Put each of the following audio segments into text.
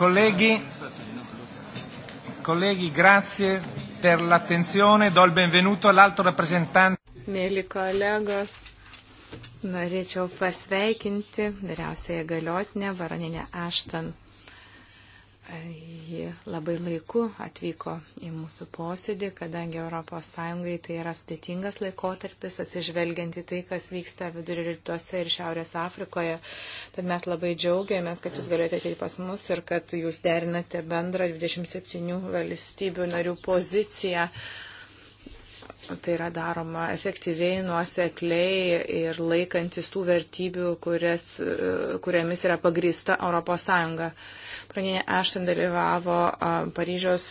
Colleghi, colleghi, grazie per l'attenzione. Do il benvenuto all'alto rappresentante. Mėly kolegos, norėčiau pasveikinti vyriausiąją galiotinę Varoninę Aštan. Ji labai laiku atvyko į mūsų posėdį, kadangi ES tai yra sudėtingas laikotarpis, atsižvelgiant į tai, kas vyksta vidurio rytuose ir Šiaurės Afrikoje. Tad mes labai džiaugiamės, kad jūs galėjote ateiti pas mus ir kad jūs derinate bendrą 27 valstybių narių poziciją. Uh, tai yra daroma efektyviai, nuosekliai ir laikantis tų vertybių, kurias, kuriamis yra pagrįsta ES. Praninė Ešten dalyvavo Paryžiaus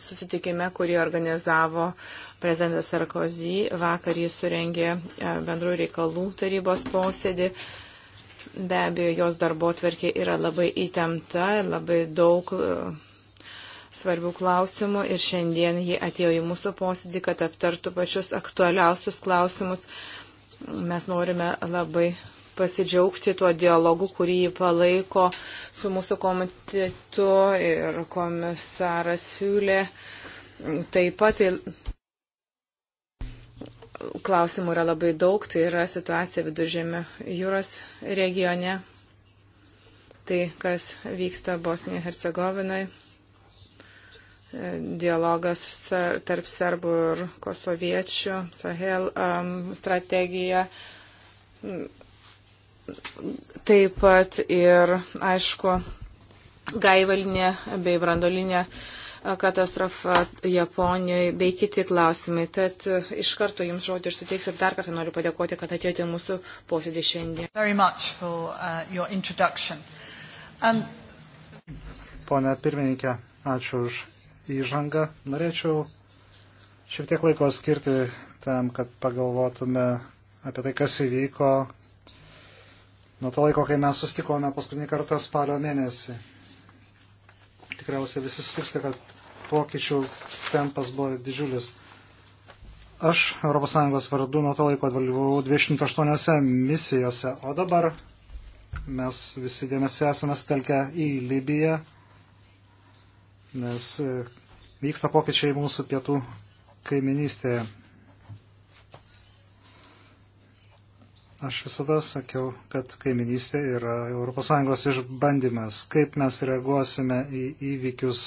susitikime, kurį organizavo prezidentas Sarkozy. Vakar jis surengė bendrų reikalų tarybos posėdį. Be abejo, jos darbo tvarkė yra labai įtempta, labai daug svarbių klausimų ir šiandien ji atėjo į mūsų posėdį, kad aptartų pačius aktualiausius klausimus. Mes norime labai pasidžiaugti tuo dialogu, kurį jį palaiko su mūsų komitetu ir komisaras Fiulė. Taip pat tai klausimų yra labai daug, tai yra situacija viduržėmio jūros regione, tai kas vyksta Bosnijoje Hercegovinoje dialogas tarp serbų ir kosoviečių, Sahel um, strategija, taip pat ir, aišku, gaivalinė bei brandolinė katastrofa Japonijoje bei kiti klausimai. Tad e, iš karto Jums žodį ir suteiksiu ir dar kartą noriu padėkoti, kad atėjote į mūsų posėdį šiandien. Uh, um, Pone pirmininkė, ačiū už įžangą. Norėčiau šiek tiek laiko skirti tam, kad pagalvotume apie tai, kas įvyko nuo to laiko, kai mes sustikome paskutinį kartą spalio mėnesį. Tikriausiai visi sutiksite, kad pokyčių tempas buvo didžiulis. Aš ES vardu nuo to laiko dalyvau 28 misijose, o dabar mes visi dėmesį esame sutelkę į Libiją nes e, vyksta pokyčiai mūsų pietų kaiminystėje. Aš visada sakiau, kad kaiminystė yra ES išbandymas, kaip mes reaguosime į įvykius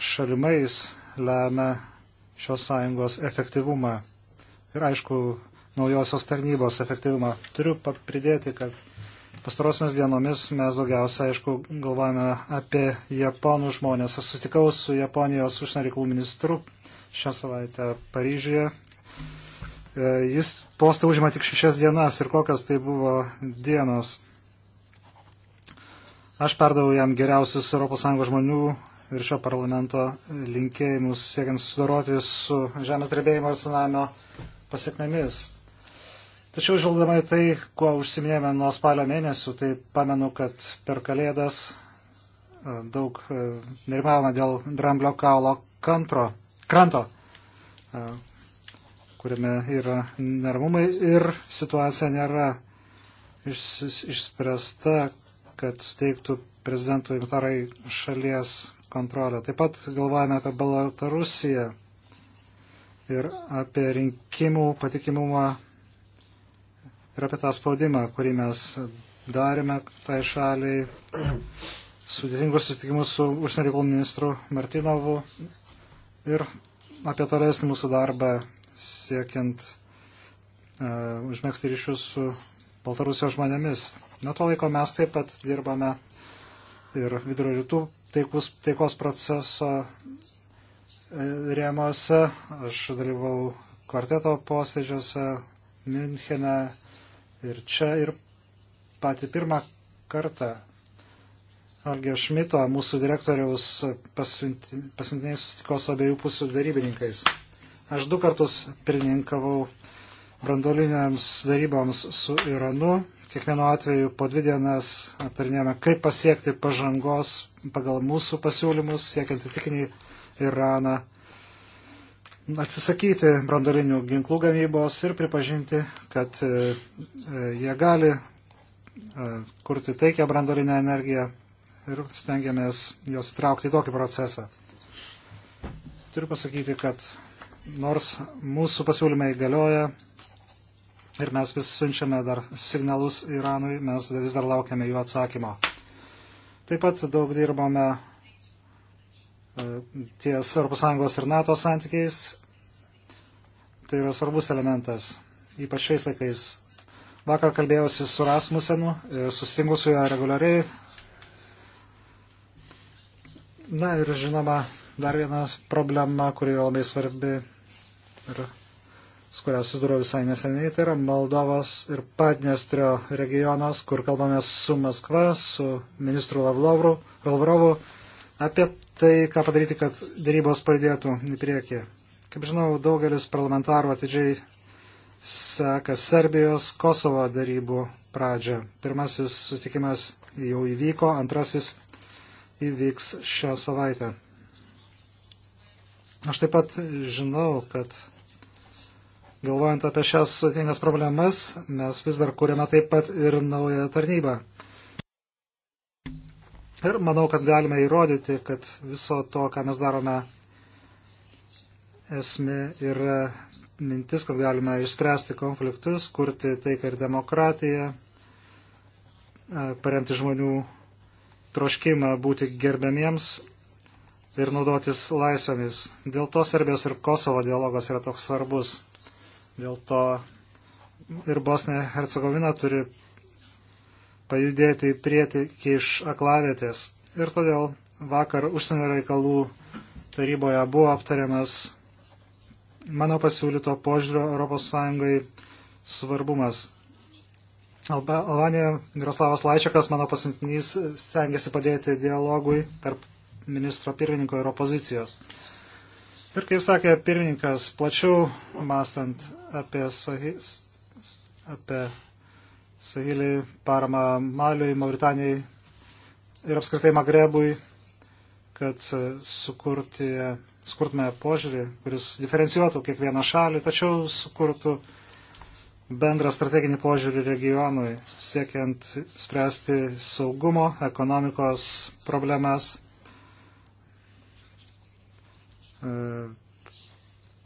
šalimais lemia šios sąjungos efektyvumą ir aišku, naujosios tarnybos efektyvumą. Turiu pridėti, kad Pastarosiamis dienomis mes daugiausia, aišku, galvojame apie japonų žmonės. Aš susitikau su Japonijos užsienio reikalų ministru šią savaitę Paryžiuje. E, jis postą užima tik šešias dienas ir kokios tai buvo dienos. Aš perdavau jam geriausius ES žmonių ir šio parlamento linkėjimus siekiant susidoroti su žemės drebėjimo ir tsunamio pasiekmėmis. Tačiau žvelgdama į tai, kuo užsiminėme nuo spalio mėnesių, tai pamenu, kad per kalėdas e, daug e, nerimavome dėl dramblio kaulo kantro, kranto, e, kuriame yra neramumai ir situacija nėra išspręsta, kad suteiktų prezidentui Tarai šalies kontrolę. Taip pat galvojame apie Baltarusiją ir apie rinkimų patikimumą ir apie tą spaudimą, kurį mes darėme tai šaliai, sudėtingus sutikimus su užsienio reikalų ministru Martinovu ir apie tolesnį mūsų darbą siekiant uh, užmėgsti ryšius su Baltarusijos žmonėmis. Nuo to laiko mes taip pat dirbame ir vidurio rytų taikus, taikos proceso e, rėmose. Aš dalyvau kvarteto posėdžiuose Münchene, Ir čia ir patį pirmą kartą Algė Šmito, mūsų direktoriaus pasiuntiniai susitiko su abiejų pusių darybininkais. Aš du kartus pirmininkavau brandoliniams daryboms su Iranu. Kiekvienu atveju po dvi dienas aptarinėjome, kaip pasiekti pažangos pagal mūsų pasiūlymus, siekiant įtikinį Iraną atsisakyti brandalinių ginklų gamybos ir pripažinti, kad e, e, jie gali e, kurti taikę brandolinę energiją ir stengiamės juos traukti į tokį procesą. Turiu pasakyti, kad nors mūsų pasiūlymai galioja ir mes vis siunčiame dar signalus Iranui, mes vis dar laukiame jų atsakymo. Taip pat daug dirbame ties ES ir NATO santykiais. Tai yra svarbus elementas, ypač šiais laikais. Vakar kalbėjausi su Rasmusenu ir susitingu su juo reguliariai. Na ir žinoma, dar viena problema, kuri yra labai svarbi ir su kuria susidūriau visai neseniai, tai yra Moldovos ir Padnestrio regionas, kur kalbame su Maskva, su ministru Lavrovru, Lavrovu apie tai, ką padaryti, kad darybos pradėtų į priekį. Kaip žinau, daugelis parlamentarų atidžiai seka Serbijos Kosovo darybų pradžią. Pirmasis susitikimas jau įvyko, antrasis įvyks šią savaitę. Aš taip pat žinau, kad galvojant apie šias sudėtingas problemas, mes vis dar kūrėme taip pat ir naują tarnybą. Ir manau, kad galime įrodyti, kad viso to, ką mes darome, esmė yra mintis, kad galime išspręsti konfliktus, kurti taiką ir demokratiją, e, paremti žmonių troškimą būti gerbiamiems ir naudotis laisvėmis. Dėl to Serbijos ir Kosovo dialogas yra toks svarbus. Dėl to ir Bosnė Hercegovina turi pajudėti į priekį iš aklavėtės. Ir todėl vakar užsienio reikalų taryboje buvo aptariamas mano pasiūlyto požiūrio ES svarbumas. Alba, Albanija Miroslavas Laičiakas, mano pasintinys, stengiasi padėti dialogui tarp ministro pirmininko ir opozicijos. Ir kaip sakė pirmininkas, plačiau mastant apie, apie Sahilį, parama Maliui, Mauritanijai ir apskritai Magrebui, kad e, sukurti, e, sukurtume požiūrį, kuris diferencijuotų kiekvieną šalį, tačiau sukurtų bendrą strateginį požiūrį regionui, siekiant spręsti saugumo, ekonomikos problemas, e,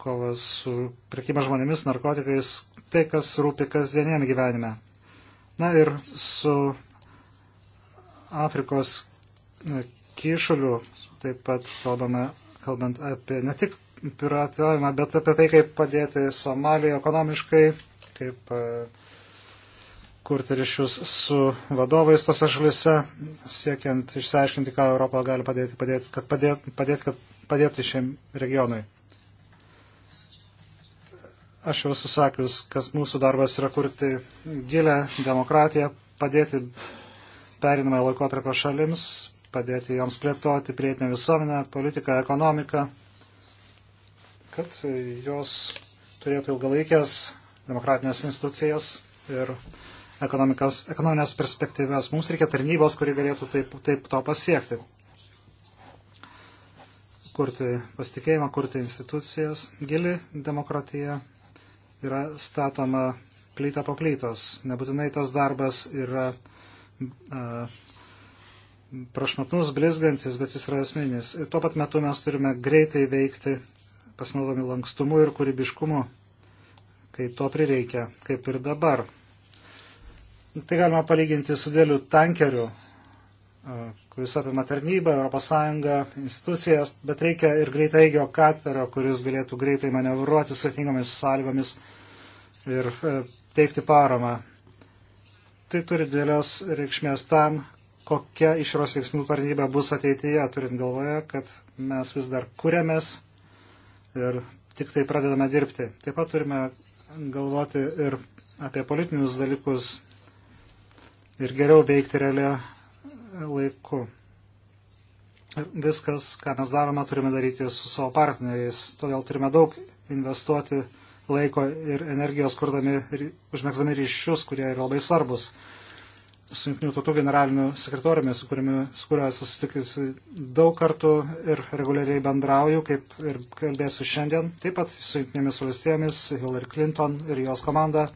kovas su prekyba žmonėmis, narkotikais, tai, kas rūpi kasdieniam gyvenime. Na ir su Afrikos e, kyšuliu taip pat kalbame, kalbant apie ne tik piratavimą, bet apie tai, kaip padėti Somalijoje ekonomiškai, kaip e, kurti ryšius su vadovais tose šalise, siekiant išsiaiškinti, ką Europą gali padėti, padėti kad, padėti, padėti, kad padėti šiam regionui. Aš jau esu sakius, kas mūsų darbas yra kurti gilę demokratiją, padėti perinamąją laikotarpio šalims, padėti joms plėtoti prietinę visuomenę, politiką, ekonomiką, kad jos turėtų ilgalaikės demokratinės institucijas ir ekonominės perspektyvės. Mums reikia tarnybos, kuri galėtų taip, taip to pasiekti. Kurti pasitikėjimą, kurti institucijas, gili demokratija yra statoma plyta po plytos. Nebūtinai tas darbas yra a, prašmatnus, blizgantis, bet jis yra esminis. Ir tuo pat metu mes turime greitai veikti, pasinaudomi lankstumu ir kūrybiškumu, kai to prireikia, kaip ir dabar. Tai galima palyginti su dėliu tankeriu, kuris apima tarnybą, ES institucijas, bet reikia ir greitaigio katerio, kuris galėtų greitai manevruoti sudėtingomis sąlygomis ir e, teikti paramą. Tai turi dėlios reikšmės tam, kokia išros veiksmų tarnyba bus ateityje, turint galvoje, kad mes vis dar kūrėmės ir tik tai pradedame dirbti. Taip pat turime galvoti ir apie politinius dalykus ir geriau veikti realią laiku. Viskas, ką mes darome, turime daryti su savo partneriais. Todėl turime daug investuoti laiko ir energijos, kurdami ir užmėgsdami ryšius, kurie yra labai svarbus. Su Junktinių tautų generaliniu sekretoriumi, su, kuriuo, su kuriuo esu susitikusi daug kartų ir reguliariai bendrauju, kaip ir kalbėsiu šiandien, taip pat su Junktinėmis valstybėmis, Hillary Clinton ir jos komanda.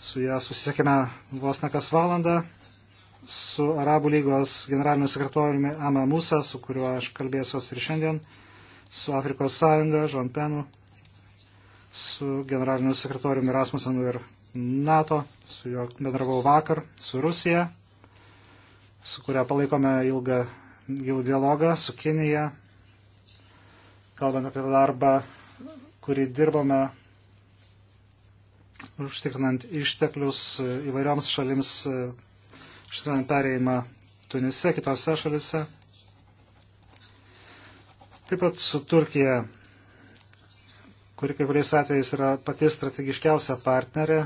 Su ją susisiekime vos ne kas valandą su Arabų lygos generaliniu sekretoriumi Ama Musa, su kuriuo aš kalbėsiuos ir šiandien, su Afrikos sąjunga, Žan Penu, su generaliniu sekretoriumi Rasmusenu ir NATO, su juo bendravau vakar, su Rusija, su kuria palaikome ilgą, ilgą dialogą, su Kinija, kalbant apie darbą, kurį dirbome užtikrinant išteklius įvairioms šalims šitą perėjimą Tunise, kitose šalise. Taip pat su Turkija, kuri kai kuriais atvejais yra pati strategiškiausia partnerė.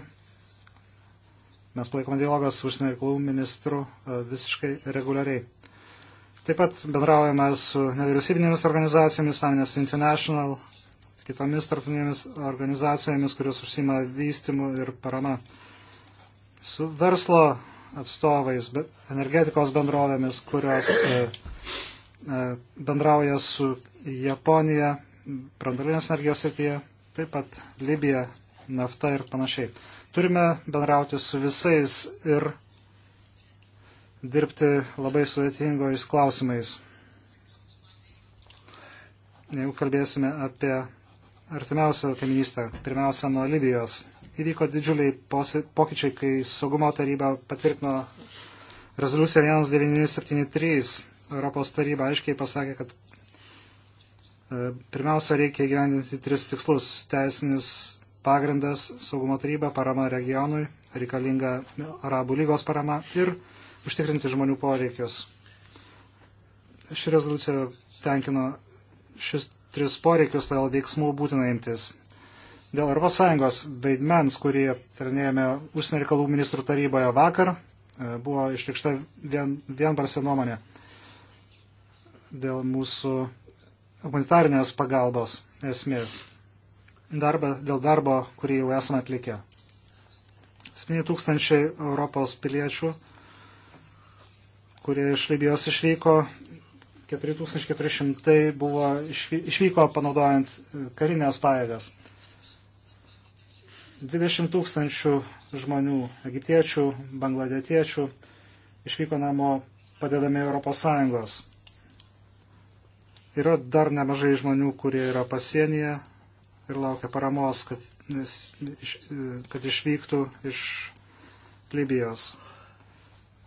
Mes palaikome dialogą su užsienio reikalų ministru e, visiškai reguliariai. Taip pat bendraujame su nevyriausybinėmis organizacijomis, Amnesty International, kitomis tarptautinėmis organizacijomis, kurios užsima vystimu ir parama. Su verslo atstovais, energetikos bendrovėmis, kurios e, e, bendrauja su Japonija, brandolinės energijos srityje, taip pat Libija, nafta ir panašiai. Turime bendrauti su visais ir dirbti labai sudėtingojais klausimais. Jeigu kalbėsime apie artimiausią kaimynystę, pirmiausia nuo Libijos įvyko didžiuliai pokyčiai, kai saugumo taryba patvirtino rezoliuciją 1973. Europos taryba aiškiai pasakė, kad e, pirmiausia reikia gyveninti tris tikslus - teisinis pagrindas, saugumo taryba, parama regionui, reikalinga Arabų lygos parama ir užtikrinti žmonių poreikius. Ši rezoliucija tenkino šis tris poreikius, todėl veiksmų būtina imtis. Dėl ES vaidmens, kurį aptarnėjome užsienio reikalų ministrų taryboje vakar, e, buvo išlikšta vien, vienbalsė nuomonė dėl mūsų humanitarinės pagalbos esmės. Darba, dėl darbo, kurį jau esame atlikę. 7000 Europos piliečių, kurie iš Libijos išvyko, 4400 buvo išvyko panaudojant e, karinės pajėgas. 20 tūkstančių žmonių, egiptiečių, bangladetiečių, išvyko namo padedami ES. Yra dar nemažai žmonių, kurie yra pasienyje ir laukia paramos, kad, kad išvyktų iš Libijos.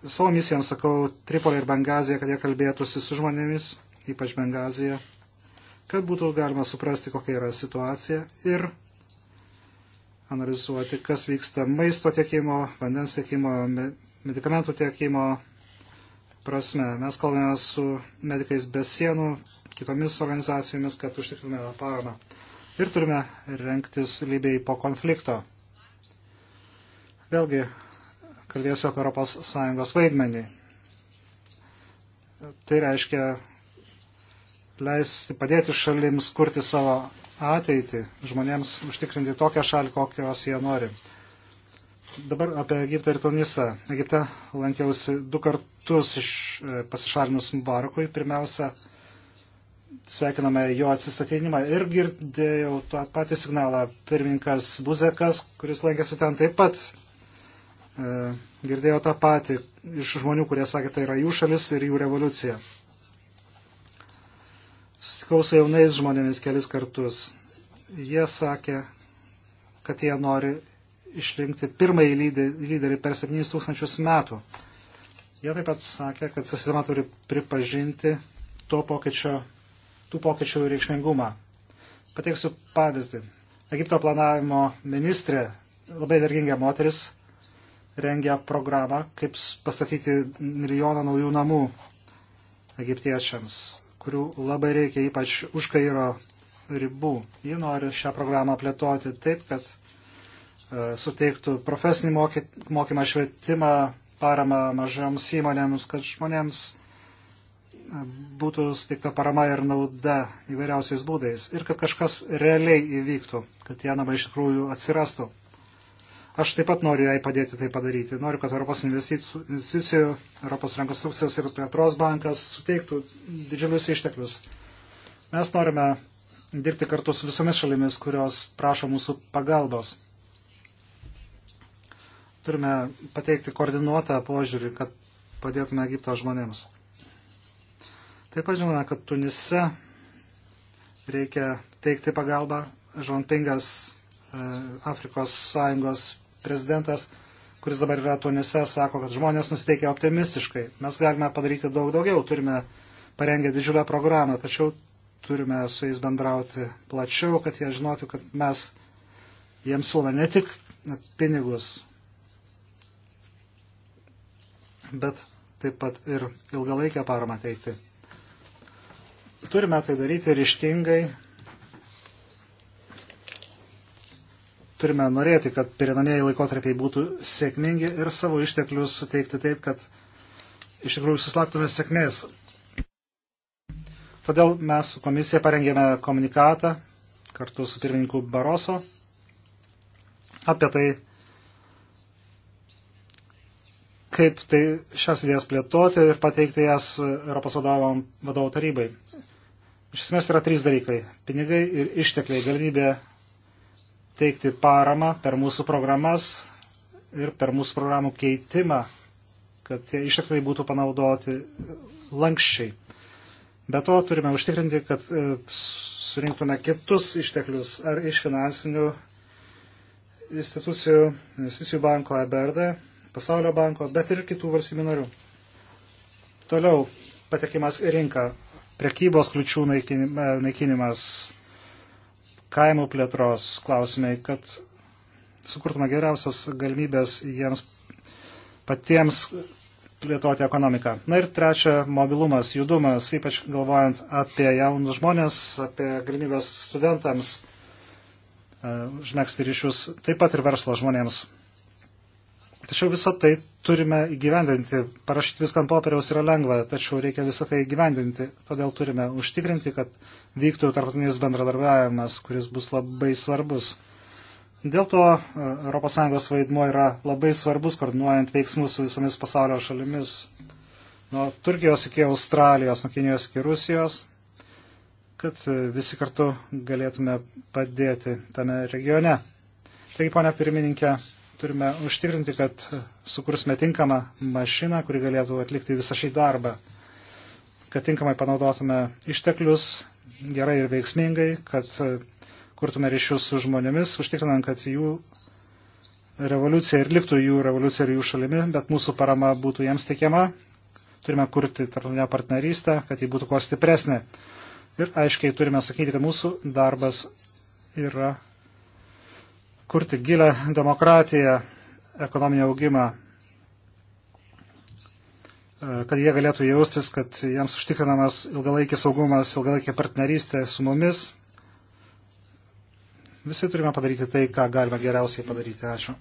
Savo misijom sakau Tripolį ir Bengaziją, kad jie kalbėtųsi su žmonėmis, ypač Bengaziją, kad būtų galima suprasti, kokia yra situacija ir analizuoti, kas vyksta maisto tiekimo, vandens tiekimo, medikamentų tiekimo prasme. Mes kalbame su medikais be sienų, kitomis organizacijomis, kad užtikrintume paramą. Ir turime renktis Libijai po konflikto. Vėlgi, kalbėsiu apie ES vaidmenį. Tai reiškia leisti padėti šalims kurti savo ateitį žmonėms užtikrinti tokią šalį, kokios jie nori. Dabar apie Egiptą ir Tunisą. Egipte lankiausi du kartus iš e, pasišalinus Mubarakui. Pirmiausia, sveikiname jo atsistatydinimą ir girdėjau tą patį signalą. Pirmininkas Buzekas, kuris lankėsi ten taip pat, e, girdėjo tą patį iš žmonių, kurie sakė, tai yra jų šalis ir jų revoliucija. Skau su jaunais žmonėmis kelis kartus. Jie sakė, kad jie nori išrinkti pirmąjį lyderį per 7000 metų. Jie taip pat sakė, kad sistema turi pripažinti to pokyčio, tų pokyčių reikšmingumą. Pateiksiu pavyzdį. Egipto planavimo ministrė, labai darginga moteris, rengia programą, kaip pastatyti milijoną naujų namų egiptiečiams kurių labai reikia ypač už Kairo ribų. Ji nori šią programą plėtoti taip, kad e, suteiktų profesinį mokymą, švietimą, paramą mažoms įmonėms, kad žmonėms e, būtų suteikta parama ir nauda įvairiausiais būdais ir kad kažkas realiai įvyktų, kad tie namai iš tikrųjų atsirastų. Aš taip pat noriu jai padėti tai padaryti. Noriu, kad Europos investicijų, Europos rekonstrukcijos ir plėtros bankas suteiktų didžiulius išteklius. Mes norime dirbti kartu su visomis šalimis, kurios prašo mūsų pagalbos. Turime pateikti koordinuotą požiūrį, kad padėtume Egipto žmonėms. Taip pat žinome, kad Tunise reikia teikti pagalbą. Žonpingas e, Afrikos sąjungos prezidentas, kuris dabar yra Tunise, sako, kad žmonės nusiteikia optimistiškai. Mes galime padaryti daug daugiau, turime parengę didžiulę programą, tačiau turime su jais bendrauti plačiau, kad jie žinotų, kad mes jiems siūlome ne tik pinigus, bet taip pat ir ilgalaikę paramą teikti. Turime tai daryti ryštingai, turime norėti, kad perinamieji laikotarpiai būtų sėkmingi ir savo išteklius suteikti taip, kad iš tikrųjų suslaktume sėkmės. Todėl mes su komisija parengėme komunikatą kartu su pirmininku Baroso apie tai, kaip tai šias idėjas plėtoti ir pateikti jas Europos vadovų tarybai. Iš esmės yra trys dalykai - pinigai ir ištekliai, galimybė teikti paramą per mūsų programas ir per mūsų programų keitimą, kad tie ištekliai būtų panaudoti lankščiai. Be to turime užtikrinti, kad e, surinktume kitus išteklius ar iš finansinių institucijų, investicijų banko EBRD, pasaulio banko, bet ir kitų valstybių narių. Toliau patekimas į rinką, prekybos kliučių naikinimas, kaimų plėtros klausimai, kad sukurtume geriausias galimybės jiems patiems plėtoti ekonomiką. Na ir trečia, mobilumas, judumas, ypač galvojant apie jaunus žmonės, apie galimybės studentams e, užmėgsti ryšius, taip pat ir verslo žmonėms. Tačiau visą tai turime įgyvendinti. Parašyti viską ant popieriaus yra lengva, tačiau reikia visą tai įgyvendinti. Todėl turime užtikrinti, kad vyktų tarptautinis bendradarbiavimas, kuris bus labai svarbus. Dėl to ES vaidmuo yra labai svarbus, koordinuojant veiksmus su visomis pasaulio šalimis, nuo Turkijos iki Australijos, nuo Kinijos iki Rusijos, kad e, visi kartu galėtume padėti tame regione. Taigi, ponia pirmininkė, Turime užtikrinti, kad sukursime tinkamą mašiną, kuri galėtų atlikti visą šį darbą, kad tinkamai panaudotume išteklius gerai ir veiksmingai, kad kurtume ryšius su žmonėmis, užtikrinant, kad jų revoliucija ir liktų jų revoliucija ir jų šalimi, bet mūsų parama būtų jiems teikiama. Turime kurti tarptautinę partnerystę, kad ji būtų kuo stipresnė. Ir aiškiai turime sakyti, kad mūsų darbas yra kurti gilę demokratiją, ekonominį augimą, e, kad jie galėtų jaustis, kad jiems užtikrinamas ilgalaikis saugumas, ilgalaikė partnerystė su mumis. Visi turime padaryti tai, ką galime geriausiai padaryti. Ačiū.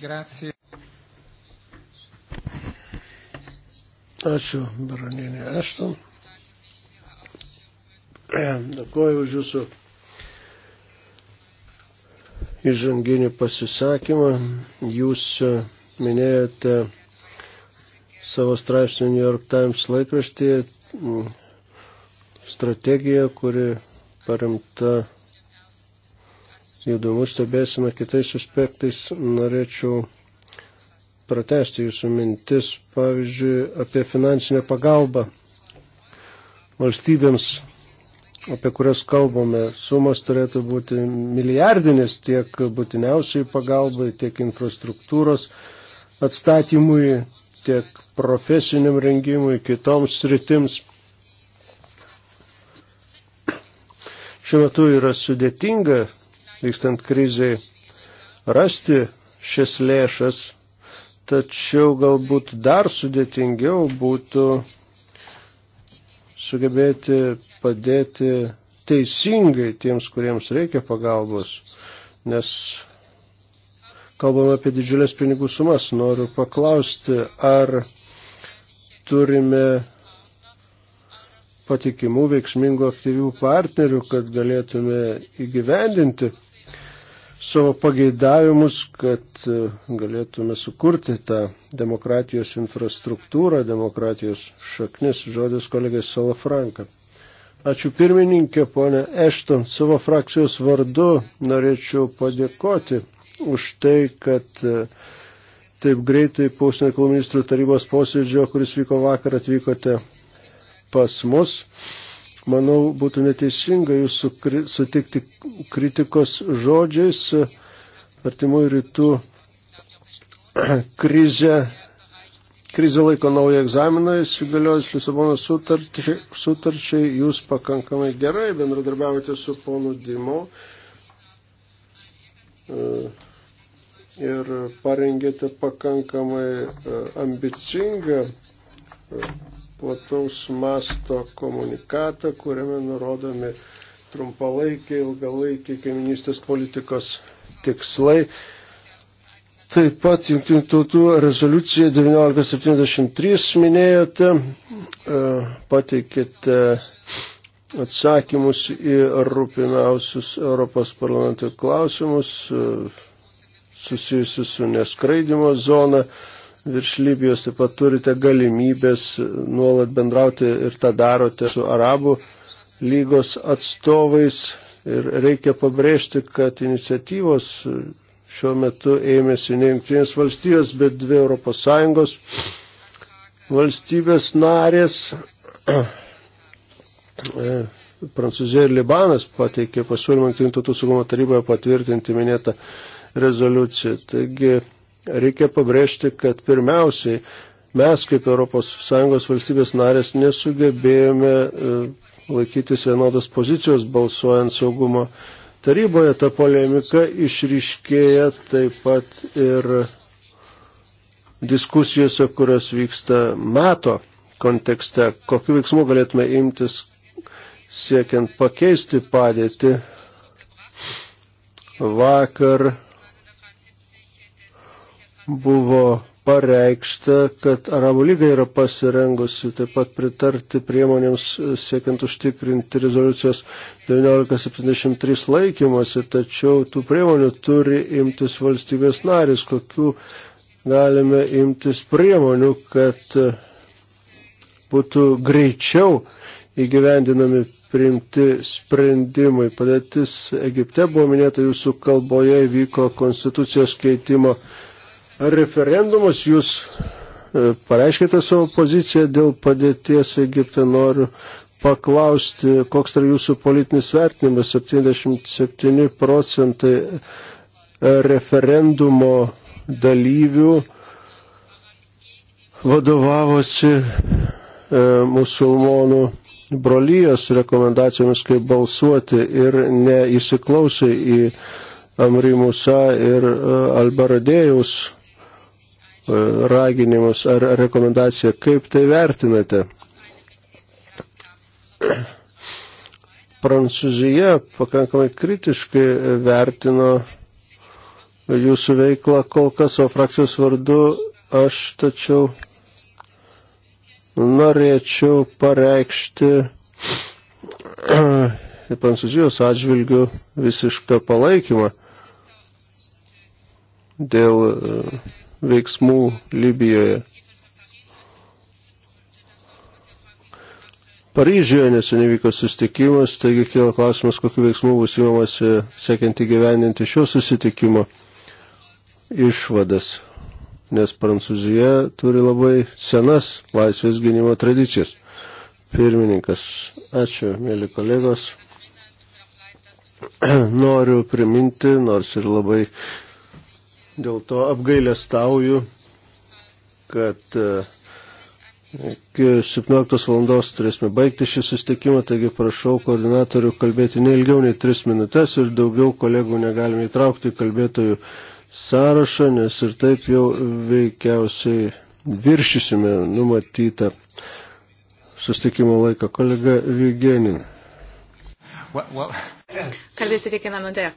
Grazie. Ačiū, Baroninė Ešton. Dėkuoju už jūsų įžanginį pasisakymą. Jūs e, minėjote savo straipsnį New York Times laikraštyje strategiją, kuri paremta judumu stebėsime kitais aspektais. Norėčiau pratesti jūsų mintis, pavyzdžiui, apie finansinę pagalbą valstybėms apie kurias kalbame, sumos turėtų būti milijardinės tiek būtiniausiai pagalbai, tiek infrastruktūros atstatymui, tiek profesiniam rengimui, kitoms sritims. Šiuo metu yra sudėtinga, vykstant kriziai, rasti šias lėšas, tačiau galbūt dar sudėtingiau būtų sugebėti padėti teisingai tiems, kuriems reikia pagalbos, nes kalbame apie didžiulės pinigų sumas. Noriu paklausti, ar turime patikimų, veiksmingų, aktyvių partnerių, kad galėtume įgyvendinti savo pageidavimus, kad e, galėtume sukurti tą demokratijos infrastruktūrą, demokratijos šaknis, žodis kolegai Salafranka. Ačiū pirmininkė, ponė Ešton, savo frakcijos vardu norėčiau padėkoti už tai, kad e, taip greitai po užsienio reikalų ministrų tarybos posėdžio, kuris vyko vakar, atvykote pas mus manau, būtų neteisinga jūs sutikti kritikos žodžiais. E, artimųjų rytų krizė, krizė laiko naują egzaminą, įsigaliojus Lisabonos sutarčiai, sutarčiai, jūs pakankamai gerai bendradarbiavote su ponu Dimo e, ir parengėte pakankamai e, ambicingą plataus masto komunikatą, kuriame nurodomi trumpalaikiai, ilgalaikiai kaiminystės politikos tikslai. Taip pat Junktinių tautų rezoliucija 1973 minėjote, e, pateikėte atsakymus į rūpimiausius Europos parlamento klausimus e, susijusius su neskraidimo zona virš Libijos, taip pat turite galimybės nuolat bendrauti ir tą darote su Arabų lygos atstovais. Ir reikia pabrėžti, kad iniciatyvos šiuo metu ėmėsi ne Junktinės valstijos, bet dvi ES valstybės narės. E, Prancūzija ir Libanas pateikė pasiūlymą Junktinių tautų saugumo taryboje patvirtinti minėtą rezoliuciją. Taigi reikia pabrėžti, kad pirmiausiai mes kaip ES valstybės narės nesugebėjome e, laikytis vienodos pozicijos balsuojant saugumo taryboje. Ta polemika išryškėja taip pat ir diskusijose, kurios vyksta NATO kontekste. Kokiu veiksmu galėtume imtis siekiant pakeisti padėtį vakar buvo pareikšta, kad Arabų lyga yra pasirengusi taip pat pritarti priemonėms e, siekiant užtikrinti rezoliucijos 1973 laikymasi, tačiau tų priemonių turi imtis valstybės narys, kokių galime imtis priemonių, kad e, būtų greičiau įgyvendinami priimti sprendimai. Padėtis Egipte buvo minėta jūsų kalboje, vyko konstitucijos keitimo referendumas, jūs e, pareiškite savo poziciją dėl padėties Egipte, noriu paklausti, koks yra jūsų politinis vertinimas, 77 procentai e, referendumo dalyvių vadovavosi e, musulmonų brolyjos rekomendacijomis, kaip balsuoti ir neįsiklausė į Amri Musa ir Albaradėjaus raginimus ar rekomendaciją. Kaip tai vertinate? Prancūzija pakankamai kritiškai vertino jūsų veiklą kol kas, o frakcijos vardu aš tačiau norėčiau pareikšti Prancūzijos atžvilgių visišką palaikymą dėl uh, veiksmų Libijoje. Paryžiuje neseniai vyko susitikimas, taigi kila klausimas, kokiu veiksmu bus įmamasi siekiant įgyvendinti šio susitikimo išvadas, nes Prancūzija turi labai senas laisvės gynimo tradicijas. Pirmininkas, ačiū, mėly kolegos. Noriu priminti, nors ir labai Dėl to apgailestauju, kad e, iki 17 valandos turėsime baigti šį sustikimą, taigi prašau koordinatorių kalbėti ne ilgiau nei 3 minutės ir daugiau kolegų negalime įtraukti kalbėtojų sąrašą, nes ir taip jau veikiausiai viršysime numatytą sustikimo laiką. Kolega Vigenin. Well, well. Kalbėsiu kiekvieną minutę.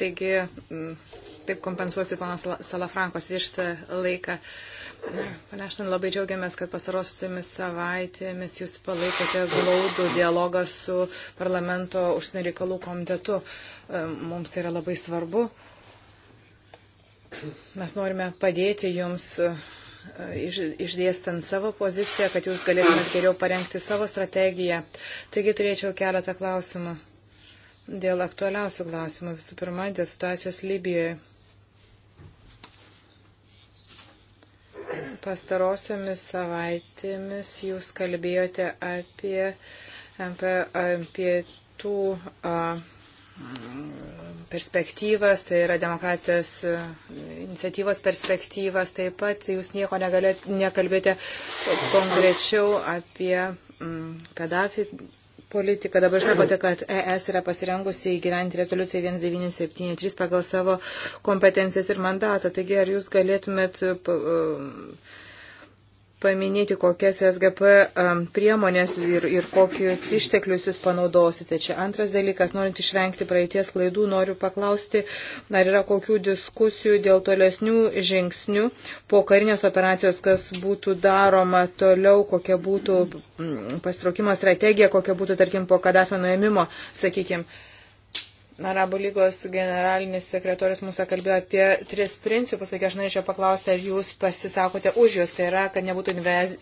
Taigi, mm, Taip kompensuosiu panas Salafrankos virštą laiką. Pane Aštan, labai džiaugiamės, kad pasarosiamis savaitėmis jūs palaikote glaudų dialogą su parlamento užsienio reikalų komitetu. E, mums tai yra labai svarbu. Mes norime padėti jums e, iš, išdėstant savo poziciją, kad jūs galėtumėt geriau parengti savo strategiją. Taigi turėčiau keletą klausimų dėl aktualiausių klausimų. Visų pirma, dėl situacijos Libijoje. Pastarosiomis savaitėmis jūs kalbėjote apie, apie tų a, perspektyvas, tai yra demokratijos iniciatyvos perspektyvas, taip pat jūs nieko negalėt, nekalbėjote konkrečiau apie Kadafi politiką. Dabar sakote, kad ES yra pasirengusi įgyventi rezoliuciją 1973 pagal savo kompetencijas ir mandatą. Taigi, ar jūs galėtumėt. Uh, paminėti, kokias SGP um, priemonės ir, ir kokius išteklius jūs panaudosite. Čia antras dalykas, norint išvengti praeities klaidų, noriu paklausti, ar yra kokių diskusijų dėl tolesnių žingsnių po karinės operacijos, kas būtų daroma toliau, kokia būtų mm, pastraukimo strategija, kokia būtų, tarkim, po Kadafio nuėmimo, sakykime. Arabų lygos generalinis sekretorius mūsų kalbėjo apie tris principus, kai aš norėčiau paklausti, ar jūs pasisakote už juos, tai yra, kad nebūtų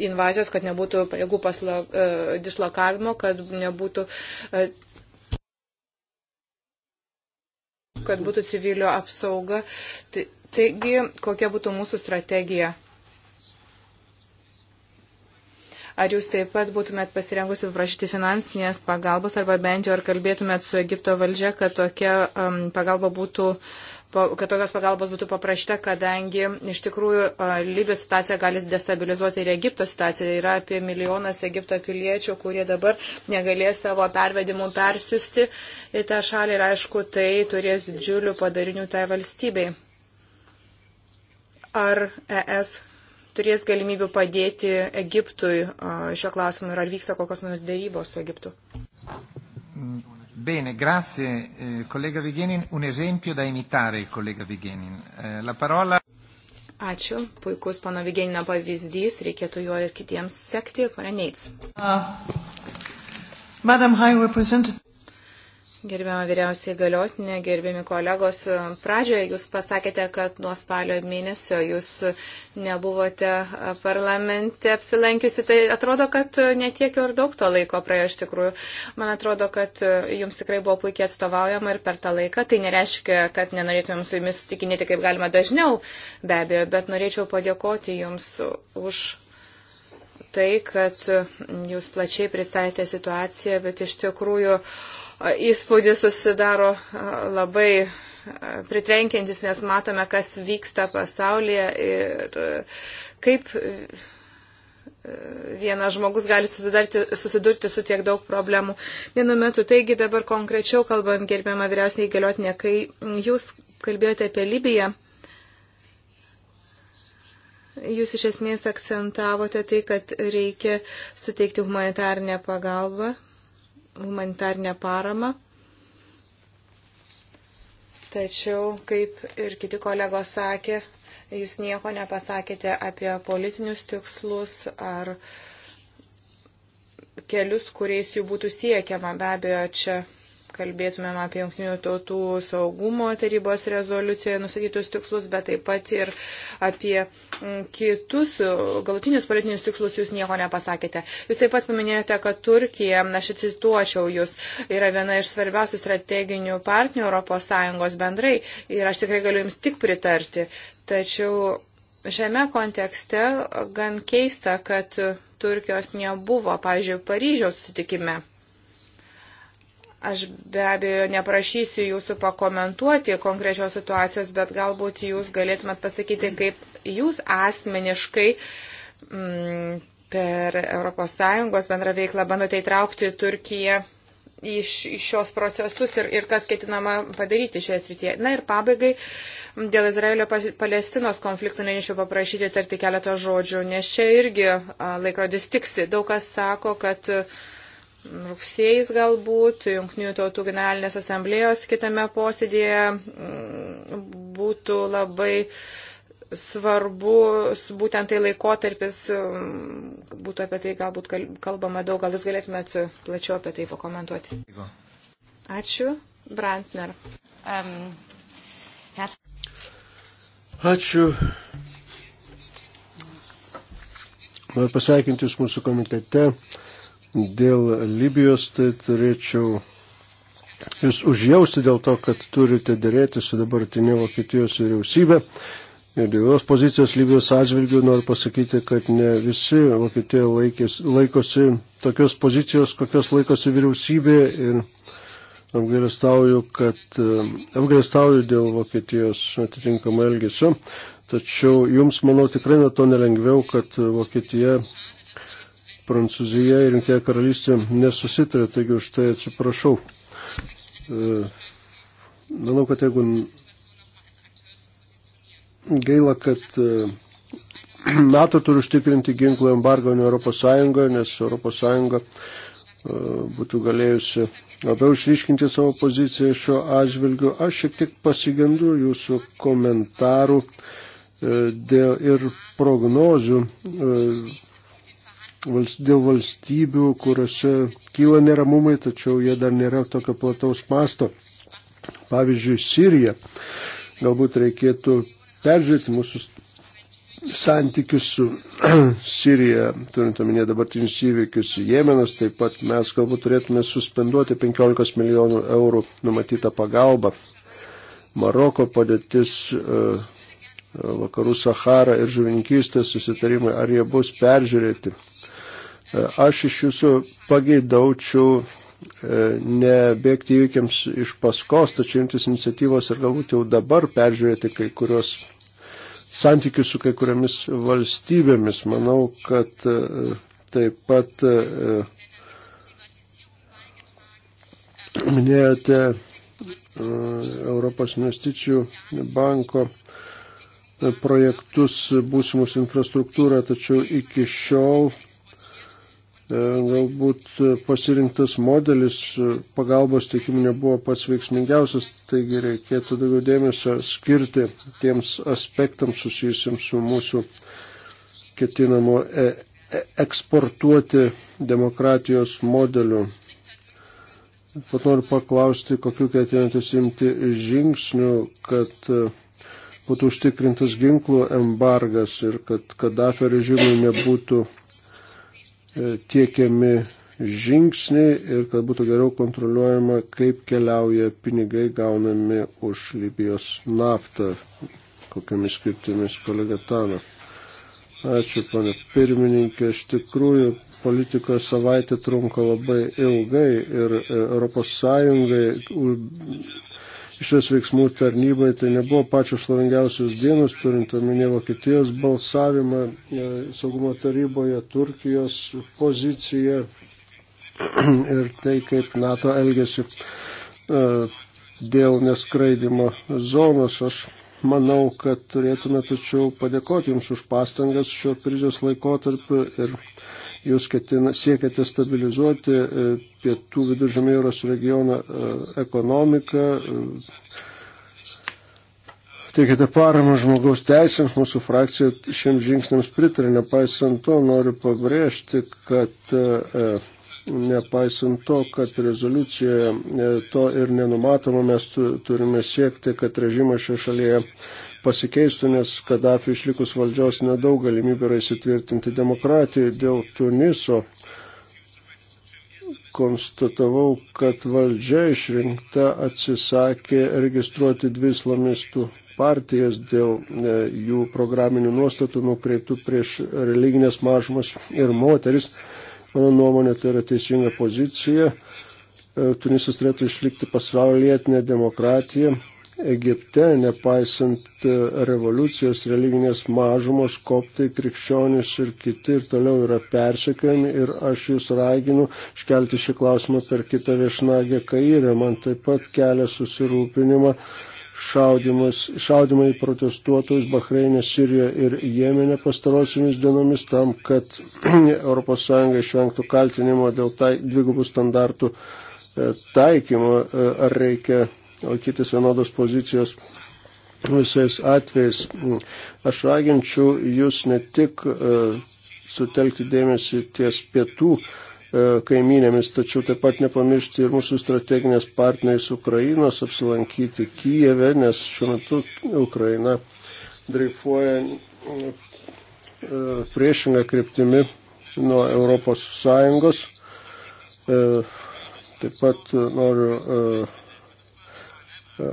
invazijos, kad nebūtų pajėgų paslo, uh, dislokavimo, kad nebūtų. Uh, kad būtų civilio apsauga. Tai- taigi, kokia būtų mūsų strategija Ar jūs taip pat būtumėt pasirengusi prašyti finansinės pagalbos arba bent jau ar kalbėtumėt su Egipto valdžia, kad tokia um, pagalba būtų kad tokios pagalbos būtų paprašta, kadangi iš tikrųjų uh, Libijos situacija gali destabilizuoti ir Egipto situaciją. Yra apie milijonas Egipto piliečių, kurie dabar negalės savo pervedimų persiusti į tą šalį ir aišku, tai turės didžiulių padarinių tai valstybei. Ar ES turės galimybių padėti Egiptui šio klausimu ir ar vyksta kokios nors dėrybos su Egiptu? Bene, grazie eh, collega Vigenin. Un esempio da imitare, collega Vigenin. Eh, la parola. Ačiū, puikus pana Vigenino pavyzdys, reikėtų juo ir kitiems sekti, pane Neits. Uh, Madam High Representative. Gerbiama vyriausiai galiotinė, gerbiami kolegos, pradžioje jūs pasakėte, kad nuo spalio mėnesio jūs nebuvote parlamente apsilankiusi. Tai atrodo, kad netiek ir daug to laiko praėjo iš tikrųjų. Man atrodo, kad jums tikrai buvo puikiai atstovaujama ir per tą laiką. Tai nereiškia, kad nenorėtumėm su jumis sutikinėti kaip galima dažniau, be abejo, bet norėčiau padėkoti jums už tai, kad jūs plačiai pristatėte situaciją, bet iš tikrųjų. Uh, įspūdis susidaro labai pritrenkiantis, nes matome, kas vyksta pasaulyje ir kaip vienas žmogus gali susidurti su tiek daug problemų vienu metu. Taigi dabar konkrečiau kalbant, gerbiama vyriausiai įgaliotinė, kai jūs kalbėjote apie Libiją, jūs iš esmės akcentavote tai, kad reikia suteikti humanitarnę pagalbą humanitarnę paramą. Tačiau, kaip ir kiti kolegos sakė, jūs nieko nepasakėte apie politinius tikslus ar kelius, kuriais jų būtų siekiama. Be abejo, čia kalbėtumėm apie Junktinių tautų saugumo tarybos rezoliucijoje nusakytus tikslus, bet taip pat ir apie mm, kitus galutinius politinius tikslus jūs nieko nepasakėte. Jūs taip pat paminėjote, kad Turkija, aš cituočiau jūs, yra viena iš svarbiausių strateginių partnerių ES bendrai ir aš tikrai galiu jums tik pritarti. Tačiau šiame kontekste gan keista, kad Turkijos nebuvo, pavyzdžiui, Paryžiaus susitikime. Aš be abejo neprašysiu jūsų pakomentuoti konkrečios situacijos, bet galbūt jūs galėtumėt pasakyti, kaip jūs asmeniškai mm, per ES bendrą veiklą bandote įtraukti Turkiją iš, iš šios procesus ir, ir kas ketinama padaryti šioje srityje. Na ir pabaigai dėl Izraelio Palestinos konfliktų nenešiu paprašyti tarti keletą žodžių, nes čia irgi laikrodis tiksi. Daug kas sako, kad uh, rugsėjais galbūt Junktinių tautų generalinės asamblėjos kitame posėdėje mm, būtų labai svarbu, būtent tai laikotarpis, mm, būtų apie tai galbūt kalbama daug, gal jūs galėtumėt plačiau apie tai pakomentuoti. Ačiū, Brantner. Um, Ačiū. Noriu pasveikinti Jūs mūsų komitete dėl Libijos, tai turėčiau jūs užjausti dėl to, kad turite dėrėti su dabartinė Vokietijos vyriausybė. Ir dėl jos pozicijos Libijos atžvilgių noriu pasakyti, kad ne visi Vokietijoje laikės, laikosi tokios pozicijos, kokios laikosi vyriausybė. Ir apgailestauju, kad e, apgailestauju dėl Vokietijos atitinkamo elgesio. Tačiau jums, manau, tikrai nuo to nelengviau, kad Vokietija Prancūzija ir Rinktinė karalystė nesusitarė, taigi už tai atsiprašau. E, manau, kad jeigu gaila, kad e, NATO turi užtikrinti ginklų embargo, ne Europos Sąjunga, nes Europos Sąjunga e, būtų galėjusi labiau išryškinti savo poziciją šiuo atžvilgiu. Aš šiek tiek pasigendu jūsų komentarų dėl ir prognozių dėl valstybių, kuriuose kyla neramumai, tačiau jie dar nėra tokio plataus masto. Pavyzdžiui, Sirija. Galbūt reikėtų peržiūrėti mūsų santykius su Sirija, turint omenyje dabartinius įvykius, Jemenas, taip pat mes galbūt turėtume suspenduoti 15 milijonų eurų numatytą pagalbą. Maroko padėtis, e, vakarų Sahara ir žuvininkystės susitarimai, ar jie bus peržiūrėti. E, aš iš jūsų pageidaučiau e, nebėgti įvykiams iš paskos, tačiau imtis iniciatyvos ir galbūt jau dabar peržiūrėti kai kurios santykius su kai kuriamis valstybėmis. Manau, kad e, taip pat minėjote Europos investicijų banko projektus būsimus infrastruktūrą, tačiau iki šiol E, galbūt e, pasirinktas modelis e, pagalbos teikimų nebuvo pats veiksmingiausias, taigi reikėtų daugiau dėmesio skirti tiems aspektams susijusiams su mūsų ketinamo e eksportuoti demokratijos modeliu. Pat noriu paklausti, kokiu ketinatės imti žingsnių, kad būtų užtikrintas ginklų embargas ir kad Kadafio režimui nebūtų E, tiekiami žingsniai ir kad būtų geriau kontroliuojama, kaip keliauja pinigai gaunami už Libijos naftą, kokiamis kryptimis kolega Tana. Ačiū, ponė pirmininkė, iš tikrųjų politikoje savaitė trunka labai ilgai ir ES išės veiksmų tarnybai. Tai nebuvo pačios šlovingiausios dienos, turint omenyje Vokietijos balsavimą e, saugumo taryboje, Turkijos poziciją ir tai, kaip NATO elgesi e, dėl neskraidimo zonos. Aš manau, kad turėtume tačiau padėkoti Jums už pastangas šio krizės laikotarpiu ir Jūs ketina, siekiate stabilizuoti e, pietų viduržėmio jūros regiono e, ekonomiką, e, teikiate paramą žmogaus teisėms, mūsų frakcija šiems žingsniams pritarė, nepaisant to noriu pabrėžti, kad nepaisant to, kad rezoliucijoje to ir nenumatoma, mes turime siekti, kad režimas šioje šalyje pasikeistų, nes Kadafi išlikus valdžios nedaug galimybė yra įsitvirtinti demokratiją dėl Tuniso. Konstatavau, kad valdžia išrinkta atsisakė registruoti dvi islamistų partijas dėl e, jų programinių nuostatų nukreiptų prieš religinės mažumas ir moteris. Mano nuomonė tai yra teisinga pozicija. E, Tunisas turėtų išlikti pasaulietinę demokratiją, Egipte, nepaisant e, revoliucijos religinės mažumos, koptai, krikščionis ir kiti ir toliau yra persekiojami ir aš jūs raginu iškelti šį klausimą per kitą viešnagę Kairę. Man taip pat kelia susirūpinimą šaudimai protestuotojus Bahreinė, Sirijoje ir Jemenė pastarosiomis dienomis tam, kad ES išvengtų kaltinimo dėl tai, dvigubų standartų e, taikymo. E, ar reikia laikytis vienodos pozicijos visais atvejais. Aš raginčiau jūs ne tik e, sutelkti dėmesį ties pietų e, kaiminėmis, tačiau taip pat nepamiršti ir mūsų strateginės partneriais Ukrainos apsilankyti Kijeve, nes šiuo metu Ukraina dreifuoja e, priešingą kryptimį nuo Europos Sąjungos. Taip pat noriu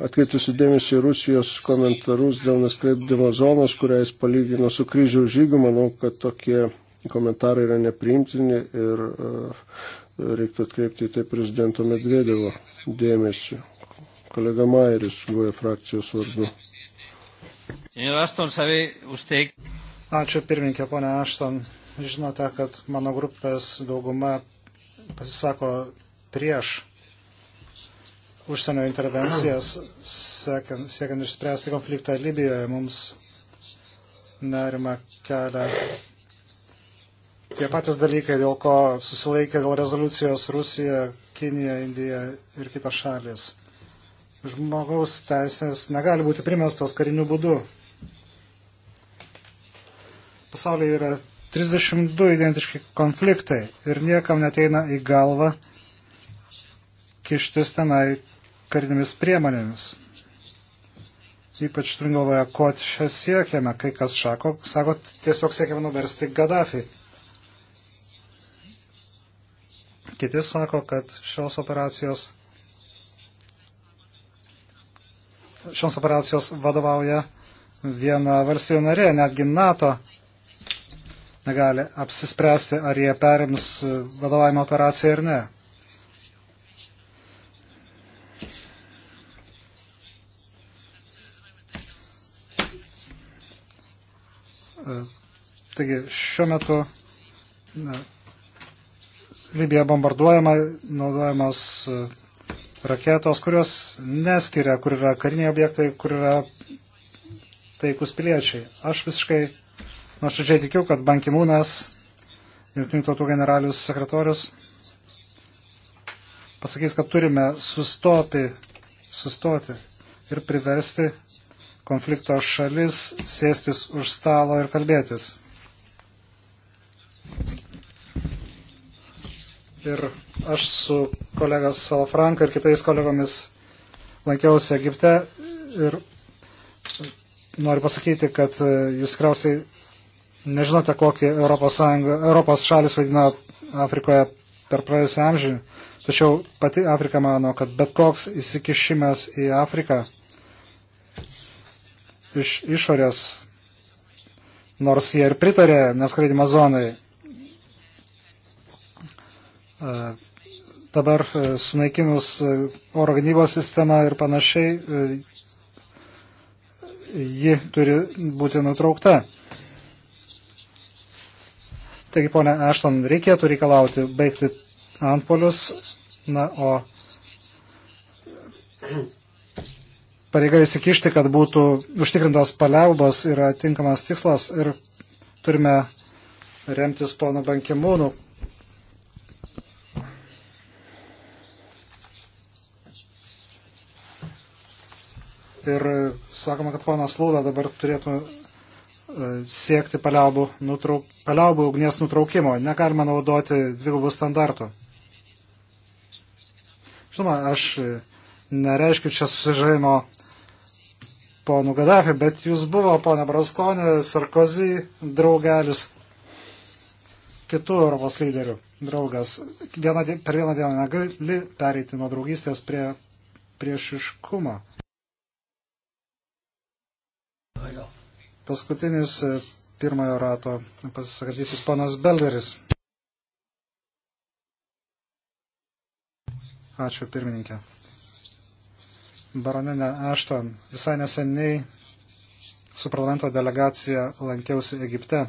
atkreiptusi dėmesį Rusijos komentarus dėl neskreipdimo zonos, kurią jis palygino su kryžiaus žygiu. Manau, kad tokie komentarai yra nepriimtini ir e, reiktų atkreipti į tai prezidento Medvedevo dėmesį. Kolega Maeris, guoja frakcijos vardu. Ačiū pirmininkė, ponia Ašton. Žinote, kad mano grupės dauguma pasisako prieš užsienio intervencijas, siekiant, siekiant išspręsti konfliktą Libijoje, mums nerima kelia tie patys dalykai, dėl ko susilaikė dėl rezoliucijos Rusija, Kinija, Indija ir kitos šalis. Žmogaus teisės negali būti primestos kariniu būdu. Pasaulyje yra 32 identiški konfliktai ir niekam neteina į galvą kištis tenai karinėmis priemonėmis. Ypač turint galvoje, ko čia siekiame, kai kas šako, sako, tiesiog siekiame nuversti Gaddafi. Kiti sako, kad šios operacijos, šios operacijos vadovauja viena valstybė narė, netgi NATO negali apsispręsti, ar jie perims vadovavimo operaciją ar ne. Taigi šiuo metu Libija bombarduojama, naudojamos e, raketos, kurios neskiria, kur yra kariniai objektai, kur yra taikus piliečiai. Aš visiškai nuoširdžiai tikiu, kad Bankimūnas, Junktinių tautų generalius sekretorius, pasakys, kad turime sustopi, sustoti ir priversti konflikto šalis sėstis už stalo ir kalbėtis. Ir aš su kolegas Salafranka ir kitais kolegomis lankiausi Egipte ir noriu pasakyti, kad e, jūs tikriausiai nežinote, kokį Europos, Sąjunga, Europos šalis vaidina Afrikoje per praėjusią amžių, tačiau pati Afrika mano, kad bet koks įsikišimas į Afriką iš išorės, nors jie ir pritarė neskraidimo zonai. E, dabar e, sunaikinus e, oro gynybos sistemą ir panašiai, ji turi būti nutraukta. Taigi, ponė Ešton, reikėtų reikalauti baigti antpolius, na, o pareiga įsikišti, kad būtų užtikrintos paliaubos yra tinkamas tikslas ir turime remtis pono bankimūnų. Ir sakoma, kad ponas Lūda dabar turėtų e, siekti paliaubų, nutrauk, paliaubų ugnies nutraukimo. Negalima naudoti dvigubų standartų. Žinoma, aš e, nereiškiu čia susižaimo ponų Gaddafi, bet jūs buvo, ponė Braskonė, Sarkozy draugelis, kitų Europos lyderių draugas. Vieną, per vieną dieną negali pereiti nuo draugystės prie priešiškumo. Paskutinis e, pirmojo rato pasisakantysis ponas Belderis. Ačiū pirmininkė baroninę Ašton. Visai neseniai su parlamento delegacija lankiausi Egipte.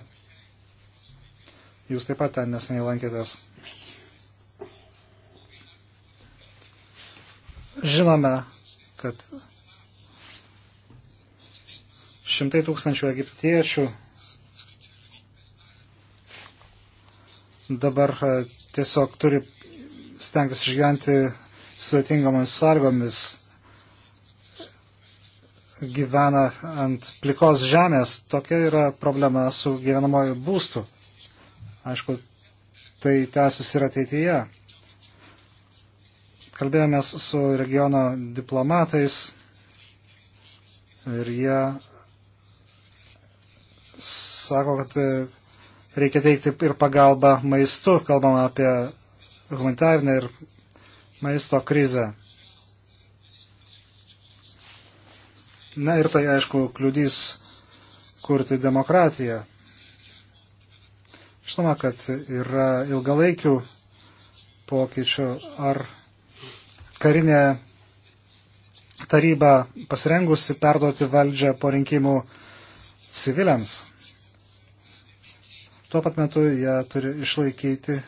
Jūs taip pat ten neseniai lankėtės. Žinome, kad šimtai tūkstančių egiptiečių dabar e, tiesiog turi stengtis išgyventi sudėtingomis sąlygomis gyvena ant plikos žemės. Tokia yra problema su gyvenamoju būstu. Aišku, tai tęsis ir ateityje. Kalbėjomės su regiono diplomatais ir jie sako, kad reikia teikti ir pagalbą maistu, kalbama apie humanitarinę ir maisto krizę. Na ir tai, aišku, kliudys kurti demokratiją. Žinoma, kad yra ilgalaikių pokyčių. Ar karinė taryba pasirengusi perduoti valdžią po rinkimų civiliams? Tuo pat metu jie turi išlaikyti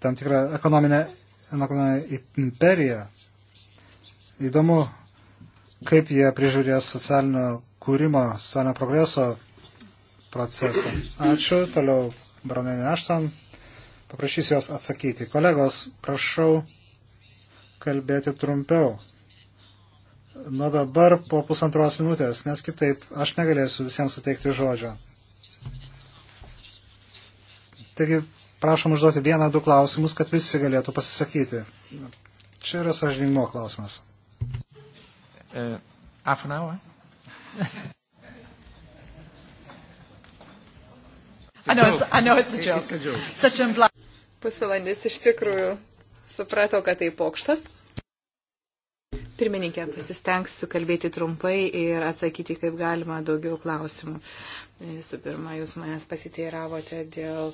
tam tikrą ekonominę, ekonominę imperiją. Įdomu, kaip jie prižiūrės socialinio kūrimo, socialinio progreso procesą. Ačiū. Toliau Baronė Neštan. Paprašysiu jos atsakyti. Kolegos, prašau kalbėti trumpiau. Nuo dabar po pusantros minutės, nes kitaip aš negalėsiu visiems suteikti žodžio. Taigi, prašom užduoti vieną, du klausimus, kad visi galėtų pasisakyti. Čia yra sažiningumo klausimas. Uh, half an hour? I know, it's, I know it's a joke. It's a joke. Such a black. Pusvalandis iš tikrųjų supratau, kad tai pokštas. Pirmininkė, pasistengsiu kalbėti trumpai ir atsakyti kaip galima daugiau klausimų. Visų pirma, jūs manęs pasiteiravote dėl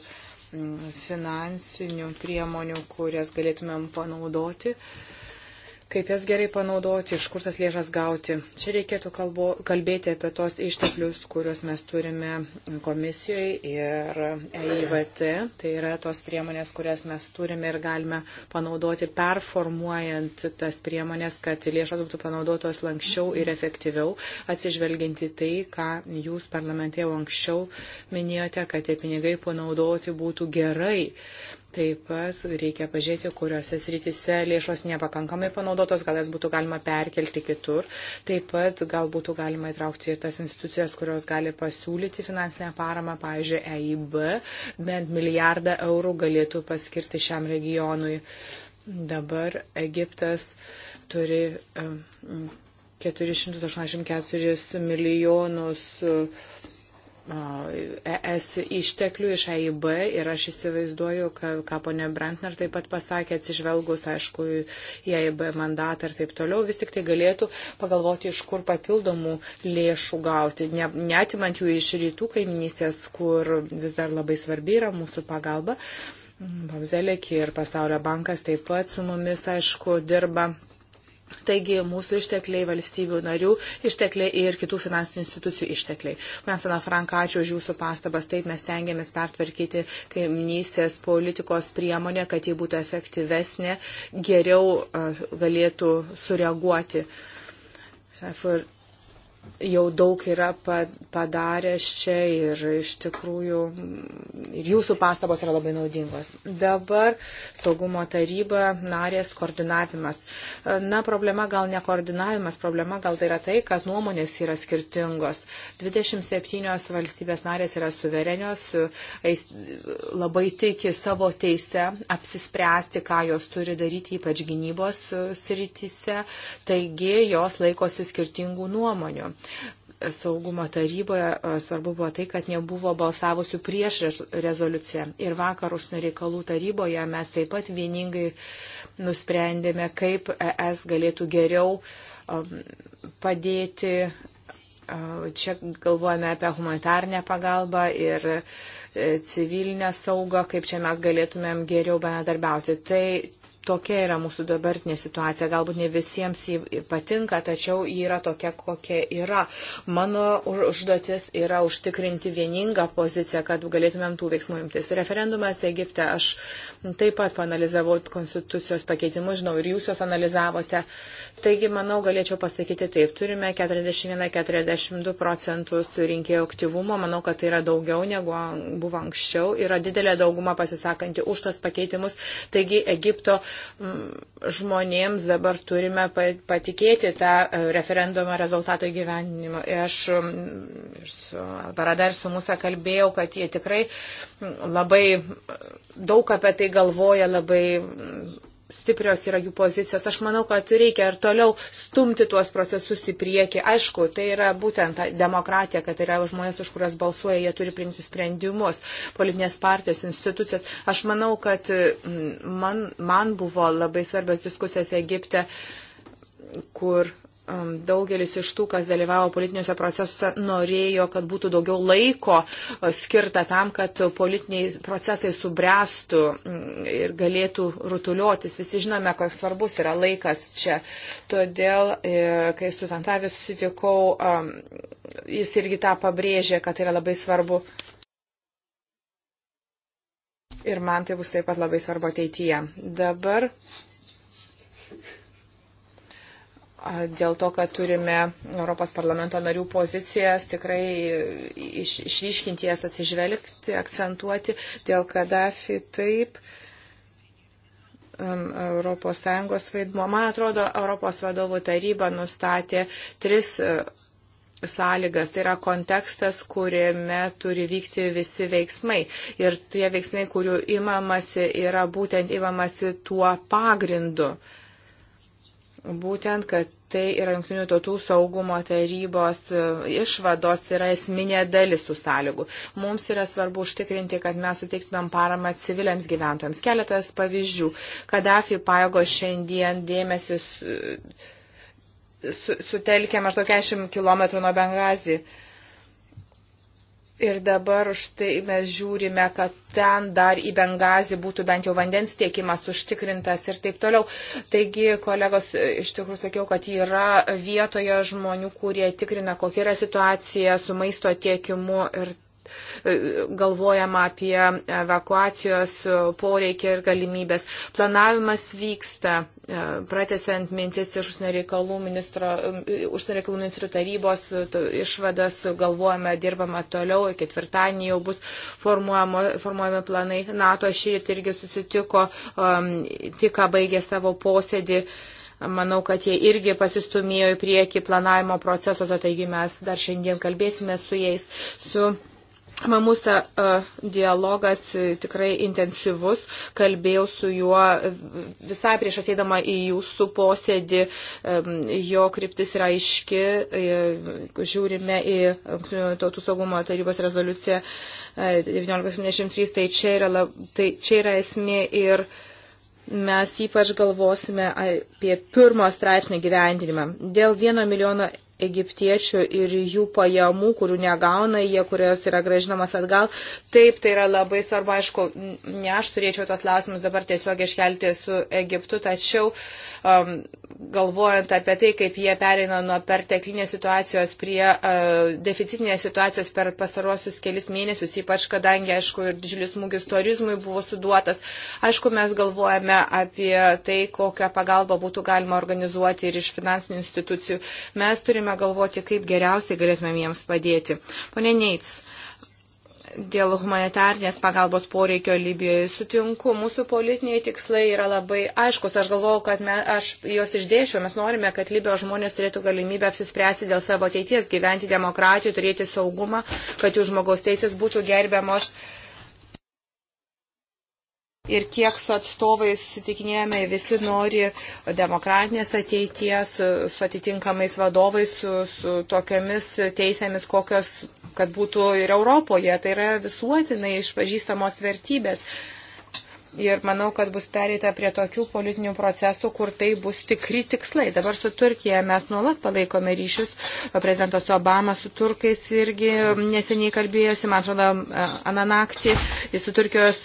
mm, finansinių priemonių, kurias galėtumėm panaudoti. Uh, kaip jas gerai panaudoti, iš kur tas lėšas gauti. Čia reikėtų kalbo, kalbėti apie tos išteklius, kuriuos mes turime komisijoje ir EIVT. Tai yra tos priemonės, kurias mes turime ir galime panaudoti, performuojant tas priemonės, kad lėšas būtų panaudotos lankščiau ir efektyviau, atsižvelginti tai, ką jūs parlamente jau anksčiau minėjote, kad tie pinigai panaudoti būtų gerai. Taip pat reikia pažiūrėti, kuriuose srityse lėšos nepakankamai panaudotos, gal jas būtų galima perkelti kitur. Taip pat gal būtų galima įtraukti ir tas institucijas, kurios gali pasiūlyti finansinę paramą, pavyzdžiui, EIB, bent milijardą eurų galėtų paskirti šiam regionui. Dabar Egiptas turi 484 milijonus. Uh, ES išteklių iš AIB ir aš įsivaizduoju, ką, ką ponė Brantner taip pat pasakė, atsižvelgus, aišku, į AIB mandatą ir taip toliau, vis tik tai galėtų pagalvoti, iš kur papildomų lėšų gauti, ne, netimant jų iš rytų kaiminystės, kur vis dar labai svarbi yra mūsų pagalba. Pavzelėki ir Pasaulio bankas taip pat su mumis, aišku, dirba Taigi mūsų ištekliai valstybių narių, ištekliai ir kitų finansinių institucijų ištekliai. Pansana Franka, ačiū už Jūsų pastabas. Taip mes tengiamės pertvarkyti kaimnystės politikos priemonę, kad ji būtų efektyvesnė, geriau galėtų sureaguoti. Seifert jau daug yra padaręs čia ir iš tikrųjų ir jūsų pastabos yra labai naudingos. Dabar saugumo taryba narės koordinavimas. Na, problema gal ne koordinavimas, problema gal tai yra tai, kad nuomonės yra skirtingos. 27 valstybės narės yra suverenios, labai tiki savo teise apsispręsti, ką jos turi daryti, ypač gynybos srityse. Taigi jos laikosi skirtingų nuomonių saugumo taryboje e, svarbu buvo tai, kad nebuvo balsavusių prieš rezoliuciją. Ir vakar užsienio reikalų taryboje mes taip pat vieningai nusprendėme, kaip ES galėtų geriau padėti. Čia galvojame apie humanitarnę pagalbą ir e, civilinę saugą, kaip čia mes galėtumėm geriau bendradarbiauti. Tai tokia yra mūsų dabartinė situacija. Galbūt ne visiems jį patinka, tačiau jį yra tokia, kokia yra. Mano užduotis yra užtikrinti vieningą poziciją, kad galėtumėm tų veiksmų imtis. Referendumas Egipte, aš taip pat panalizavau konstitucijos pakeitimus, žinau, ir jūs juos analizavote. Taigi, manau, galėčiau pasakyti taip, turime 41-42 procentus rinkėjų aktyvumo, manau, kad tai yra daugiau negu buvo anksčiau, yra didelė dauguma pasisakanti už tos pakeitimus, taigi Egipto žmonėms dabar turime patikėti tą e, referendumo rezultato įgyvendinimą. Aš ir su Albarada ir su Musa kalbėjau, kad jie tikrai labai daug apie tai galvoja, labai stiprios yra jų pozicijos. Aš manau, kad reikia ir toliau stumti tuos procesus į priekį. Aišku, tai yra būtent demokratija, kad yra žmonės, už kurias balsuoja, jie turi priimti sprendimus, politinės partijos, institucijos. Aš manau, kad mm, man, man buvo labai svarbios diskusijos Egipte, kur daugelis iš tų, kas dalyvavo politiniuose procesuose, norėjo, kad būtų daugiau laiko e, skirta tam, kad politiniai procesai subręstų ir galėtų rutuliuotis. Visi žinome, koks svarbus yra laikas čia. Todėl, e, kai su Tantavis susitikau, jis irgi tą pabrėžė, kad tai yra labai svarbu. Ir man tai bus taip pat labai svarbu ateityje. Dabar dėl to, kad turime Europos parlamento narių pozicijas, tikrai iš, išryškinti jas atsižvelgti, akcentuoti, dėl Kadafi taip. Um, Europos Sąjungos vaidmo. Man atrodo, Europos vadovų taryba nustatė tris e, sąlygas, tai yra kontekstas, kuriame turi vykti visi veiksmai. Ir tie veiksmai, kurių imamasi, yra būtent imamasi tuo pagrindu. Uh, būtent, kad tai yra Junktinių tautų saugumo tarybos e, išvados, yra esminė dalis tų sąlygų. Mums yra svarbu užtikrinti, kad mes suteiktumėm paramą civiliams gyventojams. Keletas pavyzdžių. Kadafi paėgo šiandien dėmesį sutelkia maždaug 40 km nuo Bengazi. Uh, Ir dabar štai mes žiūrime, kad ten dar į Bengazį būtų bent jau vandens tiekimas užtikrintas ir taip toliau. Taigi, kolegos, iš tikrųjų sakiau, kad yra vietoje žmonių, kurie tikrina, kokia yra situacija su maisto tiekimu ir e, galvojama apie evakuacijos poreikį ir galimybės. Planavimas vyksta. E, pratesiant mintis iš užsienio reikalų ministro, e, užsienio reikalų ministrų tarybos išvadas, galvojame, dirbame toliau, ketvirtadienį jau bus formuojami planai. NATO šįryt irgi susitiko, um, tik baigė savo posėdį. Manau, kad jie irgi pasistumėjo į priekį planavimo procesuose, taigi mes dar šiandien kalbėsime su jais, su Mūsų e, dialogas e, tikrai intensyvus, kalbėjau su juo e, visai prieš ateidama į jūsų posėdį, jo kryptis yra aiški, žiūrime į Tautų saugumo tarybos rezoliuciją 1973, tai čia yra, lab, tai čia yra esmė ir mes ypač galvosime apie pirmo straipsnio gyvendinimą. Dėl vieno milijono egiptiečių ir jų pajamų, kurių negauna jie, kurios yra gražinamas atgal. Taip, tai yra labai svarbu, aišku, ne aš turėčiau tos klausimus dabar tiesiog iškelti su Egiptu, tačiau um, galvojant apie tai, kaip jie pereina nuo perteklinės situacijos prie uh, deficitinės situacijos per pasarosius kelis mėnesius, ypač kadangi, aišku, ir didžiulis smūgis turizmui buvo suduotas. Aišku, mes galvojame apie tai, kokią pagalbą būtų galima organizuoti ir iš finansinių institucijų. Mes turime turime galvoti, kaip geriausiai galėtumėm jiems padėti. Pone Neits, dėl humanitarnės pagalbos poreikio Libijoje. Sutinku, mūsų politiniai tikslai yra labai aiškus. Aš galvau, kad me, aš juos išdėšiu. Mes norime, kad Libijos žmonės turėtų galimybę apsispręsti dėl savo ateities, gyventi demokratijoje, turėti saugumą, kad jų žmogaus teisės būtų gerbiamos. Aš ir kiek su atstovais sutikinėjome, visi nori demokratinės ateities, su atitinkamais vadovais, su, su tokiamis teisėmis, kokios, kad būtų ir Europoje. Tai yra visuotinai išpažįstamos vertybės. Ir manau, kad bus pereita prie tokių politinių procesų, kur tai bus tikri tikslai. Dabar su Turkija mes nuolat palaikome ryšius. Prezidentas Obama su turkais irgi neseniai kalbėjosi, man atrodo, aną naktį. Jis su Turkijos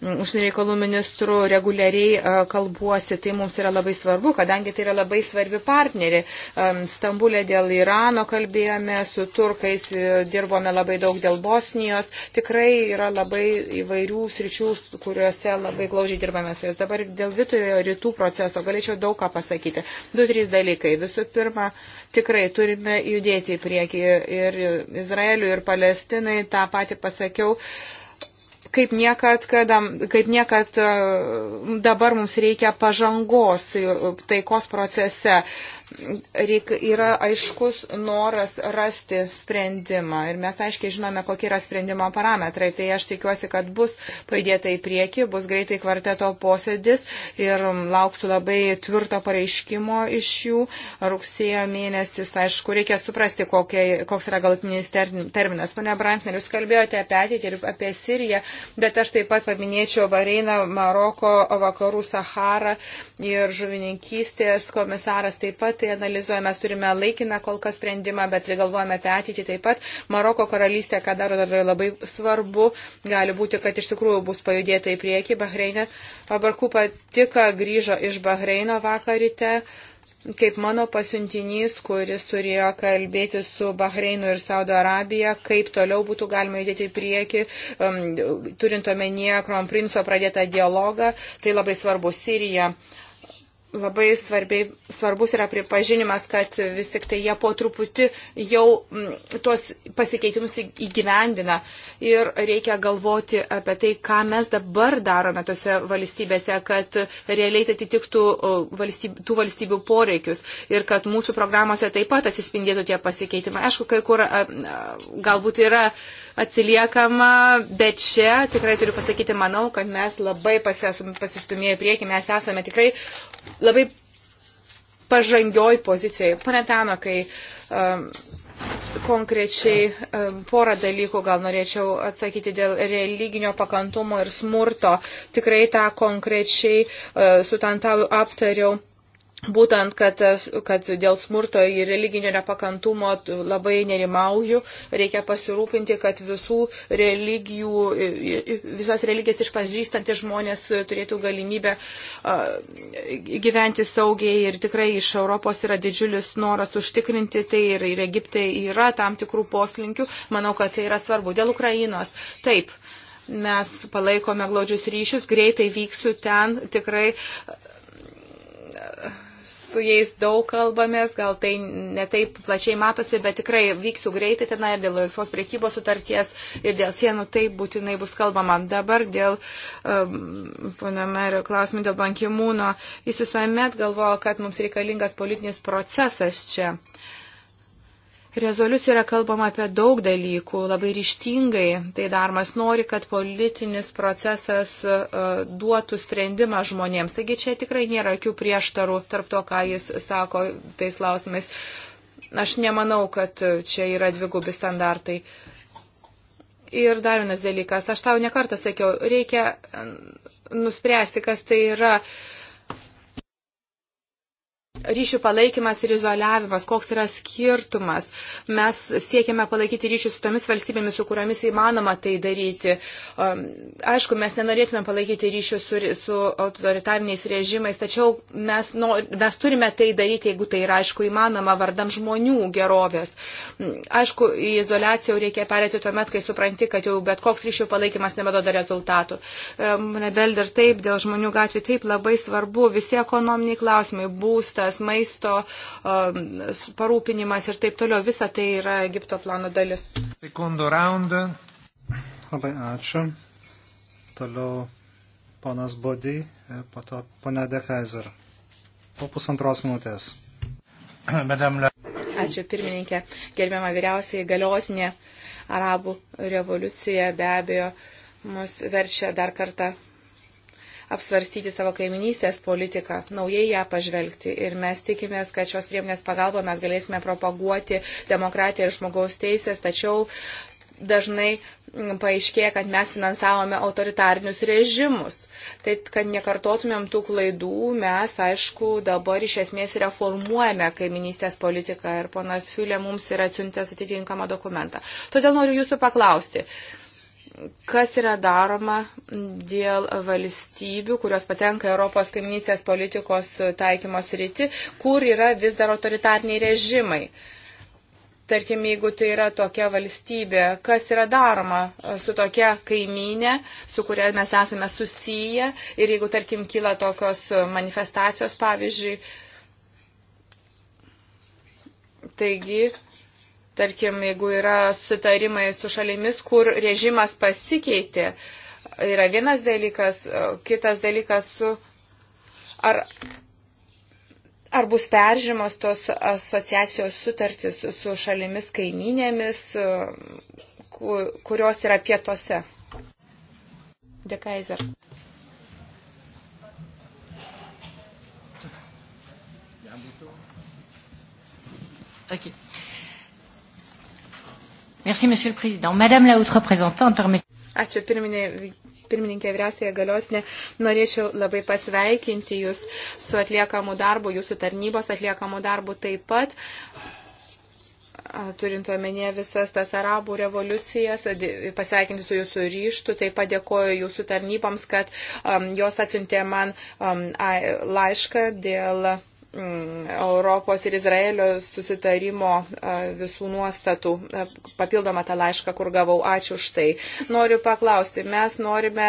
užsienio reikalų ministru reguliariai e, kalbuosi, tai mums yra labai svarbu, kadangi tai yra labai svarbi partneri. E, Stambulė dėl Irano kalbėjome, su turkais e, dirbome labai daug dėl Bosnijos. Tikrai yra labai įvairių sričių, kuriuose labai glaužiai dirbame su jais. Dabar dėl vidurio rytų proceso galėčiau daug ką pasakyti. Du, trys dalykai. Visų pirma, tikrai turime judėti į priekį ir Izraeliui, ir Palestinai. Ta pati pasakiau. Uh, kaip niekad, kad, kaip niekad e, dabar mums reikia pažangos tai, taikos procese reik, yra aiškus noras rasti sprendimą ir mes aiškiai žinome, kokie yra sprendimo parametrai. Tai aš tikiuosi, kad bus pajudėta į priekį, bus greitai kvarteto posėdis ir lauksiu labai tvirto pareiškimo iš jų. Rugsėjo mėnesis, aišku, reikia suprasti, kokie, koks yra galutinis terminas. Pane Brantner, jūs kalbėjote apie ateitį ir apie Siriją, bet aš taip pat paminėčiau Vareiną, Maroko, Vakarų Saharą ir žuvininkystės komisaras taip pat tai analizuojame, mes turime laikiną kol kas sprendimą, bet galvojame apie ateitį taip pat. Maroko karalystė, ką daro, dar labai svarbu, gali būti, kad iš tikrųjų bus pajudėta į priekį Bahreinė. Barkupa tik grįžo iš Bahreino vakarite kaip mano pasiuntinys, kuris turėjo kalbėti su Bahreinu ir Saudo Arabija, kaip toliau būtų galima judėti į priekį, um, turint omenyje Kromprinso pradėtą dialogą, tai labai svarbu Sirija. Uh, labai svarbiai, svarbus yra pripažinimas, kad vis tik tai jie po truputį jau m, mm, tuos pasikeitimus įgyvendina. Ir reikia galvoti apie tai, ką mes dabar darome tose valstybėse, kad realiai tai atitiktų valstyb, tų valstybių poreikius ir kad mūsų programuose taip pat atsispindėtų tie pasikeitimai. Aišku, kai kur a, a, galbūt yra atsiliekama, bet čia tikrai turiu pasakyti, manau, kad mes labai pasistumėjai prieki, mes esame tikrai labai pažangioj pozicijoje. Pane Tano, kai um, konkrečiai um, porą dalykų gal norėčiau atsakyti dėl religinio pakantumo ir smurto, tikrai tą konkrečiai uh, su Tantau aptariau. Būtent, kad, kad dėl smurto ir religinio nepakantumo labai nerimauju, reikia pasirūpinti, kad visų religijų, visas religijas išpažįstantys žmonės turėtų galimybę gyventi saugiai ir tikrai iš Europos yra didžiulis noras užtikrinti tai ir, ir Egipte yra tam tikrų poslinkių. Manau, kad tai yra svarbu. Dėl Ukrainos. Taip mes palaikome glaudžius ryšius, greitai vyksiu ten, tikrai su jais daug kalbamės, gal tai netaip plačiai matosi, bet tikrai vyksiu greitai tenai dėl laisvos priekybos sutarties ir dėl sienų tai būtinai bus kalbama. Dabar dėl, um, pana Merio, klausimų dėl bankimūno, jis visuomet galvoja, kad mums reikalingas politinis procesas čia. Uh, Rezoliucija yra kalbama apie daug dalykų, labai ryštingai tai darmas nori, kad politinis procesas e, duotų sprendimą žmonėms. Taigi čia tikrai nėra jokių prieštarų tarp to, ką jis sako tais klausimais. Aš nemanau, kad čia yra dvigubi standartai. Ir dar vienas dalykas, aš tau nekartą sakiau, reikia nuspręsti, kas tai yra. Uh, ryšių palaikymas ir izoliavimas, koks yra skirtumas. Mes siekiame palaikyti ryšius su tomis valstybėmis, su kuriomis įmanoma tai daryti. Um, aišku, mes nenorėtume palaikyti ryšių su, su autoritariniais režimais, tačiau mes, nu, mes turime tai daryti, jeigu tai yra, aišku, įmanoma vardam žmonių gerovės. Mm, aišku, į izolaciją reikia perėti tuo met, kai supranti, kad jau bet koks ryšių palaikymas nebedoda rezultatų. Um, Mane belder taip, dėl žmonių gatvė taip labai svarbu, visi ekonominiai klausimai, būstas, transportas, maisto um, parūpinimas ir taip toliau. Visa tai yra Egipto plano dalis. Sekundo raundą. Labai ačiū. Toliau ponas Bodį, e, po to ponia Dekaiser. Po pusantros minutės. Ačiū pirmininkė, gerbiama vyriausiai galiosinė Arabų revoliucija be abejo mus verčia dar kartą apsvarstyti savo kaiminystės politiką, naujai ją pažvelgti. Ir mes tikimės, kad šios priemonės pagalba mes galėsime propaguoti demokratiją ir žmogaus teisės, tačiau dažnai mm, paaiškėja, kad mes finansavome autoritarinius režimus. Tai, kad nekartotumėm tų klaidų, mes, aišku, dabar iš esmės reformuojame kaiminystės politiką ir ponas Fiulė mums yra atsiuntęs atitinkamą dokumentą. Todėl noriu jūsų paklausti. Uh, kas yra daroma dėl valstybių, kurios patenka Europos kaiminystės politikos taikymos ryti, kur yra vis dar autoritarniai režimai. Tarkim, jeigu tai yra tokia valstybė, kas yra daroma su tokia kaiminė, su kuria mes esame susiję ir jeigu, tarkim, kyla tokios manifestacijos, pavyzdžiui. Taigi, Tarkim, jeigu yra sutarimai su šalimis, kur režimas pasikeitė, yra vienas dalykas, kitas dalykas su. Ar, ar bus peržymos tos asociacijos sutartys su šalimis kaiminėmis, kurios yra pietuose? Dekaiser. Okay. Merci, Monsieur le Président. Madame la haute représentante, permettez. Ačiū pirminė, pirmininkė vyriausiai galiotinė. Norėčiau labai pasveikinti Jūs su atliekamu darbu, Jūsų tarnybos atliekamu darbu taip pat turint omenyje visas tas arabų revoliucijas, pasveikinti su jūsų ryštu, taip pat dėkoju jūsų tarnyboms, kad um, jos atsiuntė man um, laišką dėl Mm, Europos ir Izraelio susitarimo visų nuostatų papildomą tą laišką, kur gavau. Ačiū už tai. Noriu paklausti, mes norime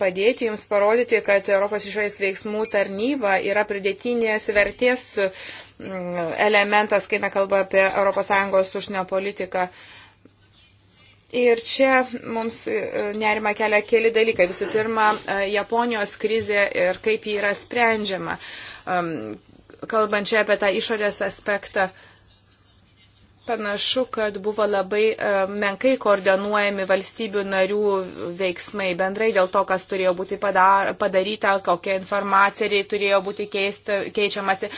padėti jums parodyti, kad Europos išorės veiksmų tarnyba yra pridėtinės vertės mm, elementas, kai nekalba apie ES užsienio politiką. Uh, Ir čia mums e, nerima kelia keli dalykai. Visų pirma, e, Japonijos krizė ir kaip ji yra sprendžiama. Kalbant čia apie tą išorės aspektą, panašu, kad buvo labai e, menkai koordinuojami valstybių narių veiksmai bendrai dėl to, kas turėjo būti padaryta, kokia informacija turėjo būti keista, keičiamasi,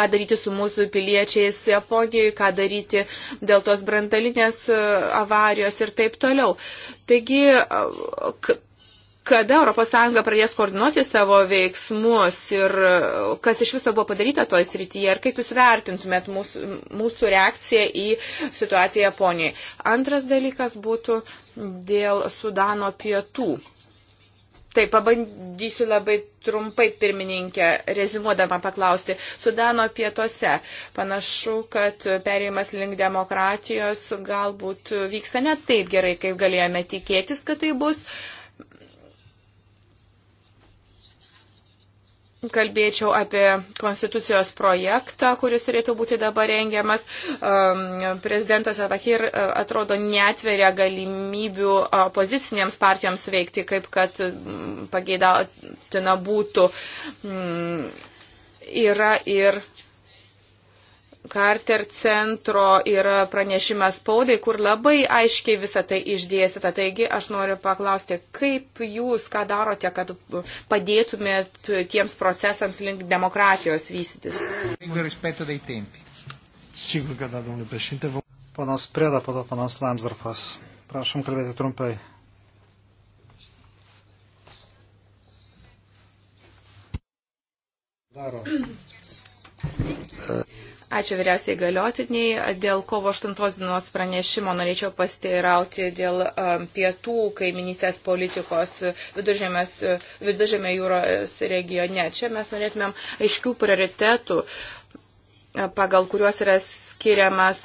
ką daryti su mūsų piliečiais Japonijoje, ką daryti dėl tos brandalinės e, avarijos ir taip toliau. Taigi, e, kada ES pradės koordinuoti savo veiksmus ir e, kas iš viso buvo padaryta toje srityje ir kaip jūs vertintumėt mūsų, mūsų reakciją į situaciją Japonijoje. Antras dalykas būtų dėl Sudano pietų. Taip, pabandysiu labai trumpai, pirmininkė, rezimuodama paklausti. Sudano pietuose panašu, kad perėjimas link demokratijos galbūt vyksta ne taip gerai, kaip galėjome tikėtis, kad tai bus. Uh, kalbėčiau apie konstitucijos projektą, kuris turėtų būti dabar rengiamas. Um, prezidentas Avakir uh, atrodo netveria galimybių opozicinėms partijoms veikti, kaip kad mm, pageidautina būtų. Mm, yra ir Carter centro yra pranešimas spaudai, kur labai aiškiai visą tai išdėstyta. Taigi aš noriu paklausti, kaip jūs ką darote, kad padėtumėt tiems procesams link demokratijos vystytis? Sigur, kad domnul președinte, vom... Panas Preda, po to panas Lamsdorfas. Prašom kalbėti trumpai. Daro. Ačiū vyriausiai galiotiniai. Dėl kovo 8 dienos pranešimo norėčiau pasteirauti dėl um, pietų kaiminystės politikos viduržėmė jūros regione. Čia mes norėtumėm aiškių prioritetų, pagal kuriuos yra skiriamas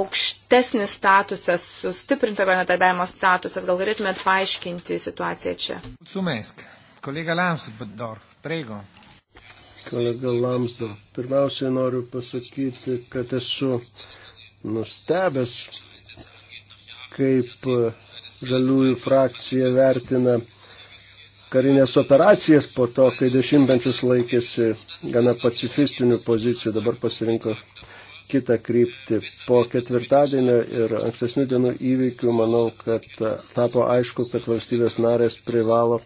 aukštesnis statusas, sustiprinto bendradarbiavimo statusas. Gal galėtumėt paaiškinti situaciją čia? Sumesk. Kolega Lamsdorf, prego kolega Lamsdo. Pirmiausiai noriu pasakyti, kad esu nustebęs, kaip žaliųjų frakcija vertina karinės operacijas po to, kai dešimtmečius laikėsi gana pacifistinių pozicijų, dabar pasirinko kitą kryptį. Po ketvirtadienio ir ankstesnių dienų įvykių manau, kad e, tapo aišku, kad valstybės narės privalo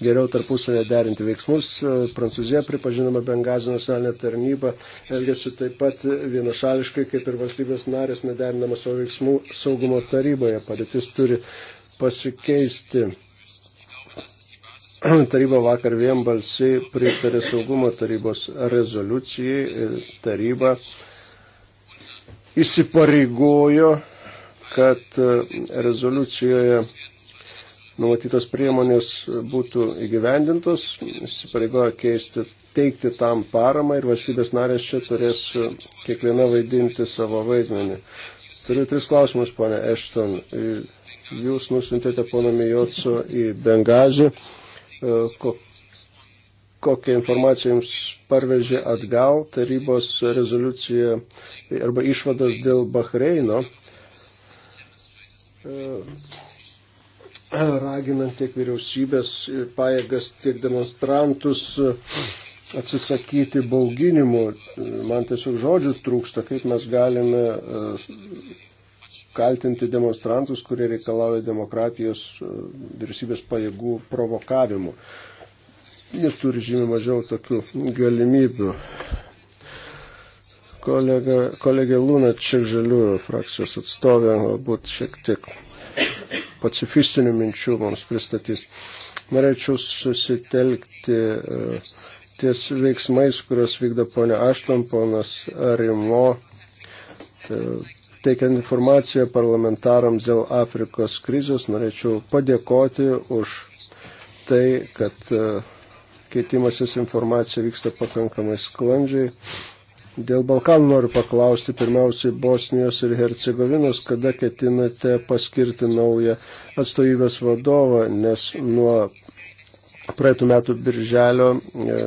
geriau tarpusavę derinti veiksmus. E, Prancūzija pripažinama Bengazio nacionalinė tarnyba elgėsi taip pat vienašališkai, kaip ir valstybės narės nederinama savo veiksmų saugumo taryboje. Padėtis turi pasikeisti. Taryba vakar vienbalsiai pritarė saugumo tarybos rezoliucijai. E, Taryba uh, įsipareigojo, kad e, rezoliucijoje numatytos priemonės būtų įgyvendintos, įsipareigojo keisti, teikti tam paramą ir valstybės narės čia turės e, kiekviena vaidinti savo vaidmenį. Turiu tris klausimus, ponė Ešton. Jūs nusintėte pono Mijotso į Bengazį. E, Kokia kokią informaciją jums parvežė atgal tarybos rezoliucija arba išvados dėl Bahreino, e, raginant tiek vyriausybės pajėgas, tiek demonstrantus atsisakyti bauginimų. Man tiesiog žodžių trūksta, kaip mes galime e, kaltinti demonstrantus, kurie reikalauja demokratijos e, vyriausybės pajėgų provokavimu jie turi žymiai mažiau tokių galimybių. Kolega, kolegė Lūna Ček Žaliųjų frakcijos atstovė galbūt šiek tiek pacifistinių minčių mums pristatys. Norėčiau susitelkti e, ties veiksmais, kurios vykdo ponia Ašton, ponas Arimo, e, teikiant informaciją parlamentarams dėl Afrikos krizės. Norėčiau padėkoti už tai, kad uh, keitimasis informacija vyksta pakankamai sklandžiai. Dėl Balkanų noriu paklausti pirmiausiai Bosnijos ir Hercegovinos, kada ketinate paskirti naują atstovybės vadovą, nes nuo praeitų metų birželio e,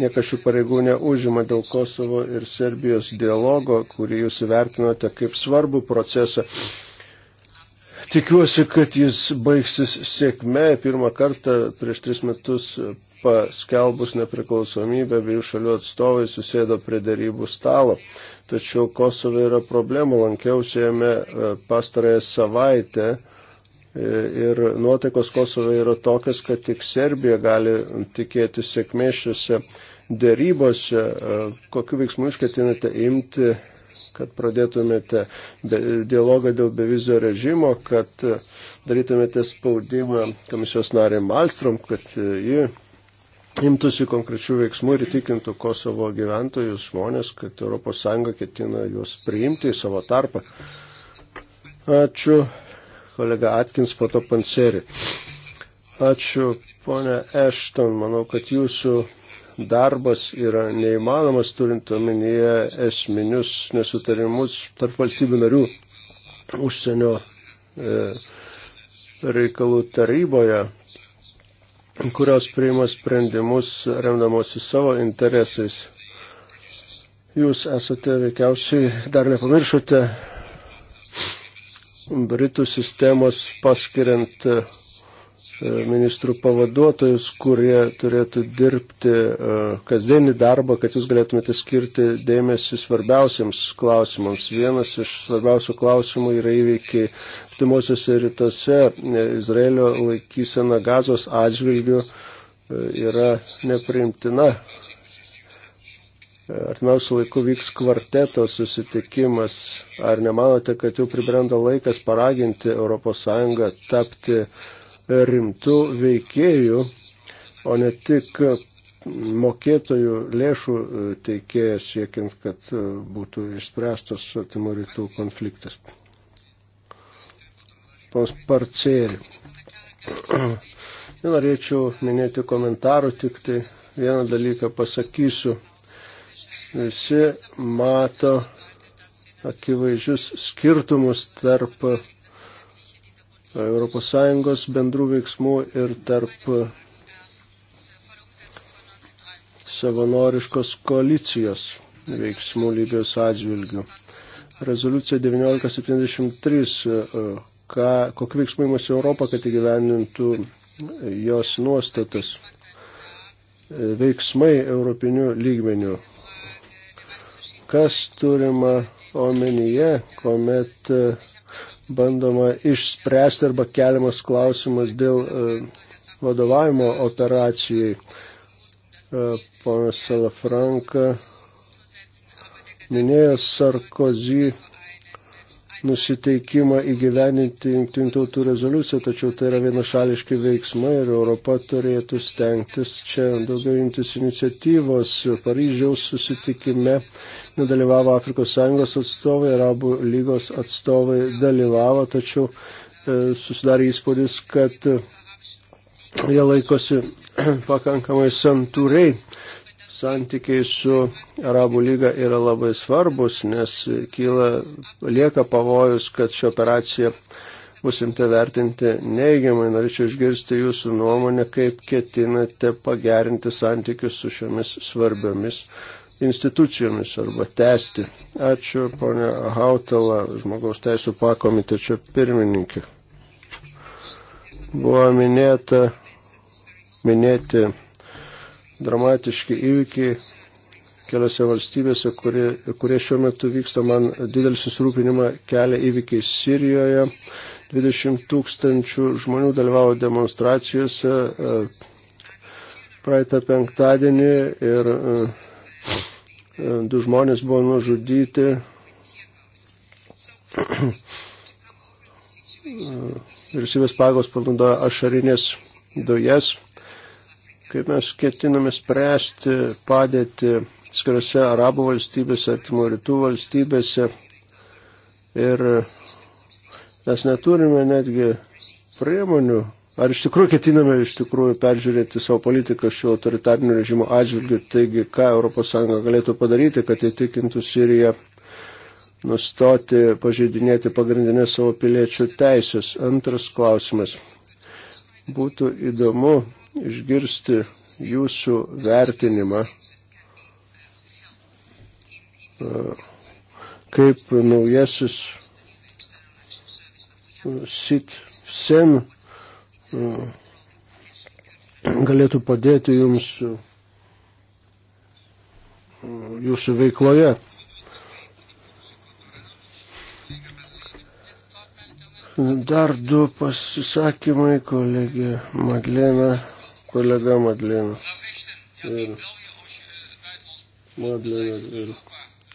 niekas šių pareigų neužima dėl Kosovo ir Serbijos dialogo, kurį jūs įvertinote kaip svarbų procesą. Tikiuosi, kad jis baigsis sėkme. Pirmą kartą prieš tris metus paskelbus nepriklausomybę abiejų šalių atstovai susėdo prie darybų stalo. Tačiau Kosove yra problemų. Lankiausi jame e, pastarąją savaitę. E, ir nuotaikos Kosove yra tokias, kad tik Serbija gali tikėti sėkmė šiuose dėrybose. E, kokiu veiksmu išketinate imti kad pradėtumėte dialogą dėl bevizio režimo, kad e, darytumėte spaudimą komisijos narė Malstrom, kad e, ji imtųsi konkrečių veiksmų ir įtikintų Kosovo gyventojus, žmonės, kad ES ketina juos priimti į savo tarpą. Ačiū, kolega Atkins, po to panseri. Ačiū, ponia Ešton, manau, kad jūsų darbas yra neįmanomas, turint omenyje esminius nesutarimus tarp valstybių narių užsienio e, reikalų taryboje, kurios priima sprendimus remdamosi savo interesais. Jūs esate veikiausiai, dar nepamiršote, Britų sistemos paskiriant E, ministrų pavaduotojus, kurie turėtų dirbti e, kasdienį darbą, kad jūs galėtumėte skirti dėmesį svarbiausiams klausimams. Vienas iš svarbiausių klausimų yra įveikiai Timosiuose rytuose e, Izraelio laikysena gazos atžvilgių yra nepriimtina. Artimiausiu laiku vyks kvarteto susitikimas. Ar nemanote, kad jau pribrendo laikas paraginti ES tapti uh, rimtų veikėjų, o ne tik mokėtojų lėšų e, teikėjas siekiant, kad e, būtų išspręstas artimų rytų konfliktas. Pons Parceri. Nenorėčiau minėti komentarų, tik tai vieną dalyką pasakysiu. Visi mato akivaizdžius skirtumus tarp ES bendrų veiksmų ir tarp savanoriškos koalicijos veiksmų Libijos atžvilgių. Rezoliucija 1973, e, ką, kokiu veiksmu įmasi Europą, kad įgyvenintų jos nuostatas. E, veiksmai europinių lygmenių. Kas turima omenyje, kuomet e, bandoma išspręsti arba keliamas klausimas dėl e, vadovavimo operacijai. E, ponas Salafranka minėjo Sarkozy nusiteikimą įgyveninti jungtinių tautų rezoliuciją, tačiau tai yra vienašališki veiksmai ir Europa turėtų stengtis čia daugiau imtis iniciatyvos. Paryžiaus susitikime nedalyvavo Afrikos Sąjungos atstovai, Arabų lygos atstovai dalyvavo, tačiau e, susidarė įspūdis, kad jie laikosi pakankamai santūriai santykiai su Arabų lyga yra labai svarbus, nes kyla, lieka pavojus, kad ši operacija bus imta vertinti neigiamai. Norėčiau išgirsti jūsų nuomonę, kaip ketinate pagerinti santykius su šiomis svarbiomis institucijomis arba tęsti. Ačiū, ponia Hautala, žmogaus teisų pakomitečio pirmininkė. Buvo minėta, minėti dramatiški įvykiai keliose valstybėse, kurie, kurie šiuo metu vyksta. Man didelį susirūpinimą kelia įvykiai Sirijoje. 20 tūkstančių žmonių dalyvavo demonstracijose e, praeitą penktadienį ir e, e, du žmonės buvo nužudyti. Vyriausybės pagos panaudojo ašarinės dujas kaip mes ketiname spręsti padėti skiriuose arabų valstybėse, artimo rytų valstybėse. Ir mes neturime netgi priemonių. Ar iš tikrųjų ketiname iš tikrųjų peržiūrėti savo politiką šio autoritarnio režimo atžvilgiu, taigi ką ES galėtų padaryti, kad įtikintų Siriją nustoti pažeidinėti pagrindinės savo piliečių teisės. Antras klausimas. Būtų įdomu išgirsti jūsų vertinimą, e, kaip naujasis e, SIT SEM e, galėtų padėti jums jūsų veikloje. Dar du pasisakymai, kolegė Madlena kolega Madlina. Ir Madlina ir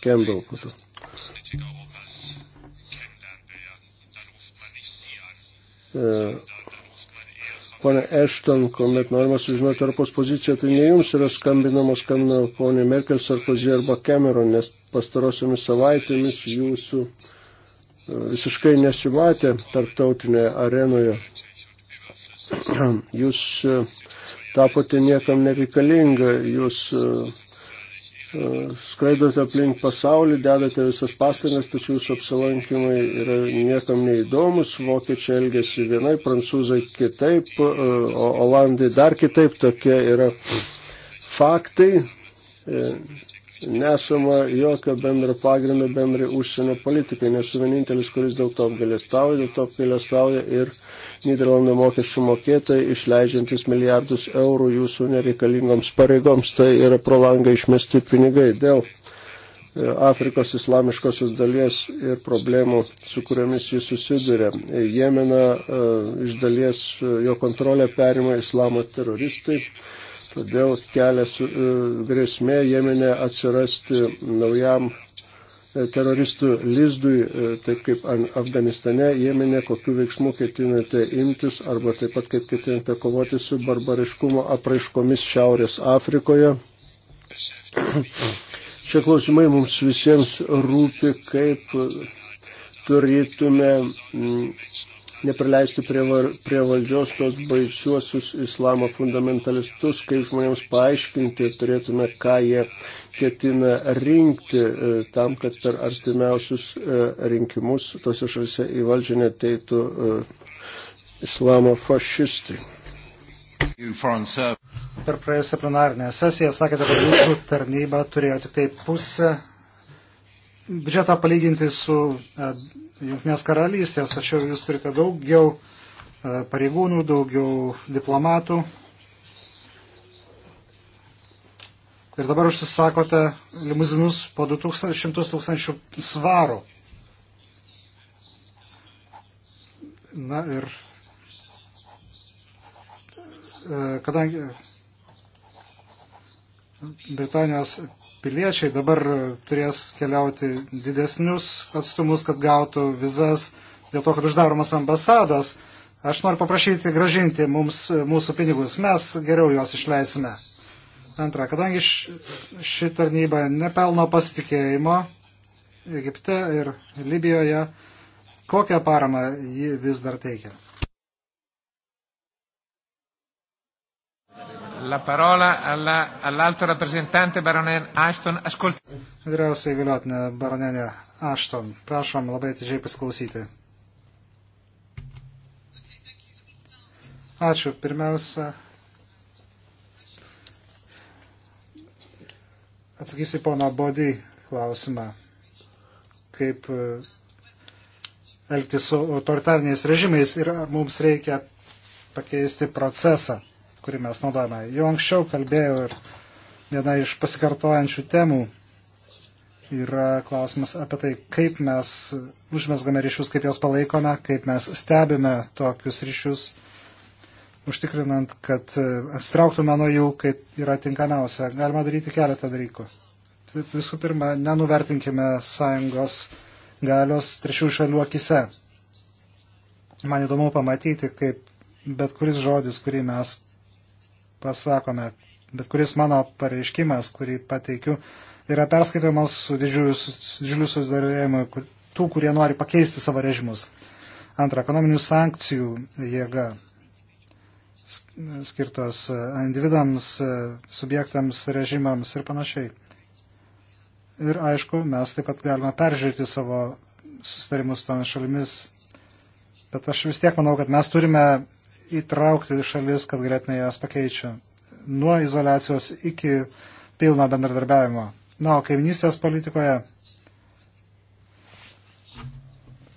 Campbell po to. E, pone Ešton, kuomet norima sužinoti Europos poziciją, tai ne jums yra skambinama, skambina ponė Merkel, Sarkozy arba Cameron, nes pastarosiomis savaitėmis jūsų e, visiškai nesimatė tarptautinėje arenoje. Jūs uh, tapote niekam nereikalinga, jūs e, e, skraidote aplink pasaulį, dedate visas pastangas, tačiau jūsų apsilankimai yra niekam neįdomus, vokiečiai elgesi vienai, prancūzai kitaip, e, o olandai dar kitaip, tokie yra faktai. Nesama jokio bendro pagrindo bendrai užsienio politikai, nesu vienintelis, kuris dėl to apgalėstauja, dėl to apgalėstauja ir Niderlandų mokesčių mokėtojai, išleidžiantis milijardus eurų jūsų nereikalingoms pareigoms, tai yra pro langą išmesti pinigai dėl e, Afrikos islamiškosios dalies ir problemų, su kuriamis jis susiduria. Jemena e, iš dalies e, jo kontrolę perima islamo teroristai. Todėl kelia grėsmė Jemenė atsirasti naujam teroristų lizdui, e, taip kaip Afganistane, Jemenė, kokiu veiksmu ketinate imtis, arba taip pat kaip ketinate kovoti su barbariškumo apraiškomis Šiaurės Afrikoje. Šie klausimai mums visiems rūpi, kaip turėtume mm, neprileisti prie, var, prie valdžios tos baisiuosius islamo fundamentalistus, kaip žmonėms paaiškinti turėtume, ką jie ketina rinkti e, tam, kad per artimiausius e, rinkimus tose šalise į valdžią neteitų e, islamo fašistai. Per praėjusią plenarinę sesiją sakėte, kad jūsų tarnyba turėjo tik tai pusę biudžetą palyginti su Junktinės karalystės, tačiau jūs turite daugiau pareigūnų, daugiau diplomatų. Ir dabar užsisakote limuzinus po 200 tūkstančių svarų. Na ir e, kadangi Britanijos piliečiai dabar turės keliauti didesnius atstumus, kad gautų vizas dėl to, kad uždaromas ambasados, aš noriu paprašyti gražinti mums e, mūsų pinigus, mes geriau juos išleisime. Antra, kadangi ši tarnyba nepelno pasitikėjimo Egipte ir Libijoje, kokią paramą ji vis dar teikia? La parola alla, all'alto rappresentante baronė Ashton. Ascolti. Vyriausiai galiotinė baronė Ashton. Prašom labai atidžiai pasiklausyti. Ačiū. Pirmiausia, Atsakysiu pono Bodį klausimą, kaip e, elgtis su autoritariniais režimais ir ar mums reikia pakeisti procesą, kurį mes naudojame. Jau anksčiau kalbėjau ir viena iš pasikartojančių temų yra klausimas apie tai, kaip mes užmesgame ryšius, kaip juos palaikome, kaip mes stebime tokius ryšius užtikrinant, kad e, atsitrauktume nuo jų, kai yra tinkamiausia. Galima daryti keletą dalykų. Visų pirma, nenuvertinkime sąjungos galios trečių šalių akise. Man įdomu pamatyti, kaip bet kuris žodis, kurį mes pasakome, bet kuris mano pareiškimas, kurį pateikiu, yra perskaitamas su didžiuliu, didžiuliu sudarėjimu tų, kurie nori pakeisti savo režimus. Antra, ekonominių sankcijų jėga skirtos individams, subjektams, režimams ir panašiai. Ir aišku, mes taip pat galime peržiūrėti savo sustarimus tomis šalimis, bet aš vis tiek manau, kad mes turime įtraukti šalis, kad galėtume jas pakeičia. Nuo izolacijos iki pilno bendradarbiavimo. Na, o kaiminystės politikoje,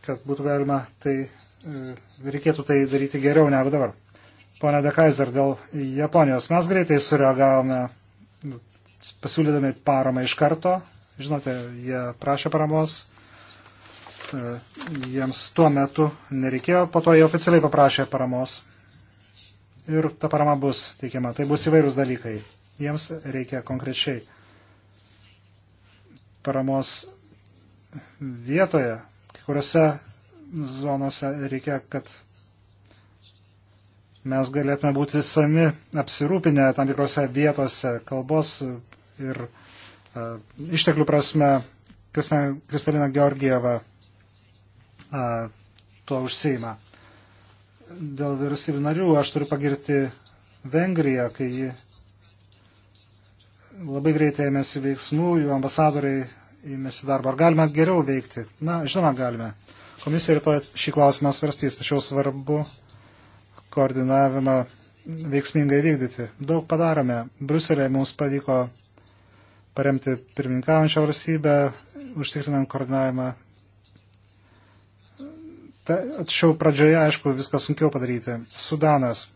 kad būtų galima, tai e, reikėtų tai daryti geriau negu dabar. Pone Dekaiser, dėl Japonijos mes greitai sureagavome, pasiūlydami paramą iš karto. Žinote, jie prašė paramos, e, jiems tuo metu nereikėjo, po to jie oficialiai paprašė paramos. Ir ta parama bus teikiama. Tai bus įvairūs dalykai. Jiems reikia konkrečiai paramos vietoje, kai kuriuose zonose reikia, kad mes galėtume būti sami apsirūpinę tam tikrose vietose kalbos ir uh, išteklių prasme. Kristalina Georgieva uh, tuo užseima. Dėl vyriausybių narių aš turiu pagirti Vengriją, kai ji labai greitai ėmėsi veiksmų, jų ambasadoriai ėmėsi darbo. Ar galime geriau veikti? Na, žinoma, galime. Komisija rytoj šį klausimą svarstys, tačiau svarbu koordinavimą veiksmingai vykdyti. Daug padarome. Bruselėje mums pavyko paremti pirmininkaujančią valstybę, užtikrinant koordinavimą. Tačiau pradžioje, aišku, viską sunkiau padaryti. Sudanas.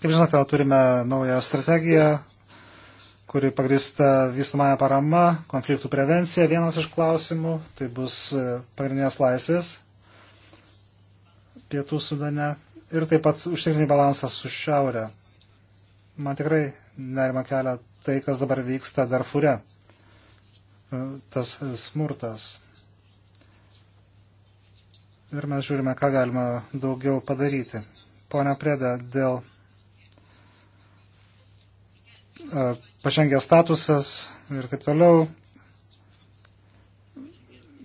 Kaip žinote, turime naują strategiją, kuri pagrista vystamąją paramą, konfliktų prevencija. Vienas iš klausimų, tai bus e, pagrindinės laisvės pietų sudane ir taip pat užtikrinti balansą su šiaurė. Man tikrai nerima kelia tai, kas dabar vyksta Darfure. E, tas smurtas. Ir mes žiūrime, ką galima daugiau padaryti. Pone Prėda, dėl e, pažengęs statusas ir taip toliau.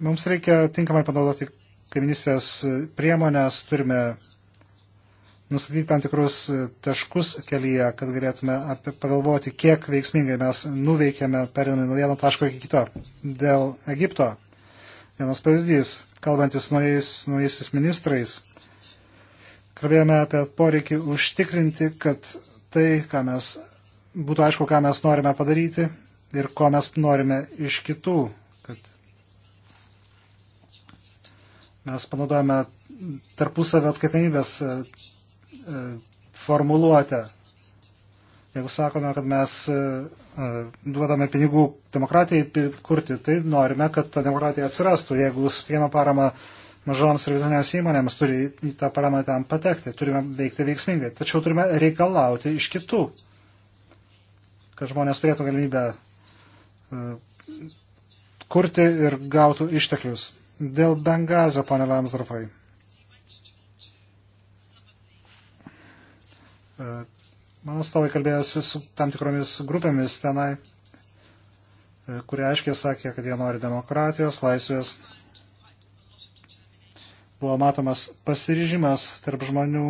Mums reikia tinkamai panaudoti kaiminystės priemonės, turime nustatyti tam tikrus e, taškus kelyje, kad galėtume apie, pagalvoti, kiek veiksmingai mes nuveikėme perinami nuo vieno taško iki kito. Dėl Egipto vienas pavyzdys, kalbantis naujais, naujaisiais ministrais, kalbėjome apie poreikį užtikrinti, kad tai, ką mes, būtų aišku, ką mes norime padaryti ir ko mes norime iš kitų, kad mes panaudojame tarpusavę atskaitomybės E, formuluotę. Jeigu sakome, kad mes e, e, duodame pinigų demokratijai kurti, tai norime, kad ta demokratija atsirastų. Jeigu sutikėme paramą mažoms ir vidutinėms įmonėms, turi į tą paramą ten patekti, turime veikti veiksmingai. Tačiau turime reikalauti iš kitų, kad žmonės turėtų galimybę kurti ir gautų išteklius. Dėl Bengazo, pane Lamsdorfai. Mano stovai kalbėjosi su tam tikromis grupėmis tenai, e, kurie aiškiai sakė, kad jie nori demokratijos, laisvės. Buvo matomas pasiryžimas tarp žmonių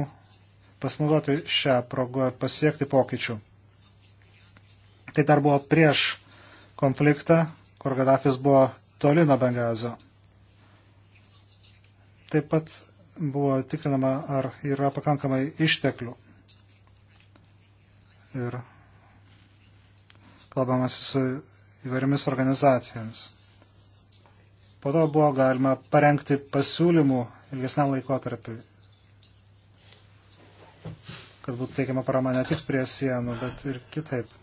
pasinaudoti šią progą pasiekti pokyčių. Tai dar buvo prieš konfliktą, kur Gaddafis buvo toli nuo Bengazio. Taip pat buvo tikrinama, ar yra pakankamai išteklių ir kalbamas su įvairiomis organizacijomis. Po to buvo galima parengti pasiūlymų ilgesniam laikotarpiu, kad būtų teikiama parama ne tik prie sienų, bet ir kitaip.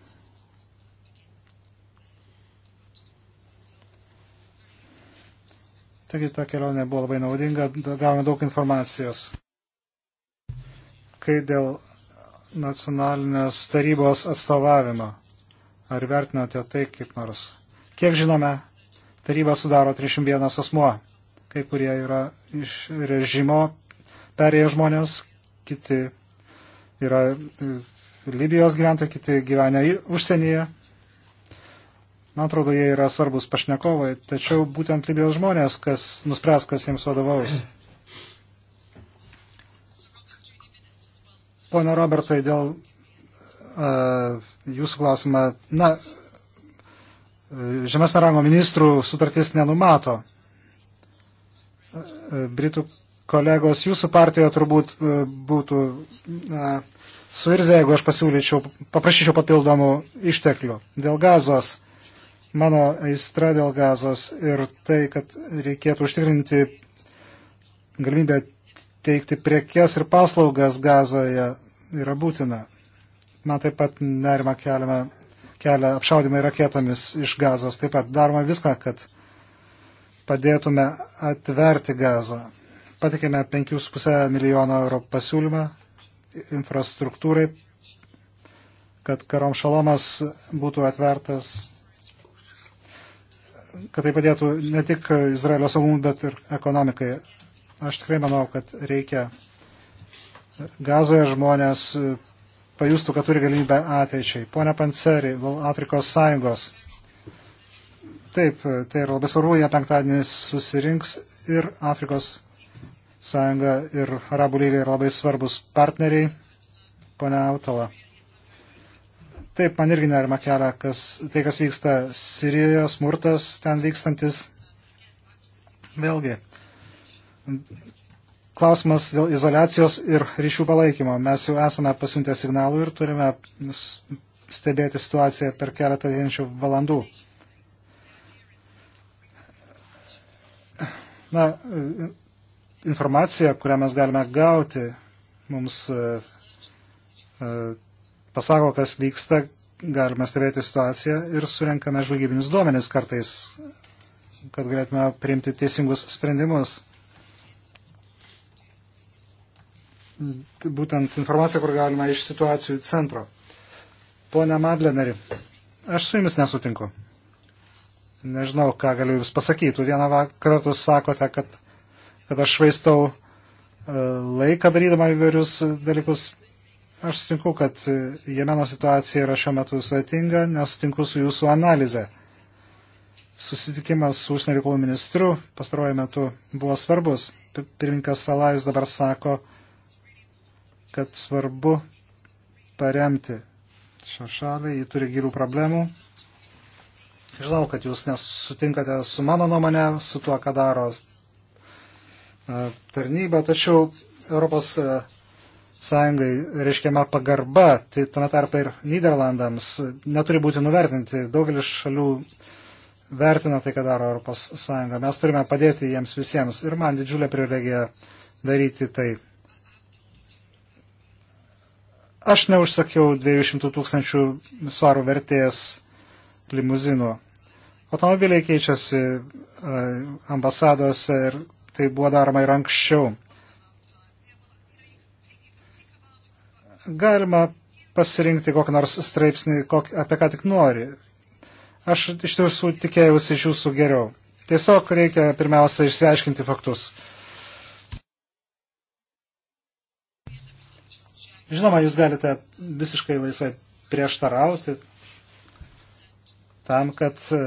Taigi ta kelionė buvo labai naudinga, gavome daug informacijos. Kai dėl nacionalinės tarybos atstovavimo. Ar vertinate tai kaip nors? Kiek žinome, tarybą sudaro 31 asmuo. Kai kurie yra iš režimo perėję žmonės, kiti yra e, Libijos gyventojai, kiti gyvena užsienyje. Man atrodo, jie yra svarbus pašnekovai, tačiau būtent Libijos žmonės, kas nuspręs, kas jiems vadovaus. Pone Robertai, dėl uh, jūsų klausimą, na, žemesnio rango ministrų sutartis nenumato. E, Britų kolegos, jūsų partijoje turbūt e, būtų suirzę, jeigu aš pasiūlyčiau, paprašyčiau papildomų išteklių. Dėl gazos, mano aistra dėl gazos ir tai, kad reikėtų užtikrinti galimybę teikti priekes ir paslaugas gazoje, yra būtina. Man taip pat nerima keliame, kelia apšaudimai raketomis iš gazos. Taip pat daroma viską, kad padėtume atverti gazą. Patikėme 5,5 milijono eurų pasiūlymą infrastruktūrai, kad karom šalomas būtų atvertas, kad tai padėtų ne tik Izraelio saugumui, bet ir ekonomikai. Aš tikrai manau, kad reikia Gazoje žmonės e, pajustų, kad turi galimybę ateičiai. Pone Panceri, Afrikos Sąjungos. Taip, e, tai yra labai svarbu, jie penktadienį susirinks ir Afrikos Sąjunga ir Arabų lyga yra labai svarbus partneriai. Pone Autala. Taip, man irgi nerima kelia, kas, tai kas vyksta Sirijoje, smurtas ten vykstantis. Vėlgi, Klausimas dėl izolacijos ir ryšių palaikymo. Mes jau esame pasiuntę signalų ir turime stebėti situaciją per keletą dienčių valandų. Na, informacija, kurią mes galime gauti, mums e, e, pasako, kas vyksta, galime stebėti situaciją ir surenkame žvalgybinius duomenis kartais, kad galėtume priimti teisingus sprendimus. Tai būtent informaciją, kur galima iš situacijų centro. Pone Madleneri, aš su jumis nesutinku. Nežinau, ką galiu jums pasakyti. Vieną kartus sakote, kad, kad aš švaistau e, laiką darydama įvairius dalykus. Aš sutinku, kad Jemeno situacija yra šiuo metu sudėtinga, nesutinku su jūsų analize susitikimas su užsienio reikalų ministru pastaruoju metu buvo svarbus. Pirmininkas Salajus dabar sako, kad svarbu paremti šią šalį, ji turi gilių problemų. Žinau, kad jūs nesutinkate su mano nuomonė, su tuo, ką daro e, tarnyba, tačiau Europos e, sąjungai reiškiama pagarba, tai tame tarpe ir Niderlandams neturi būti nuvertinti. Daugelis šalių vertina tai, ką daro Europos sąjunga. Mes turime padėti jiems visiems ir man didžiulė privilegija daryti tai. Aš neužsakiau 200 tūkstančių svarų vertės limuzinų. Automobiliai keičiasi e, ambasadose ir tai buvo daroma ir anksčiau. Galima pasirinkti kokį nors straipsnį, kokį, apie ką tik nori. Aš iš tiesų tikėjausi iš jūsų geriau. Tiesiog reikia pirmiausia išsiaiškinti faktus. Žinoma, jūs galite visiškai laisvai prieštarauti tam, kad e,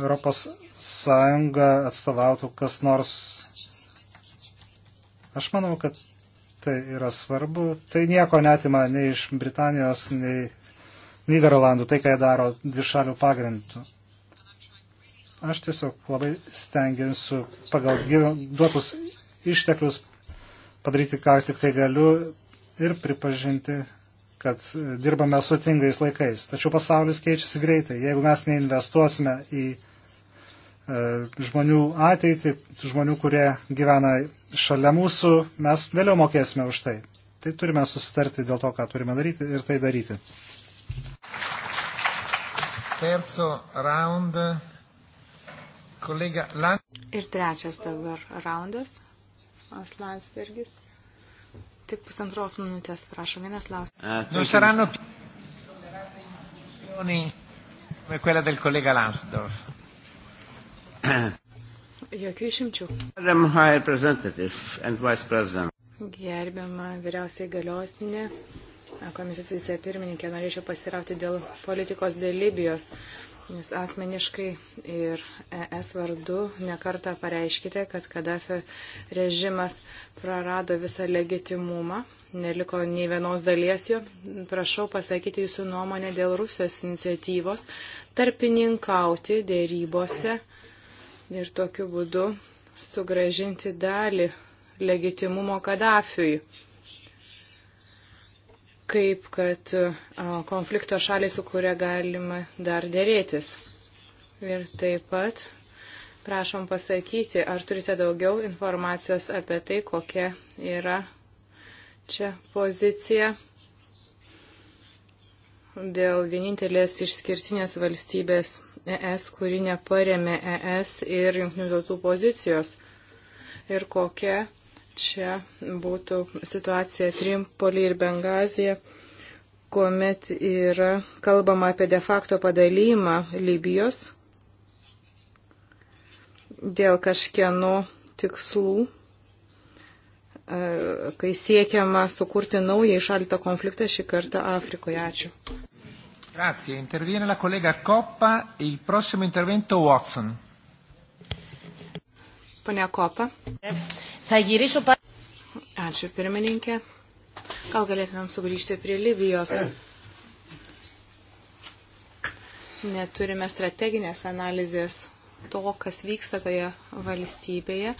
Europos Sąjunga atstovautų kas nors. Aš manau, kad tai yra svarbu. Tai nieko netima nei iš Britanijos, nei Niderlandų, tai ką jie daro dvišalių pagrindų. Aš tiesiog labai stengiuosi pagal duotus išteklius padaryti, ką tik tai galiu, ir pripažinti, kad dirbame su tingais laikais. Tačiau pasaulis keičiasi greitai. Jeigu mes neinvestuosime į e, žmonių ateitį, žmonių, kurie gyvena šalia mūsų, mes vėliau mokėsime už tai. Tai turime susitarti dėl to, ką turime daryti ir tai daryti. Terzo round. Kolega Lan. Ir trečias dabar raundas. Oslansbergis. Tik pusantros minutės, prašom, vienas klausimas. Non saranno discussioni come quella del collega Lansdorf. Jokių išimčių. Gerbiama vyriausiai galiotinė, komisijos vicepirmininkė, norėčiau pasirauti dėl politikos dėl Libijos. Nes asmeniškai ir ES vardu nekarta pareiškite, kad Kadafi režimas prarado visą legitimumą, neliko nei vienos dalies jo. Prašau pasakyti jūsų nuomonę dėl Rusijos iniciatyvos tarpininkauti dėrybose ir tokiu būdu sugražinti dalį legitimumo Kadafiui kaip kad konflikto šaliai, su kuria galima dar dėrėtis. Ir taip pat prašom pasakyti, ar turite daugiau informacijos apie tai, kokia yra čia pozicija dėl vienintelės išskirtinės valstybės ES, kuri neparemė ES ir jungtinių tautų pozicijos. Ir kokia čia būtų situacija Trimpolį ir Bengaziją, kuomet yra kalbama apie de facto padalymą Libijos dėl kažkieno tikslų, e, kai siekiama sukurti naują išaltą konfliktą šį kartą Afrikoje. Ačiū. Grazie. Interviene la collega Coppa, il prossimo intervento Watson. Pane Kopa. Ačiū, pirmininkė. Gal galėtumėm sugrįžti prie Libijos. Neturime strateginės analizės to, kas vyksta toje valstybėje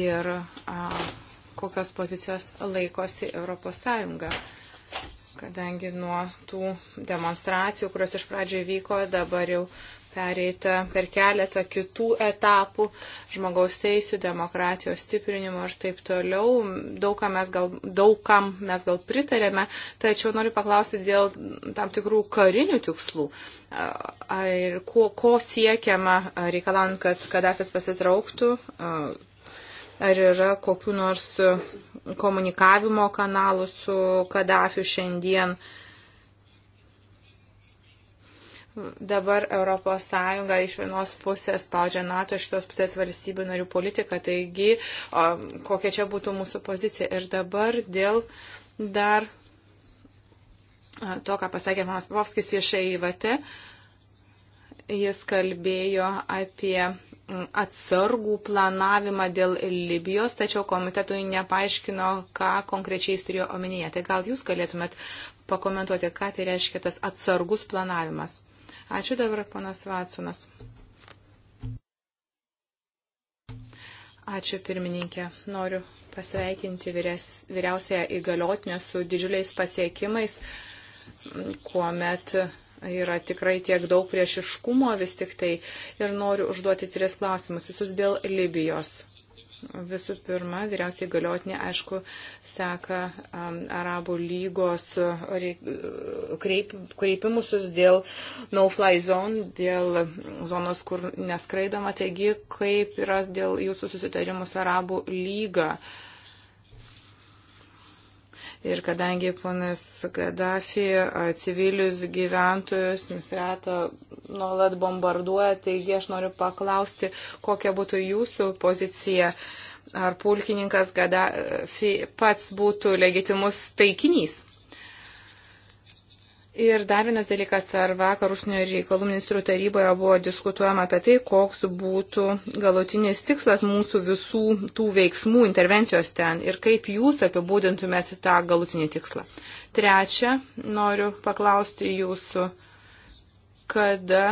ir a, kokios pozicijos laikosi Europos Sąjunga kadangi nuo tų demonstracijų, kurios iš pradžio vyko, dabar jau pereita per keletą kitų etapų žmogaus teisų, demokratijos stiprinimo ir taip toliau. Daug, ką mes gal, daug kam mes gal pritarėme, tačiau noriu paklausti dėl tam tikrų karinių tikslų. Ir ko, ko siekiama, reikalant, kad Kadafis pasitrauktų, ar yra kokiu nors komunikavimo kanalų su Kadafiu šiandien. Uh, dabar ES iš vienos pusės spaudžia NATO, iš kitos pusės valstybių narių politiką, taigi o, kokia čia būtų mūsų pozicija. Ir dabar dėl dar to, ką pasakė Manas Povskis iš EIVT, jis kalbėjo apie atsargų planavimą dėl Libijos, tačiau komitetui nepaaiškino, ką konkrečiai jis turėjo omenyje. Tai gal jūs galėtumėt pakomentuoti, ką tai reiškia tas atsargus planavimas? Ačiū dabar, ponas Vatsonas. Ačiū pirmininkė. Noriu pasveikinti vyriausiąją įgaliotinę su didžiuliais pasiekimais, kuomet yra tikrai tiek daug priešiškumo vis tik tai. Ir noriu užduoti tris klausimus, visus dėl Libijos. Visų pirma, vyriausiai galiotinė, aišku, seka um, Arabų lygos uh, uh, kreip, kreipimusius dėl no-fly zone, dėl zonos, kur neskraidoma. Taigi, kaip yra dėl jūsų susitarimų su Arabų lyga? Uh, Ir kadangi ponas Gaddafi civilius gyventojus misretą nuolat bombarduoja, taigi aš noriu paklausti, kokia būtų jūsų pozicija. Ar pulkininkas Gaddafi pats būtų legitimus taikinys? Ir dar vienas dalykas, ar vakar užsienio reikalų ministrų taryboje buvo diskutuojama apie tai, koks būtų galutinis tikslas mūsų visų tų veiksmų, intervencijos ten ir kaip jūs apibūdintumėte tą galutinį tikslą. Trečia, noriu paklausti jūsų, kada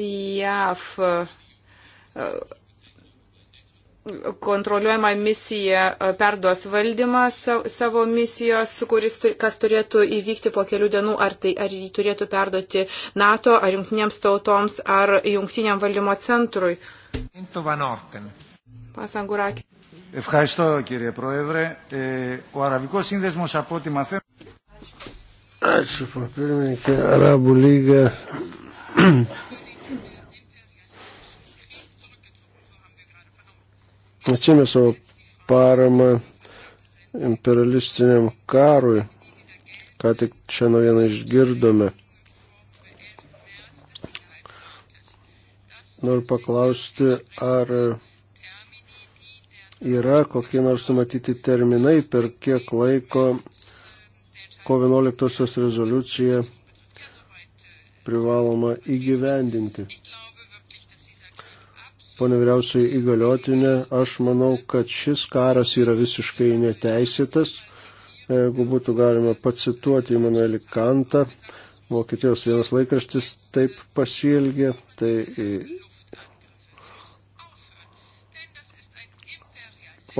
JAF kontroliuojama misija e, perduos valdymą savo misijos, kuris, kas turėtų įvykti po kelių dienų, ar, tai, ar jį turėtų perduoti NATO, ar jungtinėms tautoms, ar jungtiniam valdymo centrui. Pasanguraki. Ευχαριστώ κύριε Πρόεδρε. Ε, ο Αραβικός Σύνδεσμος από ό,τι μαθαίνω... Ačiū, papirmininkė, Arabų lyga atsėmė savo paramą imperialistiniam karui, ką tik čia naujieną išgirdome. Noriu paklausti, ar yra kokie nors numatyti terminai, per kiek laiko ko 11 rezoliucija privaloma įgyvendinti. Pone vyriausiai įgaliotinė, aš manau, kad šis karas yra visiškai neteisėtas. Jeigu būtų galima pacituoti Immanuelį Kantą, Vokietijos vienas laikraštis taip pasielgė, tai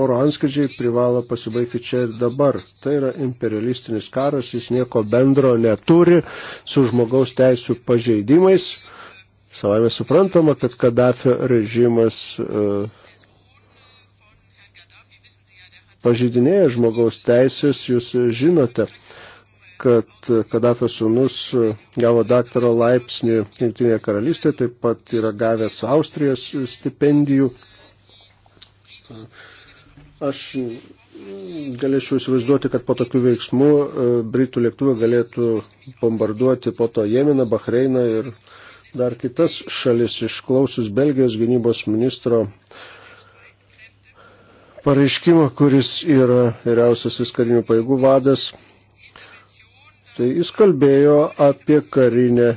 oro anskridžiai privalo pasibaigti čia ir dabar. Tai yra imperialistinis karas, jis nieko bendro neturi su žmogaus teisų pažeidimais. Savame suprantama, kad Kadafio režimas e, pažydinėja žmogaus teisės, jūs žinote, kad Kadafio sūnus gavo daktaro laipsnį Junktinėje karalystėje, taip pat yra gavęs Austrijos stipendijų. Aš galėčiau įsivaizduoti, kad po tokių veiksmų e, Britų lėktuvai galėtų bombarduoti po to Jemeną, Bahreiną ir uh, dar kitas šalis išklausus Belgijos gynybos ministro pareiškimą, kuris yra vyriausiasis karinių paėgų vadas. Tai jis kalbėjo apie karinę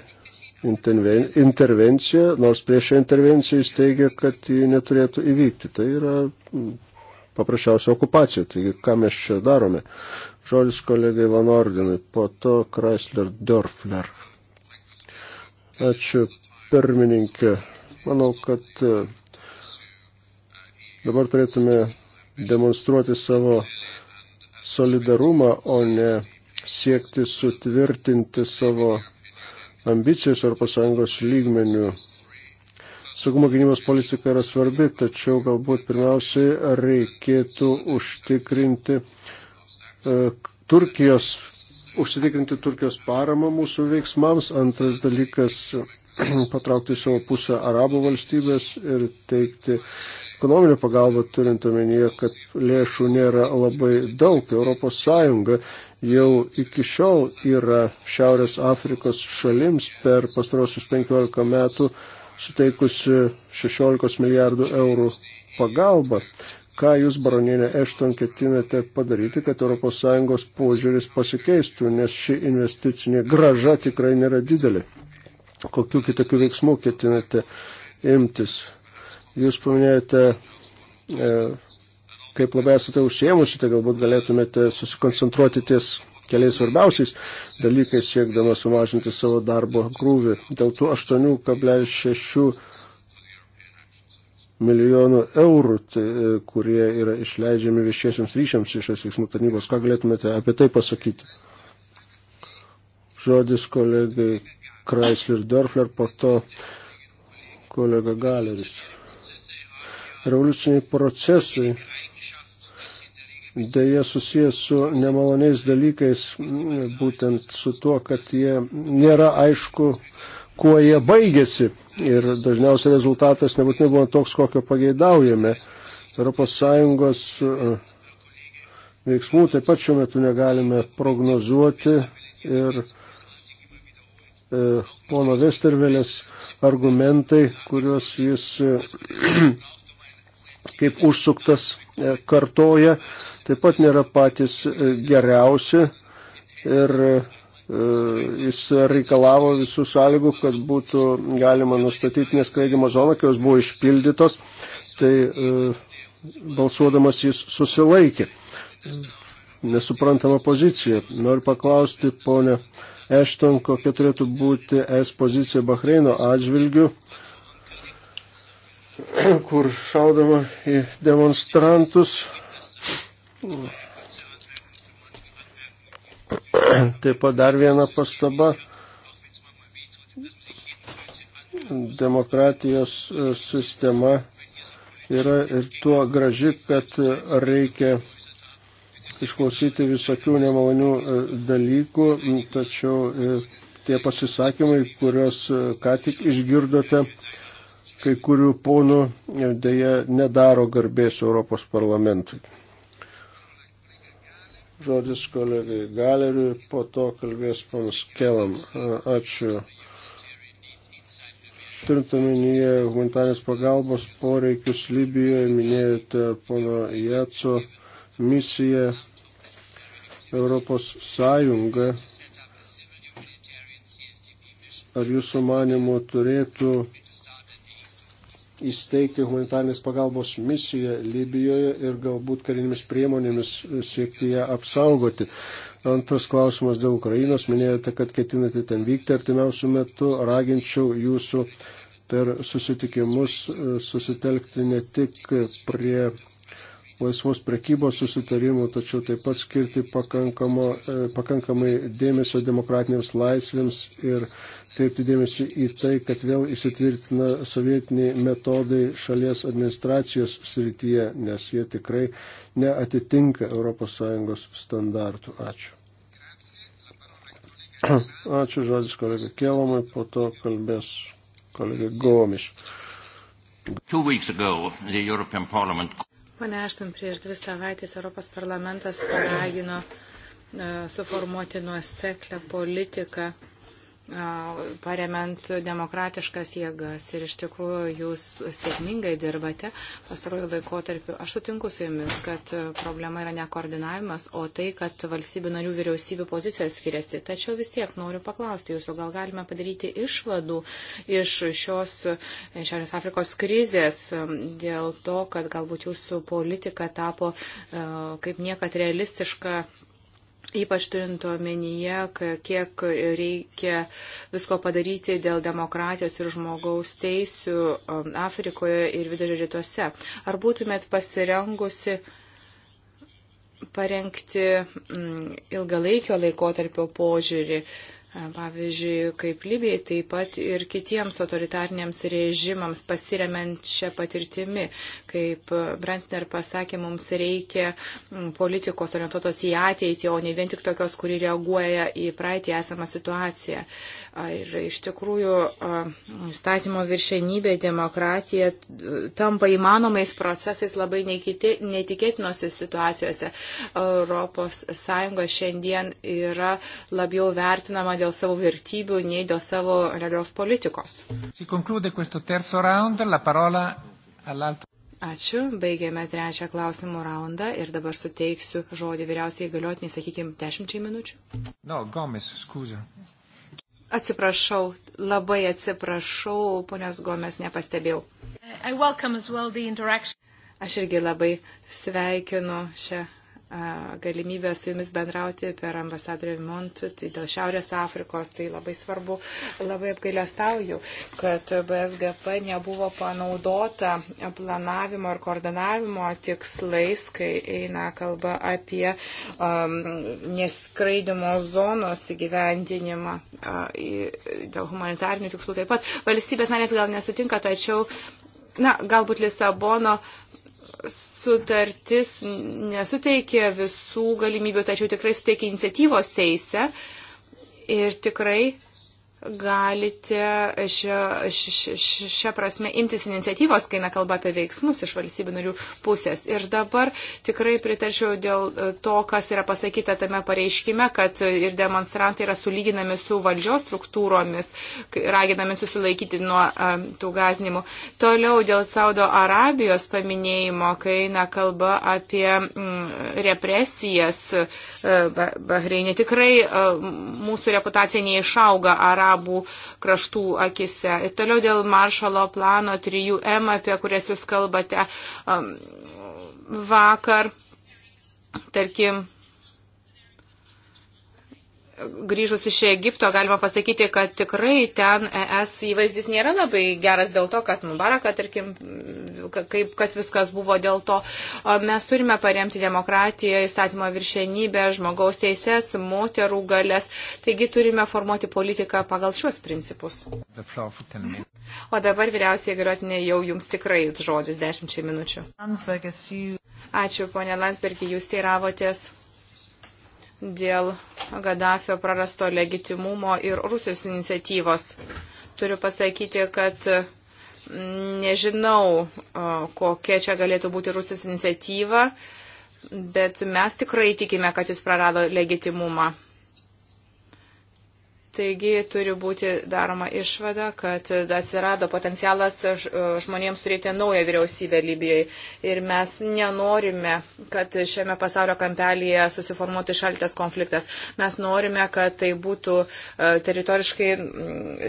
intervenciją, nors prieš šią intervenciją jis teigia, kad ji neturėtų įvykti. Tai yra mm, paprasčiausia okupacija, taigi ką mes čia darome. Žodis kolegai Van Ordinui, po to Chrysler Dörfler. Ačiū pirmininkė. Manau, kad e, dabar turėtume demonstruoti savo solidarumą, o ne siekti sutvirtinti savo ambicijas Europos Sąjungos lygmenių. Saugumo gynybos politika yra svarbi, tačiau galbūt pirmiausiai reikėtų užtikrinti e, Turkijos užsitikrinti Turkijos paramą mūsų veiksmams. Antras dalykas - patraukti savo pusę arabų valstybės ir teikti ekonominę pagalbą, turint omenyje, kad lėšų nėra labai daug. ES jau iki šiol yra Šiaurės Afrikos šalims per pastarosius 15 metų suteikusi 16 milijardų eurų pagalbą ką jūs, baroninė Ešton, ketinate padaryti, kad ES požiūris pasikeistų, nes ši investicinė graža tikrai nėra didelė. Kokiu kitokiu veiksmu ketinate imtis? Jūs paminėjote, e, kaip labai esate užsiemusi, tai galbūt galėtumėte susikoncentruoti ties keliais svarbiausiais dalykais, siekdama sumažinti savo darbo krūvį. Dėl tų 8,6 milijonų eurų, tai, e, kurie yra išleidžiami viešiesiams ryšiams iš veiksmų tarnybos. Ką galėtumėte apie tai pasakyti? Žodis kolegai Chrysler Dörfler, po to kolega Galeris. Revoliuciniai procesai dėja susijęs su nemaloniais dalykais, būtent su tuo, kad jie nėra aišku kuo jie baigėsi. Ir dažniausiai rezultatas nebūtinai buvo toks, kokio pageidaujame. ES e, veiksmų taip pat šiuo metu negalime prognozuoti ir e, pono Vestervelės argumentai, kuriuos jis e, kaip užsuktas kartoja, taip pat nėra patys geriausi ir E, jis reikalavo visų sąlygų, kad būtų galima nustatyti neskraidimo zoną, kai jos buvo išpildytos, tai e, balsuodamas jis susilaikė. Nesuprantama pozicija. Noriu paklausti, ponė Ešton, kokia turėtų būti es pozicija Bahreino atžvilgių, kur šaudama į demonstrantus Taip pat dar viena pastaba. Demokratijos e, sistema yra ir tuo graži, kad reikia išklausyti visokių nemalonių e, dalykų, tačiau e, tie pasisakymai, kuriuos ką tik išgirdote, kai kurių ponų dėja nedaro garbės Europos parlamentui žodis kolegai Galeriui, po to kalbės panas Kelam. Ačiū. Turint omenyje humanitarės pagalbos poreikius Libijoje, minėjote pono Jaco misiją Europos Sąjungą. Ar jūsų manimo turėtų įsteigti humanitarnės pagalbos misiją Libijoje ir galbūt karinėmis priemonėmis siekti ją apsaugoti. Antras klausimas dėl Ukrainos. Minėjote, kad ketinate ten vykti artimiausių metų. Raginčiau jūsų per susitikimus e, susitelkti ne tik prie laisvos prekybos susitarimų, tačiau taip pat skirti e, pakankamai dėmesio demokratinėms laisvėms ir kreipti dėmesį į tai, kad vėl įsitvirtina sovietiniai metodai šalies administracijos srityje, nes jie tikrai neatitinka ES standartų. Ačiū. Ačiū žodis kolega Kelomai, po to kalbės kolega Gomiš. Two weeks ago, the European Parliament Pane Aštin, prieš dvi savaitės Europos parlamentas paragino e, suformuoti nuoseklę politiką paremant demokratiškas jėgas ir iš tikrųjų jūs sėkmingai dirbate pastarojų laikotarpių. Aš sutinku su jumis, kad problema yra ne koordinavimas, o tai, kad valstybių narių vyriausybių pozicijos skiriasi. Tačiau vis tiek noriu paklausti jūsų, gal galime padaryti išvadų iš šios Šiaurės Afrikos krizės dėl to, kad galbūt jūsų politika tapo kaip niekad realistiška Ypač turint omenyje, kiek reikia visko padaryti dėl demokratijos ir žmogaus teisių um, Afrikoje ir vidurio rytuose. Ar būtumėt pasirengusi parengti mm, ilgalaikio laikotarpio požiūrį? Pavyzdžiui, kaip Libijai, taip pat ir kitiems autoritariniams režimams pasiremiant šią patirtimį. Kaip Brantner pasakė, mums reikia mm, politikos orientuotos į ateitį, o ne vien tik tokios, kuri reaguoja į praeitį esamą situaciją. Ir iš tikrųjų, statymo viršenybė, demokratija tampa įmanomais procesais labai netikėtinose situacijose. Europos Sąjunga šiandien yra labiau vertinama dėl savo vertybių, nei dėl savo realios politikos. Ačiū, baigėme trečią klausimų raundą ir dabar suteiksiu žodį vyriausiai galiotiniai, sakykime, dešimčiai minučių. No, Gomes, skūzė. Atsiprašau, labai atsiprašau, ponios Gomes, nepastebėjau. Well Aš irgi labai sveikinu šią galimybę su jumis bendrauti per ambasadorių Montų, tai dėl Šiaurės Afrikos, tai labai svarbu, labai apgailestauju, kad BSGP nebuvo panaudota planavimo ir koordinavimo tikslais, kai eina kalba apie um, neskraidimo zonos įgyvendinimą uh, dėl humanitarnių tikslų. Taip pat valstybės narės gal nesutinka, tačiau, na, galbūt Lisabono uh, sutartis nesuteikė visų galimybių, tačiau tikrai suteikė iniciatyvos teisę ir tikrai galite šią, šią prasme imtis iniciatyvos, kai nekalba apie veiksmus iš valstybių narių pusės. Ir dabar tikrai pritarčiau dėl e, to, kas yra pasakyta tame pareiškime, kad ir demonstrantai yra sulyginami su valdžios struktūromis, raginami susilaikyti nuo um, tų gazinimų. Toliau dėl Saudo Arabijos paminėjimo, kai nekalba apie mm, represijas e, Bahreinė, tikrai mm, mūsų reputacija neišauga. Arabijos arabų kraštų akise. Ir toliau dėl maršalo plano 3M, apie kurias jūs kalbate um, vakar, tarkim, grįžus iš Egipto galima pasakyti, kad tikrai ten ES įvaizdis nėra labai geras dėl to, kad Mubaraka, tarkim, kaip, kas viskas buvo dėl to. Mes turime paremti demokratiją, įstatymo viršenybę, žmogaus teises, moterų galės. Taigi turime formuoti politiką pagal šios principus. O dabar vyriausiai galiotinė jau jums tikrai žodis dešimčiai minučių. Ačiū, ponė Landsbergį, jūs teiravotės dėl Gaddafio prarasto legitimumo ir Rusijos iniciatyvos. Turiu pasakyti, kad mm, nežinau, kokia čia galėtų būti Rusijos iniciatyva, bet mes tikrai tikime, kad jis prarado legitimumą. Taigi turi būti daroma išvada, kad atsirado potencialas žmonėms turėti naują vyriausybę Libijoje. Ir mes nenorime, kad šiame pasaulio kampelėje susiformuotų šaltas konfliktas. Mes norime, kad tai būtų e, teritoriškai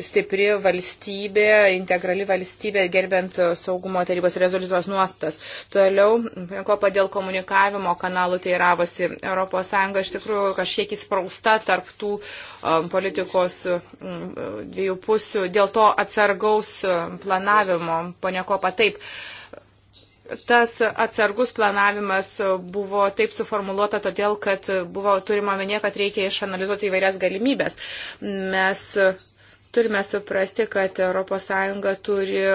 stipri valstybė, integrali valstybė, gerbent saugumo tarybos rezoliucijos nuostas. Toliau, kopa dėl komunikavimo kanalų teiravosi. ES iš tikrųjų kažkiek įsprausta tarptų e, politikų politikos dviejų pusių, dėl to atsargaus planavimo, ponia Kopa, taip. Tas atsargus planavimas buvo taip suformuoluota todėl, kad buvo turima menė, kad reikia išanalizuoti įvairias galimybės. Mes Turime suprasti, kad ES turi e,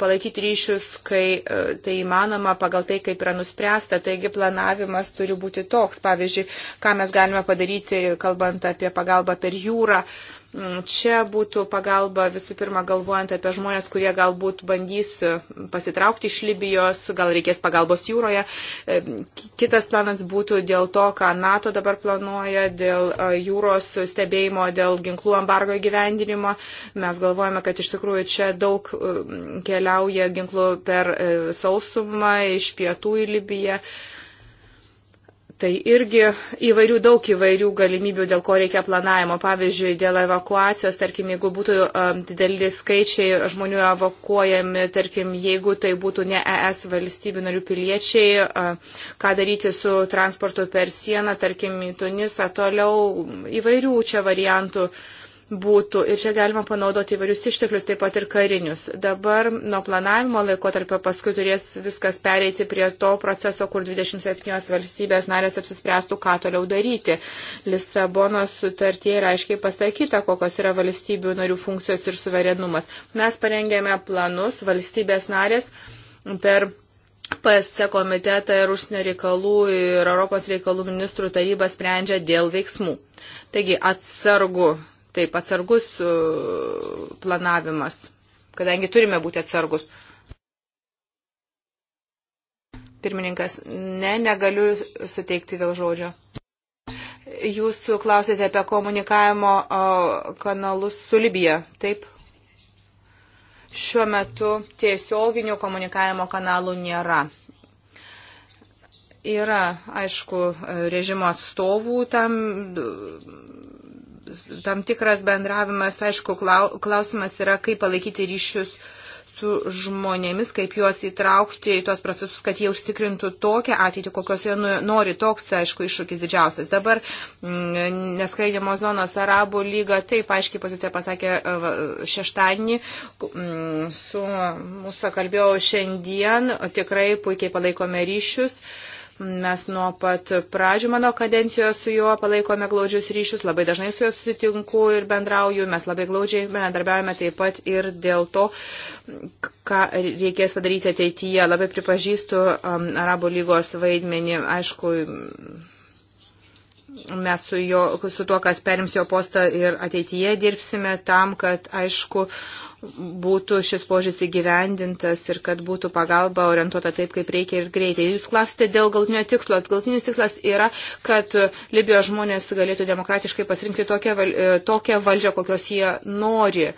palaikyti ryšius, kai e, tai įmanoma, pagal tai, kaip yra nuspręsta. Taigi planavimas turi būti toks. Pavyzdžiui, ką mes galime padaryti, kalbant apie pagalbą per jūrą. Uh, Mm, čia būtų pagalba visų pirma galvojant apie žmonės, kurie galbūt bandys mm, pasitraukti iš Libijos, gal reikės pagalbos jūroje. E, kitas planas būtų dėl to, ką NATO dabar planuoja, dėl e, jūros stebėjimo, dėl ginklų embargo įgyvendinimo. Mes galvojame, kad iš tikrųjų čia daug mm, keliauja ginklų per e, sausumą iš pietų į Libiją. Tai irgi įvairių daug įvairių galimybių, dėl ko reikia planavimo. Pavyzdžiui, dėl evakuacijos, tarkim, jeigu būtų um, dideli skaičiai žmonių evakuojami, tarkim, jeigu tai būtų ne ES valstybių narių piliečiai, uh, ką daryti su transportu per sieną, tarkim, į Tunisą, toliau įvairių čia variantų. Uh, būtų. Ir čia galima panaudoti įvairius išteklius, taip pat ir karinius. Dabar nuo planavimo laikotarpio paskui turės viskas pereiti prie to proceso, kur 27 valstybės narės apsispręstų, ką toliau daryti. Lisabonos sutartie yra aiškiai pasakyta, kokios yra valstybių narių funkcijos ir suverenumas. Mes parengėme planus valstybės narės per PSC komitetą ir užsienio reikalų ir Europos reikalų ministrų taryba sprendžia dėl veiksmų. Taigi atsargu Taip, atsargus e, planavimas, kadangi turime būti atsargus. Pirmininkas, ne, negaliu suteikti vėl žodžio. Jūs klausėte apie komunikavimo e, kanalus su Libija, taip? Šiuo metu tiesioginių komunikavimo kanalų nėra yra, aišku, režimo atstovų tam tam tikras bendravimas, aišku, klausimas yra, kaip palaikyti ryšius su žmonėmis, kaip juos įtraukti į tos procesus, kad jie užtikrintų tokią ateitį, kokios jie nu, nori. Toks, aišku, iššūkis didžiausias. Dabar mm, neskraidimo zonos Arabų lyga taip aiškiai pozicija pasakė e, šeštadienį. Mm, su mūsų kalbėjau šiandien, tikrai puikiai palaikome ryšius. Mes nuo pat pradžių mano kadencijos su juo palaikome glaudžius ryšius, labai dažnai su juo susitinku ir bendrauju, mes labai glaudžiai bendradarbiaujame taip pat ir dėl to, ką reikės padaryti ateityje. Labai pripažįstu um, Arabų lygos vaidmenį, aišku, mes su, jo, su tuo, kas perims jo postą ir ateityje dirbsime tam, kad aišku būtų šis požiūris įgyvendintas ir kad būtų pagalba orientuota taip, kaip reikia ir greitai. Jūs klausite dėl galtinio tikslo. Galtinis tikslas yra, kad Libijos žmonės galėtų demokratiškai pasirinkti tokią, val, e, tokią valdžią, kokios jie nori.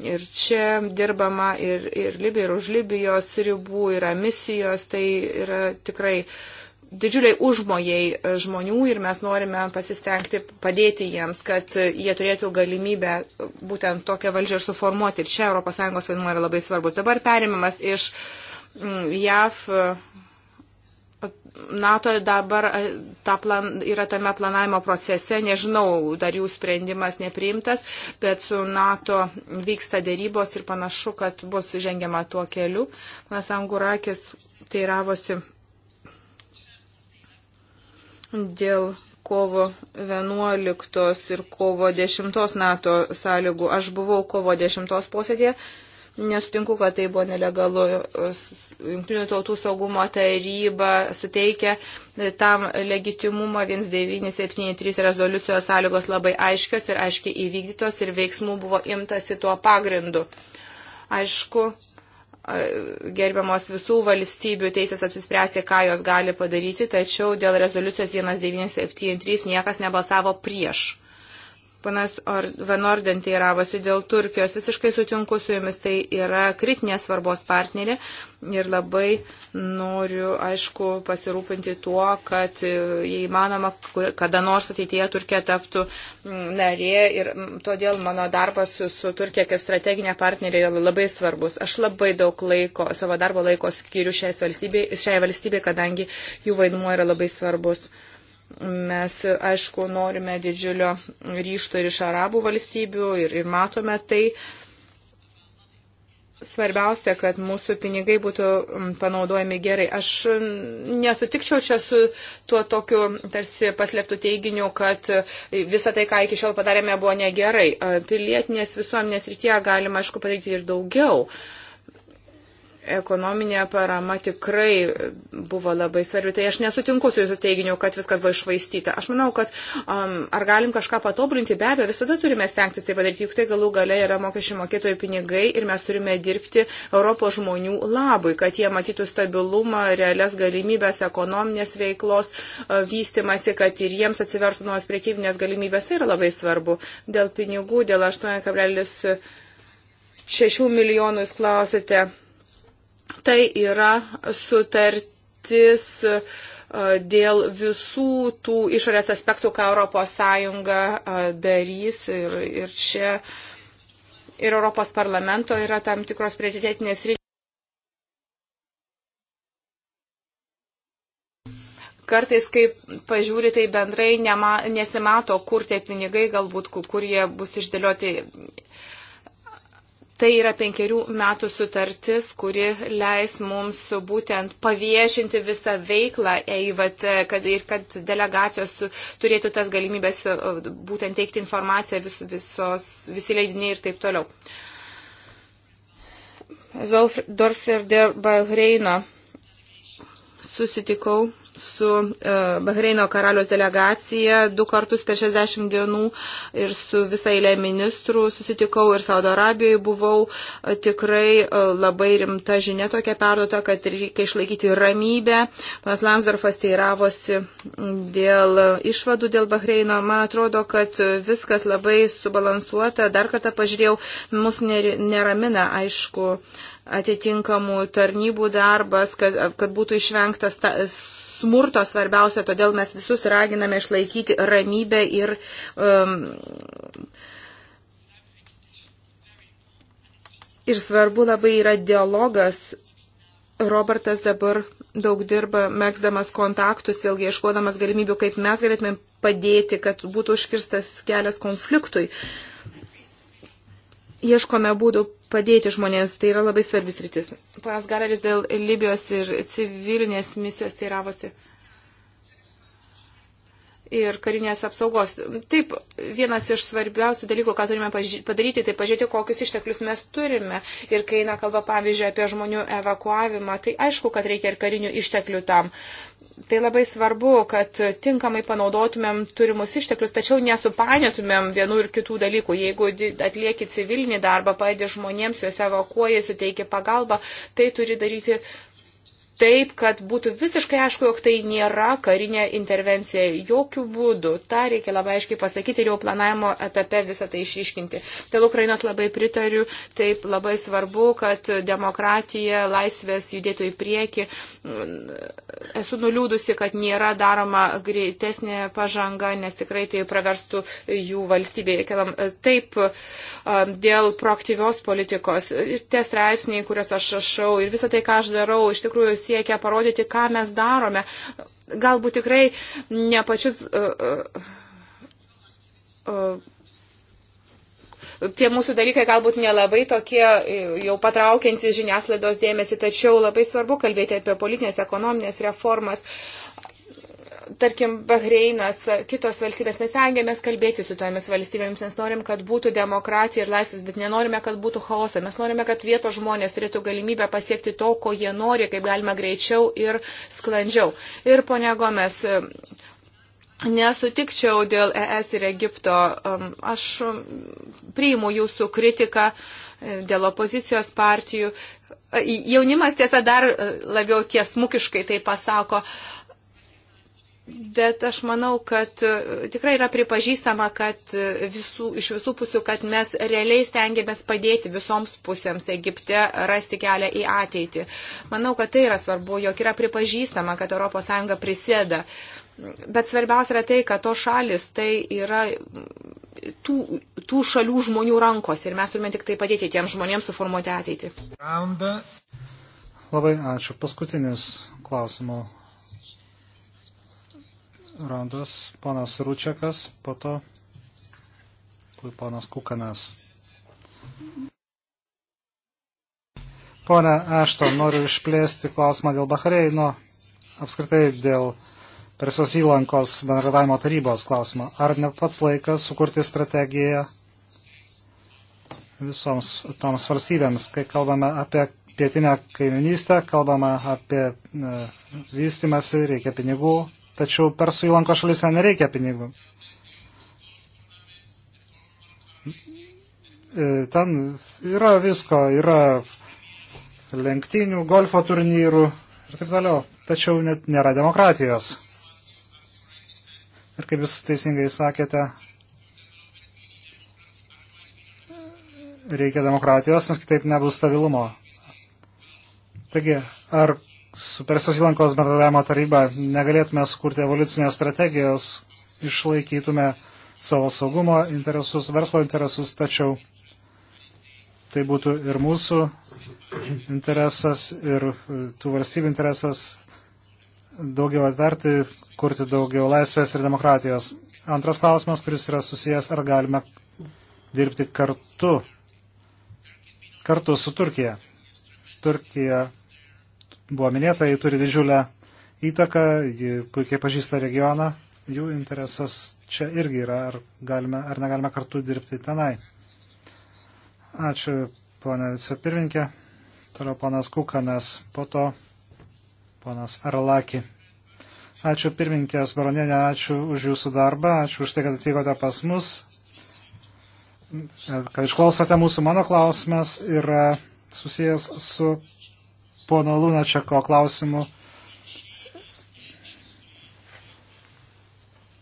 Ir čia dirbama ir, ir Libija, ir už Libijos ribų yra misijos, tai yra tikrai uh, didžiuliai užmojai e, žmonių ir mes norime pasistengti padėti jiems, kad e, jie turėtų galimybę e, būtent tokią valdžią ir suformuoti. Ir čia ES vaidmuo yra labai svarbus. Dabar perimimas iš mm, JAV. NATO dabar ta plan, yra tame planavimo procese, nežinau, dar jų sprendimas nepriimtas, bet su NATO vyksta dėrybos ir panašu, kad bus žengiama tuo keliu. Panas Angurakis teiravosi dėl kovo 11 ir kovo 10 NATO sąlygų. Aš buvau kovo 10 posėdėje, nesutinku, kad tai buvo nelegalu. Junktinių tautų saugumo taryba suteikia tam legitimumą 1973 rezoliucijos sąlygos labai aiškios ir aiškiai įvykdytos ir veiksmų buvo imtasi tuo pagrindu. Aišku, gerbiamos visų valstybių teisės apsispręsti, ką jos gali padaryti, tačiau dėl rezoliucijos 1973 niekas nebalsavo prieš. Panas Vanorden teiravosi dėl Turkijos. Visiškai sutinku su jumis, tai yra kritinės svarbos partnerė ir labai noriu, aišku, pasirūpinti tuo, kad e, jei manoma, kada nors ateityje Turkija taptų narė ir todėl mano darbas su, su Turkija kaip strateginė partnerė yra labai svarbus. Aš labai daug laiko, savo darbo laiko skiriu šiai valstybei, šiai valstybei kadangi jų vaidmuo yra labai svarbus. Mes, aišku, norime didžiulio ryšto ir iš arabų valstybių ir, ir matome tai. Svarbiausia, kad mūsų pinigai būtų mm, panaudojami gerai. Aš mm, nesutikčiau čia su tuo tokiu tarsi paslėptų teiginiu, kad visa tai, ką iki šiol padarėme, buvo negerai. Pilietinės visuomenės rytyje galima, aišku, padaryti ir daugiau. Uh, ekonominė parama tikrai buvo labai svarbi. Tai aš nesutinku su jūsų teiginiu, kad viskas buvo išvaistyta. Aš manau, kad um, ar galim kažką patobulinti, be abejo, visada turime stengtis tai padaryti, juk tai galų gale yra mokesčių mokėtojų pinigai ir mes turime dirbti Europos žmonių labui, kad jie matytų stabilumą, realias galimybės, ekonominės veiklos uh, vystimasi, kad ir jiems atsivertų nuos priekybinės galimybės. Tai yra labai svarbu. Dėl pinigų, dėl 8,6 milijonų jūs klausite Tai yra sutartis e, dėl visų tų išorės aspektų, ką ES e, darys ir, ir čia ir Europos parlamento yra tam tikros prioritetinės rytis. Kartais, kai pažiūri, tai bendrai nema, nesimato, kur tie pinigai galbūt, kur jie bus išdėlioti Tai yra penkerių metų sutartis, kuri leis mums būtent paviešinti visą veiklą EIVT, kad, ir kad delegacijos turėtų tas galimybės e, būtent teikti informaciją vis, visos, visi leidiniai ir taip toliau. Zolf Dorfler der Bahreino susitikau su e, Bahreino karalios delegacija du kartus per 60 dienų ir su visai eilė ministrų susitikau ir Saudo Arabijoje buvau. E, tikrai e, labai rimta žinia tokia perduota, kad reikia išlaikyti ramybę. Panas Lamsdorfas teiravosi dėl išvadų dėl Bahreino. Man atrodo, kad viskas labai subalansuota. Dar kartą pažiūrėjau, mus neramina, aišku, atitinkamų tarnybų darbas, kad, kad būtų išvengtas ta, smurto svarbiausia, todėl mes visus raginame išlaikyti ramybę ir um, Ir svarbu labai yra dialogas. Robertas dabar daug dirba, mėgdamas kontaktus, vėlgi ieškodamas galimybių, kaip mes galėtumėm padėti, kad būtų užkirstas kelias konfliktui. Ieškome būdų padėti žmonės, tai yra labai svarbis rytis. Panas Galeris dėl Libijos ir civilinės misijos teiravosi. Tai ir karinės apsaugos. Taip, vienas iš svarbiausių dalykų, ką turime padaryti, tai pažiūrėti, kokius išteklius mes turime. Ir kai eina kalba, pavyzdžiui, apie žmonių evakuavimą, tai aišku, kad reikia ir karinių išteklių tam. Tai labai svarbu, kad tinkamai panaudotumėm turimus išteklius, tačiau nesupainiotumėm vienų ir kitų dalykų. Jeigu atlieki civilinį darbą, padedi žmonėms, juos evakuoji, suteiki pagalbą, tai turi daryti taip, kad būtų visiškai aišku, jog tai nėra karinė intervencija. Jokių būdų. Ta reikia labai aiškiai pasakyti ir jau planavimo etape visą tai išiškinti. Dėl Ukrainos labai pritariu. Taip labai svarbu, kad demokratija, laisvės judėtų į priekį. Esu nuliūdusi, kad nėra daroma greitesnė pažanga, nes tikrai tai praverstų jų valstybėje. Taip, um, dėl proaktyvios politikos ir tie straipsniai, kuriuos aš rašau ir visą tai, ką aš darau, iš tikrųjų siekia parodyti, ką mes darome. Galbūt tikrai ne pačius. Uh, uh, uh, tie mūsų dalykai galbūt nelabai tokie e, jau patraukiantys žiniasklaidos dėmesį, tačiau labai svarbu kalbėti apie politinės, ekonominės reformas. Uh, tarkim, Bahreinas, kitos valstybės. Mes stengiamės kalbėti su tomis valstybėmis, nes norim, kad būtų demokratija ir laisvės, bet nenorime, kad būtų chaoso. Mes norime, kad vietos žmonės turėtų galimybę pasiekti to, ko jie nori, kaip galima greičiau ir sklandžiau. Ir ponia Gomes, nesutikčiau dėl ES ir Egipto. Um, aš um, priimu jūsų kritiką um, dėl opozicijos partijų. E, jaunimas tiesa dar uh, labiau tiesmukiškai tai pasako. Uh, Bet aš manau, kad e, tikrai yra pripažįstama, kad e, visų, iš visų pusių, kad mes realiai stengiamės padėti visoms pusėms Egipte rasti kelią į ateitį. Manau, kad tai yra svarbu, jog yra pripažįstama, kad ES prisėda. Bet svarbiausia yra tai, kad to šalis tai yra tų, tų šalių žmonių rankos ir mes turime tik tai padėti tiems žmonėms suformuoti ateitį. Labai ačiū. Paskutinis klausimo randas ponas Ručiakas, po to ponas Kukanas. Pone Ašton, noriu išplėsti klausimą dėl Bahreino, apskritai dėl Persijos įlankos bendradavimo tarybos klausimą. Ar ne pats laikas sukurti strategiją visoms toms valstybėms, kai kalbame apie pietinę kaiminystę, kalbame apie e, vystimąsi, reikia pinigų, Tačiau Persų įlanko šalise nereikia pinigų. E, ten yra visko, yra lenktynių, golfo turnyrų ir taip toliau. Tačiau net nėra demokratijos. Ir kaip jūs teisingai sakėte, reikia demokratijos, nes kitaip nebus stabilumo. Taigi, ar su Persijos įlankos bendradarbiavimo taryba negalėtume skurti evoliucinės strategijos, išlaikytume savo saugumo interesus, verslo interesus, tačiau tai būtų ir mūsų interesas, ir e, tų valstybių interesas daugiau atverti, kurti daugiau laisvės ir demokratijos. Antras klausimas, kuris yra susijęs, ar galime dirbti kartu, kartu su Turkija. Turkija buvo minėta, ji turi didžiulę įtaką, ji puikiai pažįsta regioną, jų interesas čia irgi yra, ar, galime, ar negalime kartu dirbti tenai. Ačiū, ponė vicepirminkė. Toliau ponas Kukanas, po to ponas Arlaki. Ačiū pirminkės baronienė, ačiū už jūsų darbą, ačiū už tai, kad atvykote pas mus, kad išklausote mūsų. Mano klausimas yra susijęs su pono Lunačiako klausimu.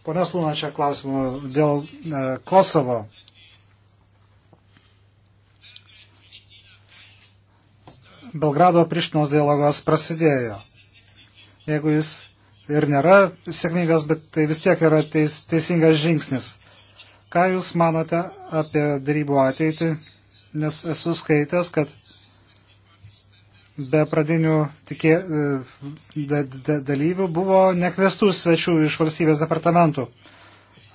Ponios Lunačiako klausimu dėl e, Kosovo. Belgrado Prištinos dialogas prasidėjo. Jeigu jis ir nėra sėkmingas, bet tai vis tiek yra teis, teisingas žingsnis. Ką Jūs manote apie darybų ateitį? Nes esu skaitęs, kad be pradinių tikė, e, da, da, dalyvių buvo nekvestų svečių iš valstybės departamentų.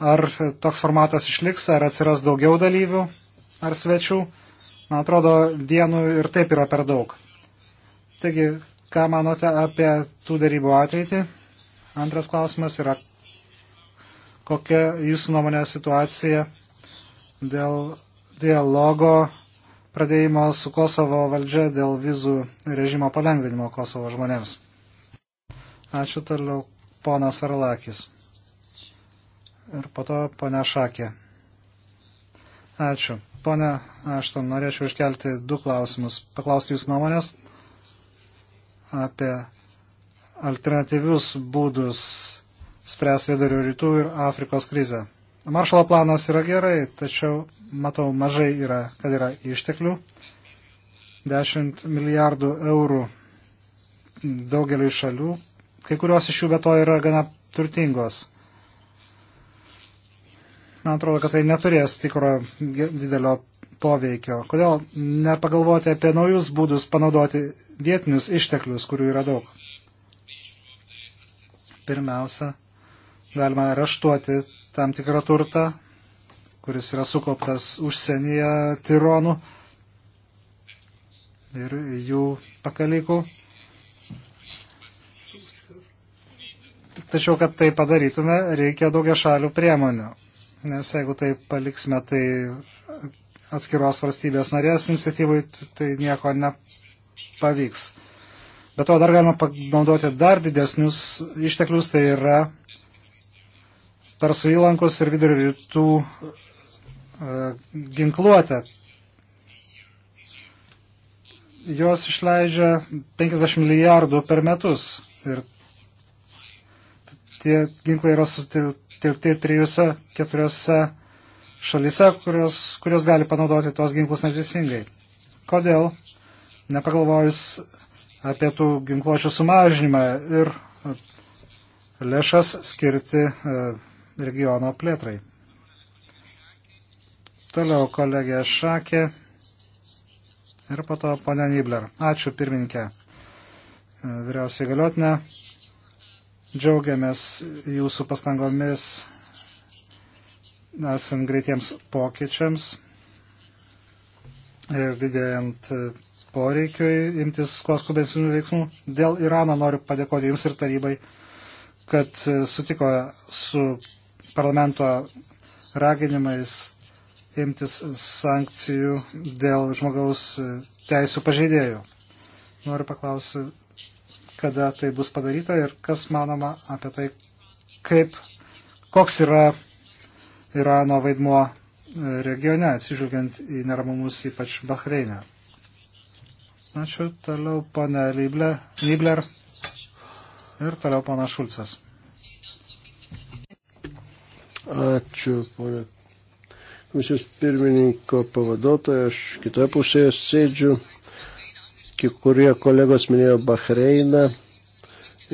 Ar toks formatas išliks, ar atsiras daugiau dalyvių ar svečių? Man atrodo, dienų ir taip yra per daug. Taigi, ką manote apie tų darybų ateitį? Antras klausimas yra, kokia jūsų nuomonė situacija dėl dialogo pradėjimo su Kosovo valdžia dėl vizų režimo palengvinimo Kosovo žmonėms. Ačiū toliau, ponas Arlakis. Ir po to ponia Šakė. Ačiū. Pone, aš tam norėčiau iškelti du klausimus. Paklausti jūs nuomonės apie alternatyvius būdus spręs vidurio rytų ir Afrikos krizę. Maršalo planas yra gerai, tačiau matau mažai yra, kad yra išteklių. 10 milijardų eurų daugeliu šalių. Kai kurios iš jų be to yra gana turtingos. Man atrodo, kad tai neturės tikro didelio poveikio. Kodėl nepagalvoti apie naujus būdus panaudoti vietinius išteklius, kurių yra daug? Pirmiausia, galima raštuoti tam tikrą turtą, kuris yra sukauptas užsienyje tironų ir jų pakalikų. Tačiau, kad tai padarytume, reikia daugia šalių priemonių. Nes jeigu tai paliksime, tai atskiros valstybės narės iniciatyvai, tai nieko nepavyks. Bet to dar galima panaudoti dar didesnius išteklius, tai yra Persų įlankos ir vidurio rytų e, ginkluotę. Jos išleidžia 50 milijardų per metus ir tie ginklai yra sutilpti trijose, keturiose šalise, kurios, kurios gali panaudoti tuos ginklus neteisingai. Kodėl nepagalvojus apie tų ginkluočių sumažinimą ir lėšas skirti e, regiono plėtrai. Toliau kolegė Šakė ir po to ponia Nibler. Ačiū pirmininkė. Vyriausiai galiotinė, džiaugiamės jūsų pastangomis esant greitiems pokyčiams ir didėjant poreikiui imtis kuo skubesnių veiksmų. Dėl Irano noriu padėkoti Jums ir tarybai, kad sutiko su parlamento raginimais imtis sankcijų dėl žmogaus teisų pažeidėjų. Noriu paklausti, kada tai bus padaryta ir kas manoma apie tai, kaip, koks yra Irano vaidmuo regione, atsižvelgiant į neramumus ypač Bahreinę. Ačiū. Toliau pana Nibler ir toliau pana Šulcas. Ačiū, ponė. Komisijos pirmininko pavaduotoja, aš kitoje pusėje sėdžiu. Kai kurie kolegos minėjo Bahreiną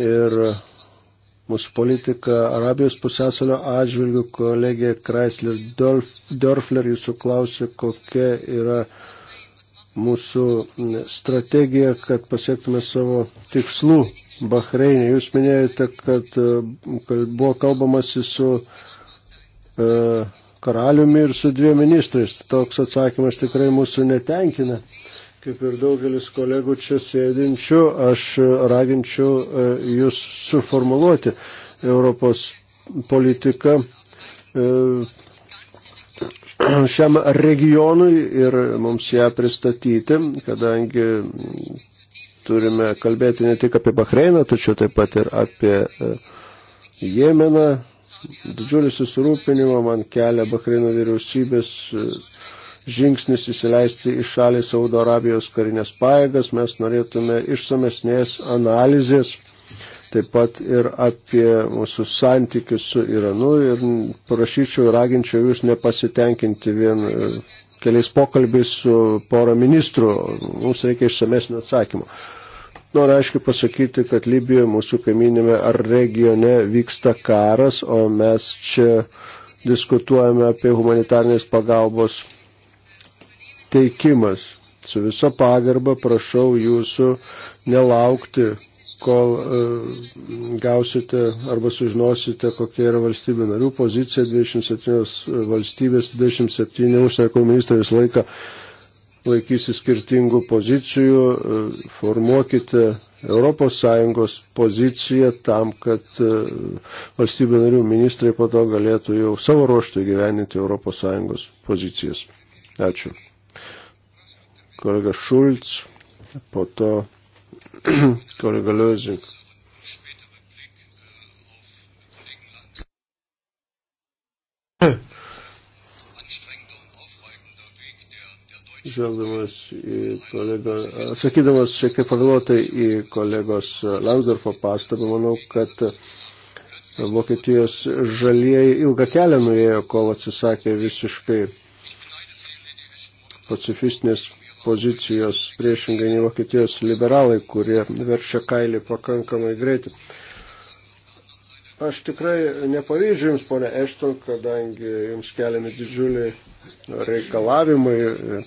ir mūsų politiką Arabijos pusėsalio atžvilgių. Kolegė Chrysler Dörfler jūsų klausė, kokia yra mūsų strategija, kad pasiektume savo tikslų Bahreinė. Jūs minėjote, kad buvo kalbamasi su E, karaliumi ir su dviem ministrais. Toks atsakymas tikrai mūsų netenkina. Kaip ir daugelis kolegų čia sėdinčių, aš raginčiau e, jūs suformuluoti Europos politiką e, šiam regionui ir mums ją pristatyti, kadangi turime kalbėti ne tik apie Bahreiną, tačiau taip pat ir apie Jemeną, Didžiulį susirūpinimą man kelia Bahreino vyriausybės e, žingsnis įsileisti į šalį Saudo Arabijos karinės paėgas. Mes norėtume išsamesnės analizės, taip pat ir apie mūsų santykius su Iranu ir prašyčiau ir raginčiau jūs nepasitenkinti vien e, keliais pokalbiais su pora ministrų. Mums reikia išsamesnio atsakymo. Noriu aiškiai pasakyti, kad Libijoje mūsų kaiminėme ar regione vyksta karas, o mes čia diskutuojame apie humanitarnės pagalbos teikimas. Su visa pagarba prašau jūsų nelaukti, kol uh, gausite arba sužinosite, kokia yra valstybė narių pozicija. 27 valstybės, 27 užsienio ministrai visą laiką uh, laikysi skirtingų pozicijų, e, formuokite ES poziciją tam, kad e, valstybių narių ministrai po to galėtų jau savo ruoštų gyveninti ES pozicijas. Ačiū. Kolega Šulc, po to kolega Liozink. Yeah. žvelgdamas į kolegą, atsakydamas šiek tiek pavėluotai į kolegos Lansdorfo pastabą, manau, kad Vokietijos žalieji ilgą kelią nuėjo, kol atsisakė visiškai pacifistinės pozicijos priešingai nei Vokietijos liberalai, kurie verčia kailį pakankamai greitai. Aš tikrai nepavyzdžiu Jums, ponė Ešton, kadangi Jums keliami didžiuliai reikalavimai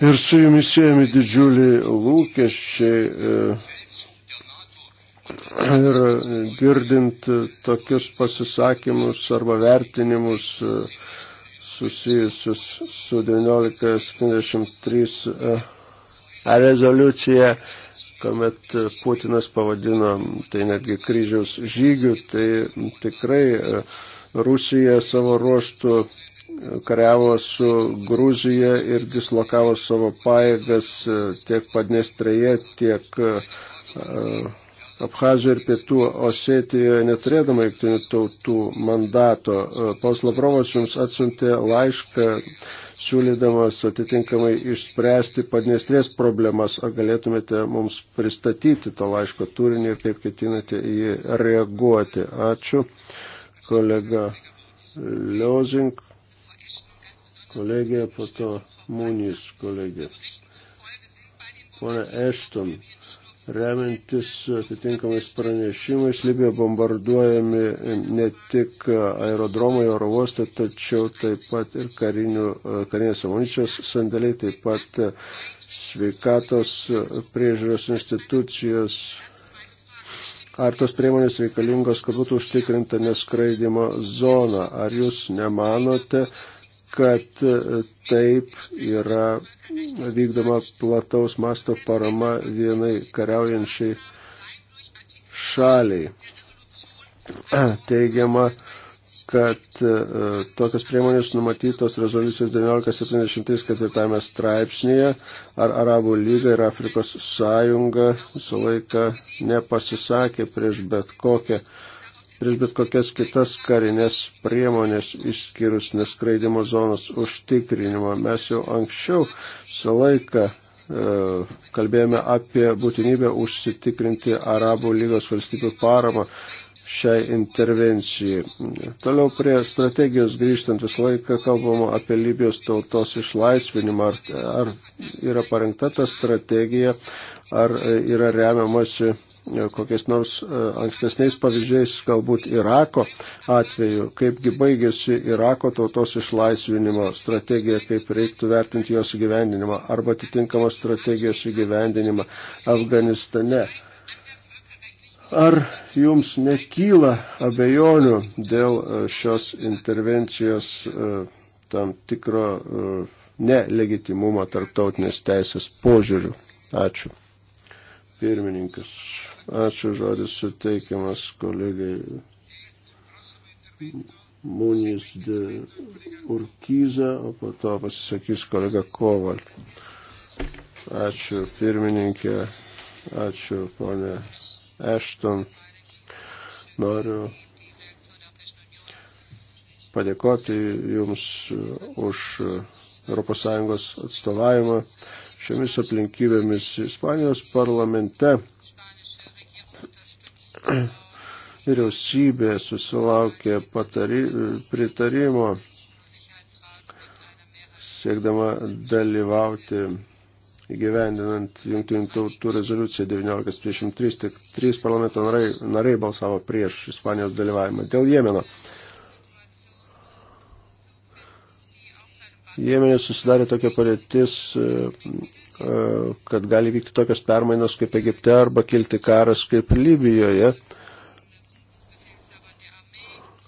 Ir su jumis siejami didžiuliai lūkesčiai. E, ir girdint tokius pasisakymus arba vertinimus e, susijusius su 1953 e, rezoliucija, kuomet Putinas pavadino tai netgi kryžiaus žygių, tai tikrai Rusija savo ruoštų kariavo su Gruzija ir dislokavo savo paėgas e, tiek Padnestreje, tiek e, e, Abhazijoje ir Pietų Osetijoje neturėdama jungtinių tautų mandato. Paus Lavrovas jums atsiuntė laišką siūlydamas atitinkamai išspręsti padnestrės problemas. Ar galėtumėte mums pristatyti tą laiško turinį ir kaip ketinate į jį reaguoti? Ačiū, kolega Liozink kolegė, po to Mūnys kolegė. Pone Ešton, remiantis atitinkamais pranešimais, Libija bombarduojami ne tik aerodromai oro uostai, tačiau taip pat ir karinių, karinės amunicijos sandėliai, taip pat sveikatos priežiūros institucijos. Ar tos priemonės reikalingos, kad būtų užtikrinta neskraidimo zona? Ar jūs nemanote, kad e, taip yra vykdoma plataus masto parama vienai kariaujančiai šaliai. Teigiama, kad e, tokios priemonės numatytos rezoliucijos 1974 straipsnėje ar Arabų lyga ir Afrikos sąjunga visą laiką nepasisakė prieš bet kokią prieš bet kokias kitas karinės priemonės išskyrus neskraidimo zonos užtikrinimą. Mes jau anksčiau visą laiką e, kalbėjome apie būtinybę užsitikrinti Arabų lygos valstybių paramą šiai intervencijai. Toliau prie strategijos grįžtant visą laiką kalbama apie Libijos tautos išlaisvinimą. Ar, ar yra parengta ta strategija, ar yra remiamasi E, kokiais nors e, ankstesniais pavyzdžiais, galbūt Irako atveju, kaipgi baigėsi Irako tautos išlaisvinimo strategija, kaip reiktų vertinti jos įgyvendinimą arba atitinkamą strategijos įgyvendinimą Afganistane. Ar jums nekyla abejonių dėl e, šios intervencijos tam tikro nelegitimumo tarptautinės teisės požiūrių? Ačiū. Pirmininkas. Ačiū žodis suteikiamas kolegai Munis de Urkyza, o po to pasisakys kolega Koval. Ačiū pirmininkė, ačiū ponė Ešton. Noriu padėkoti Jums už ES atstovavimą šiomis aplinkybėmis Ispanijos parlamente. vyriausybė susilaukė patari, pritarimo siekdama dalyvauti įgyvendinant jungtinių tautų rezoliuciją 1933, tik trys parlamento nariai, nariai balsavo prieš Ispanijos dalyvavimą dėl Jemeno. Jemenė susidarė tokia padėtis, E, kad gali vykti tokios permainos kaip Egipte arba kilti karas kaip Libijoje.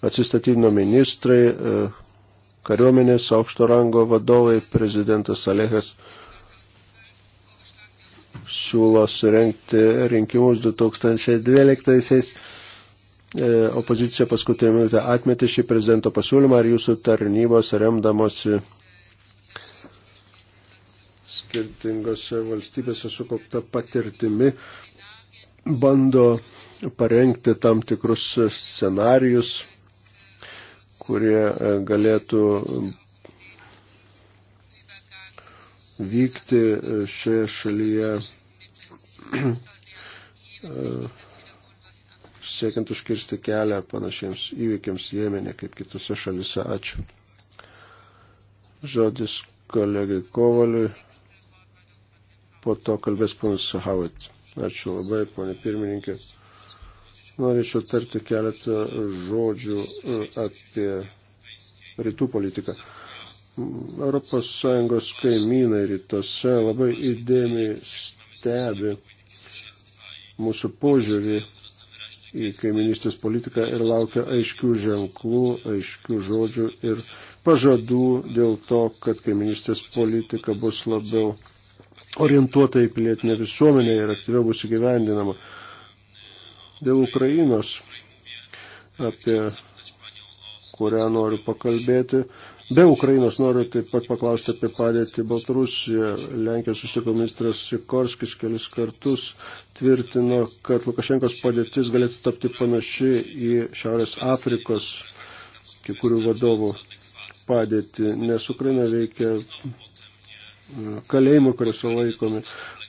Atsistatydino ministrai, e, kariuomenės aukšto rango vadovai, prezidentas Alehas siūlo surenkti rinkimus 2012-aisiais. E, opozicija paskutinį minutę atmetė šį prezidento pasiūlymą ir jūsų tarnybos remdamosi skirtingose valstybėse sukaupta patirtimi bando parengti tam tikrus scenarius, kurie e, galėtų vykti e, šioje šalyje e, siekiant užkirsti kelią panašiems įvykiams Jemenė kaip kitose šalise. Ačiū. Žodis kolegai Kovaliui po to kalbės ponas Howard. Ačiū labai, ponė pirmininkė. Norėčiau tarti keletą žodžių e, apie rytų politiką. ES kaimynai rytuose labai įdėmiai stebi mūsų požiūrį į kaiminystės politiką ir laukia aiškių ženklų, aiškių žodžių ir pažadų dėl to, kad kaiminystės politika bus labiau orientuota į pilietinę visuomenę ir aktyviau bus įgyvendinama. Dėl Ukrainos, apie kurią noriu pakalbėti, Be Ukrainos noriu taip pat paklausti apie padėtį Baltarusijoje. Lenkijos užsienio ministras Sikorskis kelis kartus tvirtino, kad Lukašenkos padėtis galėtų tapti panaši į Šiaurės Afrikos kai kurių vadovų padėtį, nes Ukraina veikia kalėjimų, kuriuose laikomi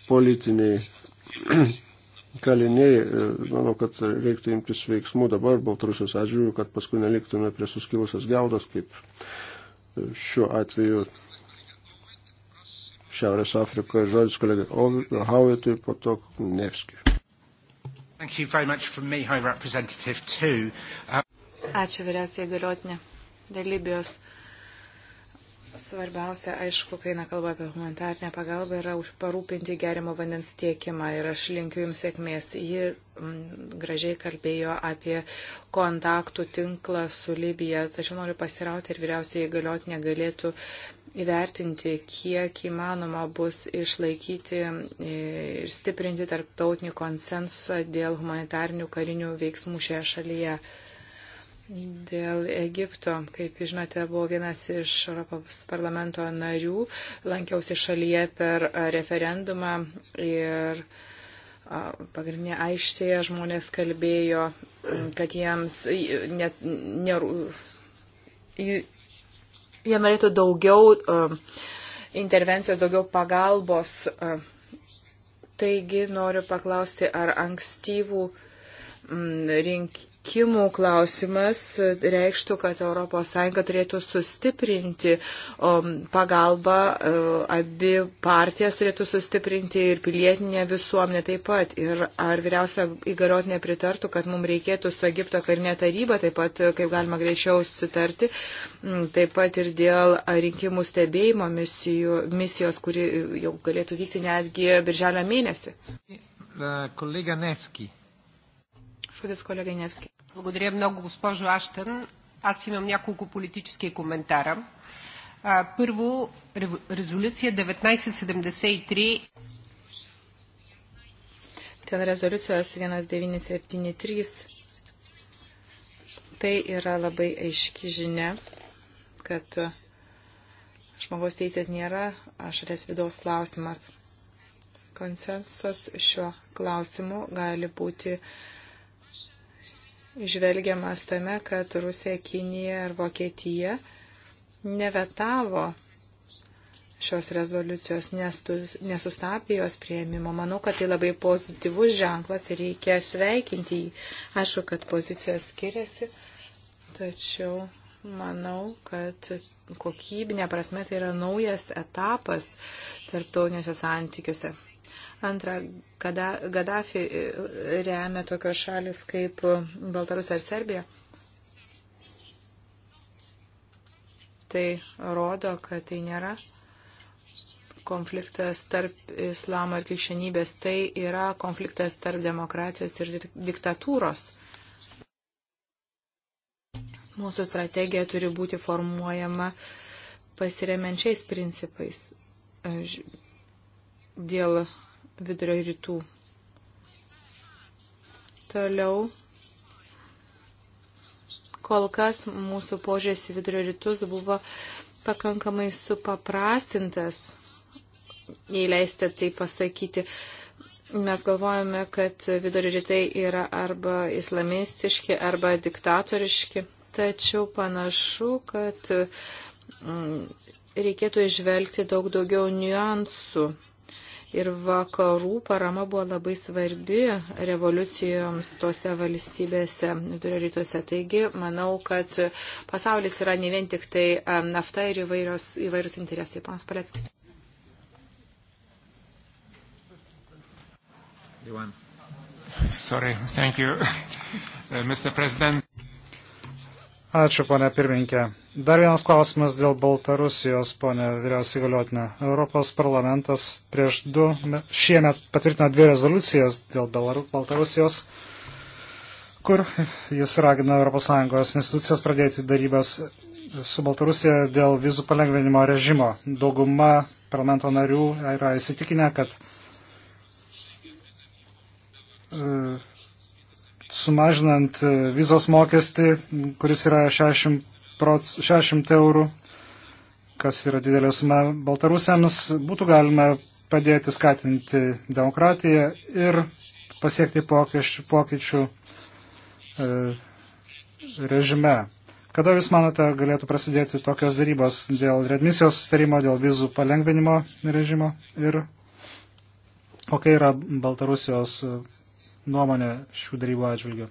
politiniai kaliniai. E, manau, kad reiktų imtis veiksmų dabar Baltarusijos atžiūrių, kad paskui neliktume prie suskilusios geldos, kaip e, šiuo atveju Šiaurės Afrikoje žodis kolegai Hauitui, po to Nevskiui. Uh, Ačiū vyriausiai galiotinė dėl Libijos. Svarbiausia, aišku, kai eina kalba apie humanitarnę pagalbą, yra parūpinti gerimo vandens tiekimą ir aš linkiu Jums sėkmės. Ji m, mm, gražiai kalbėjo apie kontaktų tinklą su Libija, tačiau noriu pasirauti ir vyriausiai įgaliotinė galėtų įvertinti, kiek įmanoma bus išlaikyti e, ir stiprinti tarptautinį konsensusą dėl humanitarnių karinių veiksmų šioje šalyje. Dėl Egipto, kaip žinote, buvau vienas iš Europos parlamento narių, lankiausi šalyje per referendumą ir pagrindinė aištėje žmonės kalbėjo, kad jiems net nerū. Jie norėtų daugiau intervencijos, daugiau pagalbos. Taigi noriu paklausti, ar ankstyvų rinkimų rinkimų klausimas reikštų, kad ES turėtų sustiprinti um, pagalbą, uh, abi partijas turėtų sustiprinti ir pilietinė visuomenė taip pat. Ir ar vyriausia įgaliotinė pritartų, kad mums reikėtų su Egipto karinė taryba taip pat, uh, kaip galima greičiau sutarti, mm, taip pat ir dėl rinkimų stebėjimo misijų, misijos, kuri jau galėtų vykti netgi birželio mėnesį. Kolega Neski. Господин колега Невски. Благодаря много, госпожо Аштън. Аз имам няколко политически коментара. А, първо, резолюция 1973. Ten rezoliucijos 1973 tai yra labai aiški žinia, kad žmogaus teisės nėra šalies vidaus klausimas. Konsensas šiuo klausimu gali būti uh, žvelgiamas tame, kad Rusija, Kinija ar Vokietija nevetavo šios rezoliucijos, nesustabdė jos prieimimo. Manau, kad tai labai pozityvus ženklas ir reikia sveikinti jį. Aišku, kad pozicijos skiriasi, tačiau manau, kad kokybinė prasme tai yra naujas etapas tarptautiniuose santykiuose. Antra, Gaddafi e, remia tokios šalis kaip Baltarusija ir Serbija. Tai rodo, kad tai nėra konfliktas tarp islamo ir krikščionybės, tai yra konfliktas tarp demokratijos ir diktatūros. Mūsų strategija turi būti formuojama pasiremenčiais principais dėl vidurio rytų. Toliau. Kol kas mūsų požiūrės į vidurio rytus buvo pakankamai supaprastintas, jei leistė tai pasakyti. Mes galvojame, kad vidurio rytai yra arba islamistiški, arba diktatoriški, tačiau panašu, kad mm, reikėtų išvelgti daug daugiau niuansų ir vakarų parama buvo labai svarbi revoliucijoms tose valstybėse vidurio rytuose. Taigi, manau, kad pasaulis yra ne vien tik tai um, nafta ir įvairios, įvairius interesai. Panas Paleckis. Sorry, thank you, uh, Mr. President. Ačiū, ponė pirminkė. Dar vienas klausimas dėl Baltarusijos, ponė vyriausiai galiotinė. Europos parlamentas prieš du, šiemet patvirtino dvi rezoliucijas dėl Baltarusijos, kur jis ragina ES institucijas pradėti darybas su Baltarusija dėl vizų palengvinimo režimo. Dauguma parlamento narių yra įsitikinę, kad uh, sumažinant e, vizos mokestį, kuris yra 60, proc, 60 eurų, kas yra didelė suma baltarusiams, būtų galima padėti skatinti demokratiją ir pasiekti pokyčių, pokyčių e, režime. Kada Jūs manote galėtų prasidėti tokios darybos dėl redmisijos sutarimo, dėl vizų palengvinimo režimo ir kokia yra Baltarusijos nuomonė šių darybų atžvilgių.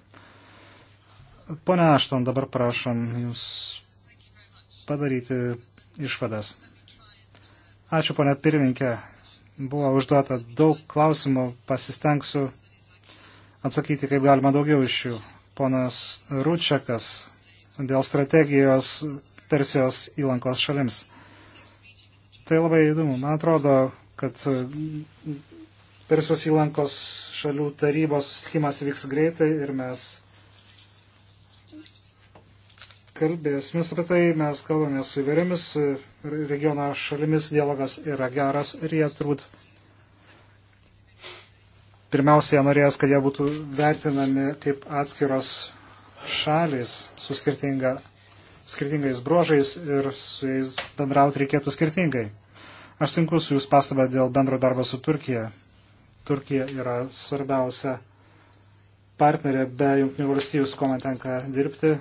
Pone Ašton, dabar prašom Jūs padaryti išvadas. Ačiū, pone pirmininkė. Buvo užduota daug klausimų, pasistengsiu atsakyti, kaip galima daugiau iš jų. Ponas Rūčiakas dėl strategijos Persijos įlankos šalims. Tai labai įdomu. Man atrodo, kad Persijos įlankos šalių tarybos susitikimas vyks greitai ir mes kalbėsime apie tai, mes kalbame su įvairiomis regiono šalimis, dialogas yra geras ir jie turbūt pirmiausia jie norės, kad jie būtų vertinami kaip atskiros šalis su skirtinga, skirtingais bruožais ir su jais bendrauti reikėtų skirtingai. Aš sinku su jūs pastabą dėl bendro darbo su Turkija. Turkija yra svarbiausia partnerė be Junktinių valstybių, su kuo man tenka dirbti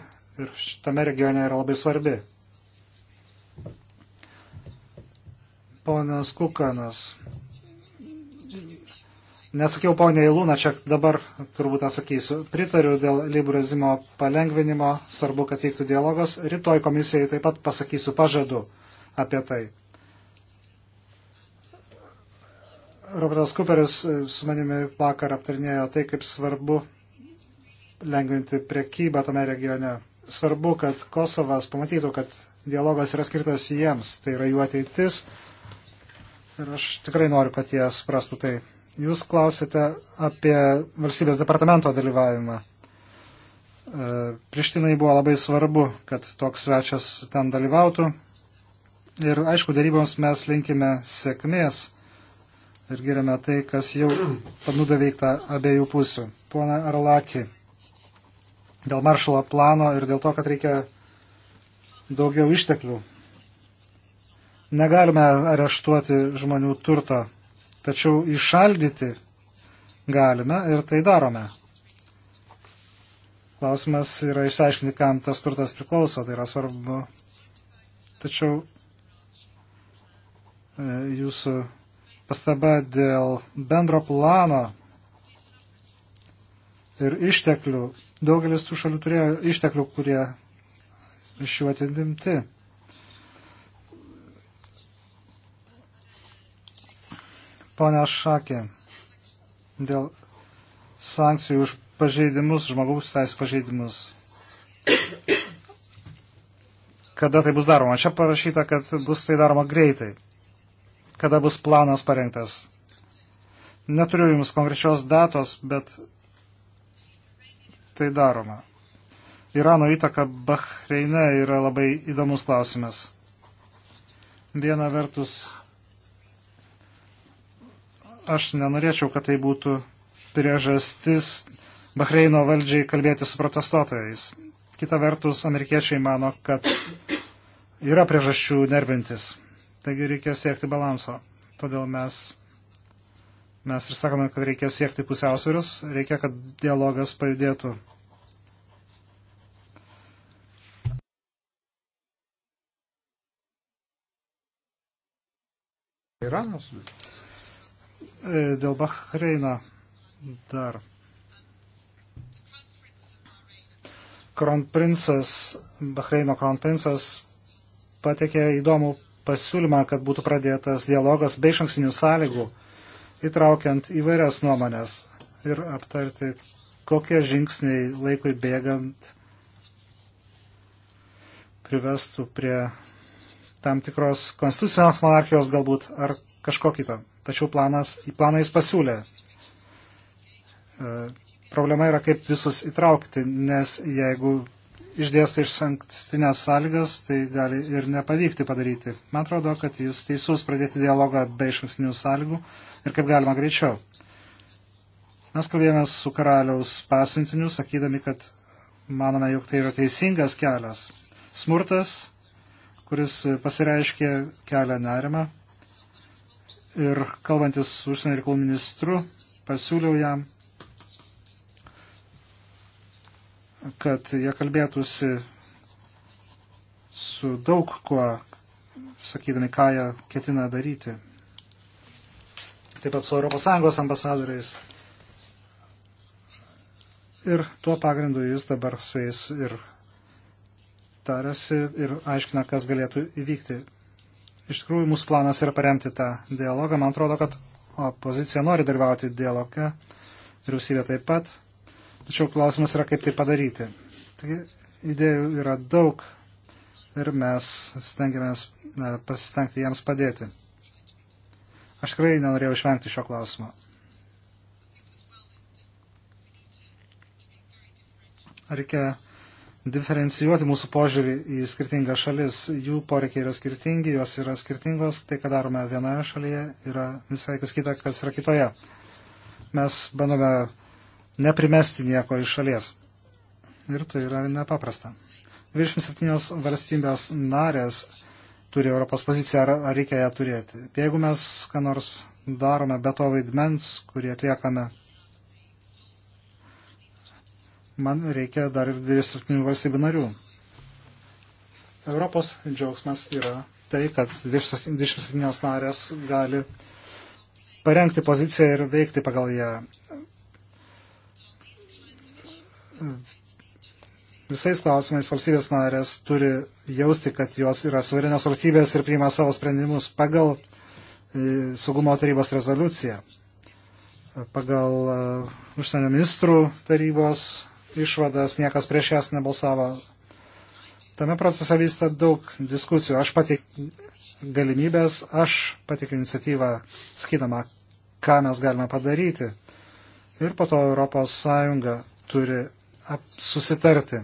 ir šitame regione yra labai svarbi. Ponas Kukanas. Nesakiau ponė Ilūna, čia dabar turbūt atsakysiu. Pritariu dėl liberalizmo palengvinimo, svarbu, kad vyktų dialogas. Rytoj komisijai taip pat pasakysiu pažadu apie tai. Robertas Cooperis e, su manimi vakar aptarinėjo tai, kaip svarbu lengvinti priekybą tame regione. Svarbu, kad Kosovas pamatytų, kad dialogas yra skirtas jiems, tai yra jų ateitis. Ir aš tikrai noriu, kad jie suprastų tai. Jūs klausite apie valstybės departamento dalyvavimą. E, Prištinai buvo labai svarbu, kad toks svečias ten dalyvautų. Ir aišku, daryboms mes linkime sėkmės ir giriame tai, kas jau nuveikta abiejų pusių. Pone Arlaki, dėl maršalo plano ir dėl to, kad reikia daugiau išteklių. Negalime areštuoti žmonių turto, tačiau išaldyti galime ir tai darome. Klausimas yra išsiaiškinti, kam tas turtas priklauso, tai yra svarbu. Tačiau e, jūsų pastaba dėl bendro plano ir išteklių. Daugelis tų šalių turėjo išteklių, kurie iš jų atidimti. Pone Šakė, dėl sankcijų už pažeidimus, žmogaus teisų pažeidimus. Kada tai bus daroma? Čia parašyta, kad bus tai daroma greitai kada bus planas parengtas. Neturiu Jums konkrečios datos, bet tai daroma. Irano įtaka Bahreine yra labai įdomus klausimas. Viena vertus, aš nenorėčiau, kad tai būtų priežastis Bahreino valdžiai kalbėti su protestuotojais. Kita vertus, amerikiečiai mano, kad yra priežasčių nervintis. Taigi reikia siekti balanso. Todėl mes, mes ir sakome, kad reikia siekti pusiausvėrius, reikia, kad dialogas pajudėtų. Iranas. E, dėl Bahreino dar. Kronprincas, Bahreino kronprincas patekė įdomų pasiūlymą, kad būtų pradėtas dialogas bei šanksinių sąlygų, įtraukiant įvairias nuomonės ir aptarti, kokie žingsniai laikui bėgant privestų prie tam tikros konstitucinės monarchijos galbūt ar kažko kito. Tačiau planas, planą jis pasiūlė. E, problema yra, kaip visus įtraukti, nes jeigu išdėsta išsankstinės sąlygas, tai gali ir nepavykti padaryti. Man atrodo, kad jis teisus pradėti dialogą be išsankstininių sąlygų ir kaip galima greičiau. Mes kalbėjome su karaliaus pasiuntiniu, sakydami, kad manome, jog tai yra teisingas kelias. Smurtas, kuris pasireiškė kelią nerimą. Ir kalbantis su užsienio reikalų ministru, pasiūliau jam kad jie kalbėtųsi su daug kuo, sakydami, ką jie ketina daryti. Taip pat su ES ambasadoriais. Ir tuo pagrindu jis dabar su jais ir tarasi ir aiškina, kas galėtų įvykti. Iš tikrųjų, mūsų planas yra paremti tą dialogą. Man atrodo, kad opozicija nori dalyvauti dialoge, vyriausybė taip pat. Tačiau klausimas yra, kaip tai padaryti. Taigi, idėjų yra daug ir mes stengiamės pasistengti jiems padėti. Aš tikrai nenorėjau išvengti šio klausimo. Reikia diferencijuoti mūsų požiūrį į skirtingas šalis. Jų poreikiai yra skirtingi, jos yra skirtingos. Tai, ką darome vienoje šalyje, yra visai kas kita, kas yra kitoje. Mes bandome neprimesti nieko iš šalies. Ir tai yra nepaprasta. 27 valstybės narės turi Europos poziciją, ar, ar reikia ją turėti. Jeigu mes ką nors darome be to vaidmens, kurį atliekame, man reikia dar ir 27 valstybių narių. Europos džiaugsmas yra tai, kad 27 narės gali parengti poziciją ir veikti pagal ją visais klausimais valstybės narės turi jausti, kad jos yra suverenės valstybės ir priima savo sprendimus pagal e, saugumo tarybos rezoliuciją, pagal e, užsienio ministrų tarybos išvadas, niekas prieš jas nebalsavo. Tame procese vyksta daug diskusijų. Aš patik galimybės, aš patikiu iniciatyvą, sakydama, ką mes galime padaryti. Ir po to ES turi susitarti,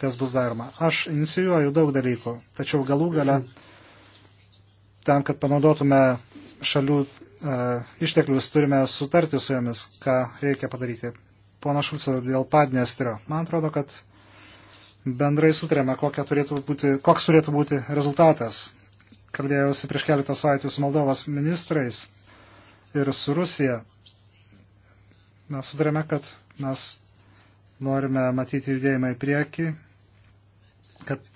kas bus daroma. Aš inicijuoju daug dalykų, tačiau galų gale tam, kad panaudotume šalių e, išteklius, turime sutarti su jomis, ką reikia padaryti. Pona Šulcas, dėl Padnestrio. Man atrodo, kad bendrai sutarėme, turėtų būti, koks turėtų būti rezultatas. Kalbėjausi prieš keletą savaičių su Moldovos ministrais ir su Rusija. Mes sutarėme, kad mes Norime matyti judėjimą į priekį, kad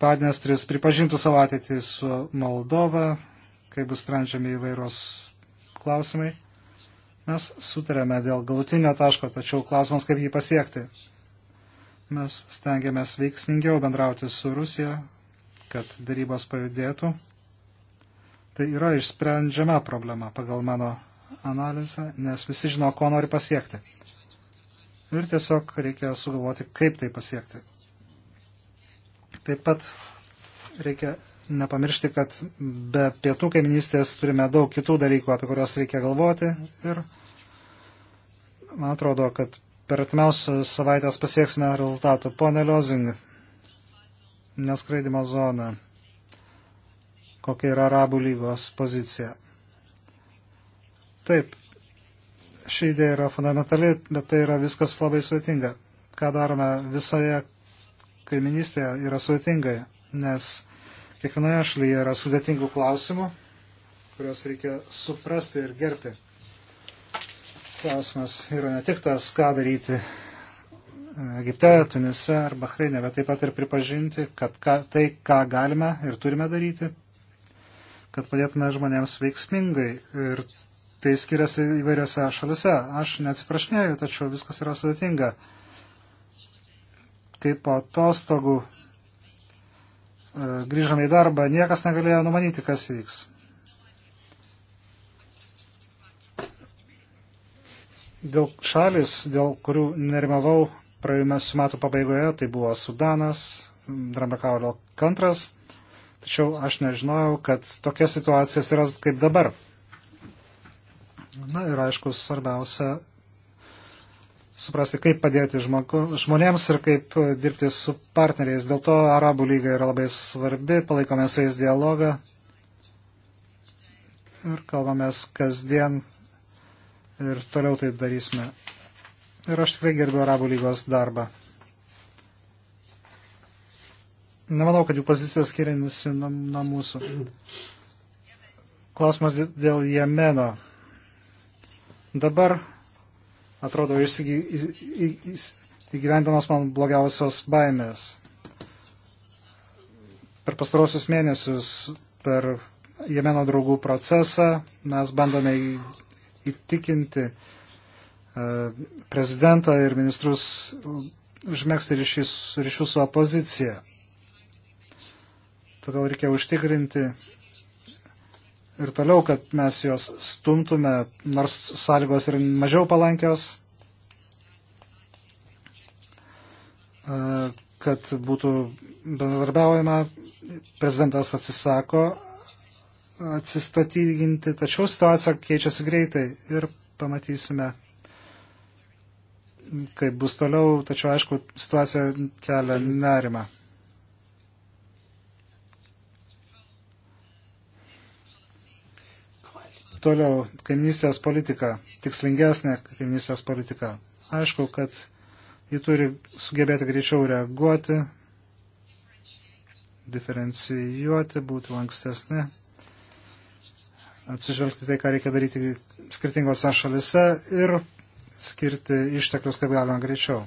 Padnestris pripažintų savo ateitį su Moldova, kai bus sprendžiami įvairios klausimai. Mes sutarėme dėl galutinio taško, tačiau klausimas, kaip jį pasiekti. Mes stengiamės veiksmingiau bendrauti su Rusija, kad darybos pajudėtų. Tai yra išsprendžiama problema pagal mano analizę, nes visi žino, ko nori pasiekti ir tiesiog reikia sugalvoti, kaip tai pasiekti. Taip pat reikia nepamiršti, kad be pietų kaiminystės turime daug kitų dalykų, apie kuriuos reikia galvoti ir man atrodo, kad per atmiausias savaitės pasieksime rezultatų. Pone Liozing, neskraidimo zona. Kokia yra Arabų lygos pozicija? Taip, ši idėja yra fundamentali, bet tai yra viskas labai sudėtinga. Ką darome visoje kaiminystėje yra sudėtinga, nes kiekvienoje šalyje yra sudėtingų klausimų, kuriuos reikia suprasti ir gerbti. Klausimas yra ne tik tas, ką daryti Egipte, Tunise ar Bahreinė, bet taip pat ir pripažinti, kad ką, tai, ką galime ir turime daryti, kad padėtume žmonėms veiksmingai ir tai skiriasi įvairiose šalise. Aš neatsiprašinėjau, tačiau viskas yra sudėtinga. Kaip po atostogų e, grįžome į darbą, niekas negalėjo numanyti, kas vyks. Dėl šalis, dėl kurių nerimavau praėjusiu metu pabaigoje, tai buvo Sudanas, Dramblekaulio kantras, tačiau aš nežinojau, kad tokia situacija yra kaip dabar. Na ir aišku, svarbiausia suprasti, kaip padėti žmogu, žmonėms ir kaip dirbti su partneriais. Dėl to Arabų lyga yra labai svarbi, palaikome su jais dialogą ir kalbamės kasdien ir toliau tai darysime. Ir aš tikrai gerbiu Arabų lygos darbą. Nemanau, kad jų pozicija skiriasi nuo mūsų. Klausimas dėl Jemeno. Dabar, atrodo, įgyvendamas man blogiausios baimės. Per pastarosius mėnesius, per Jemeno draugų procesą mes bandome įtikinti e, prezidentą ir ministrus užmėgsti ryšius su opozicija. Todėl reikia užtikrinti, ir toliau, kad mes juos stumtume, nors sąlygos yra mažiau palankios, e, kad būtų bendradarbiaujama, prezidentas atsisako atsistatyginti, tačiau situacija keičiasi greitai ir pamatysime, kaip bus toliau, tačiau aišku, situacija kelia nerimą. Toliau, kaiminystės politika, tikslingesnė kaiminystės politika. Aišku, kad ji turi sugebėti greičiau reaguoti, diferencijuoti, būti lankstesnė, atsižvelgti tai, ką reikia daryti skirtingose šalise ir skirti išteklius kaip galima greičiau.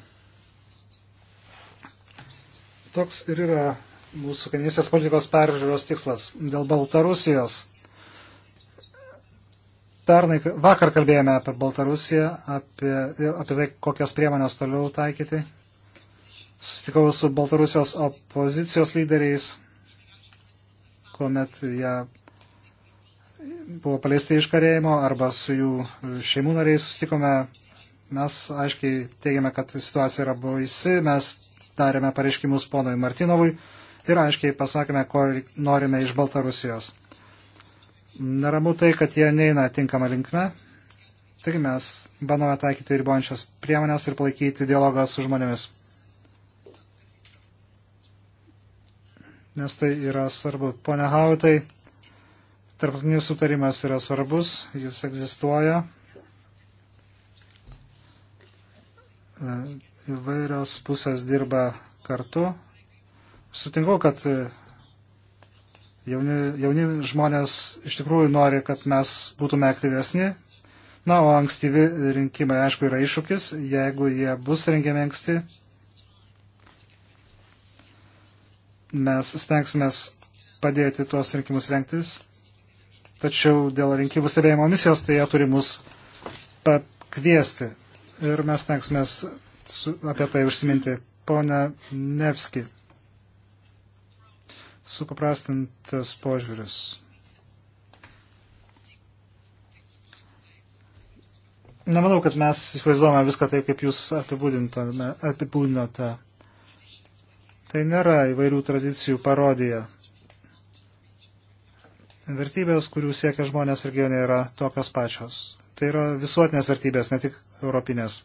Toks ir yra mūsų kaiminystės politikos peržiūros tikslas. Dėl Baltarusijos Pernai, vakar kalbėjome apie Baltarusiją, apie, apie tai, kokias priemonės toliau taikyti. Sustikau su Baltarusijos opozicijos lyderiais, kuomet jie buvo paleisti iš karėjimo arba su jų šeimų nariais sustikome. Mes aiškiai teigiame, kad situacija yra baisi, mes darėme pareiškimus ponui Martinovui ir aiškiai pasakėme, ko norime iš Baltarusijos. Neramu tai, kad jie neina tinkama linkme. Taigi mes bandome taikyti ribojančias priemonės ir palaikyti dialogą su žmonėmis. Nes tai yra svarbu. Pone Hautai, tarptautinis sutarimas yra svarbus, jis egzistuoja. Įvairios pusės dirba kartu. Sutinku, kad Jauni, jauni žmonės iš tikrųjų nori, kad mes būtume aktyvesni. Na, o ankstyvi rinkimai, aišku, yra iššūkis, jeigu jie bus rengiami anksti. Mes stengsimės padėti tuos rinkimus rengtis. Tačiau dėl rinkimų stebėjimo misijos, tai jie turi mus pakviesti. Ir mes tenksimės apie tai užsiminti. Pone Nevski supaprastintas požiūris. Nemanau, kad mes įsivaizduojame viską taip, kaip jūs apibūdinote. Tai nėra įvairių tradicijų parodija. Vertybės, kurių siekia žmonės regione, yra tokios pačios. Tai yra visuotinės vertybės, ne tik europinės.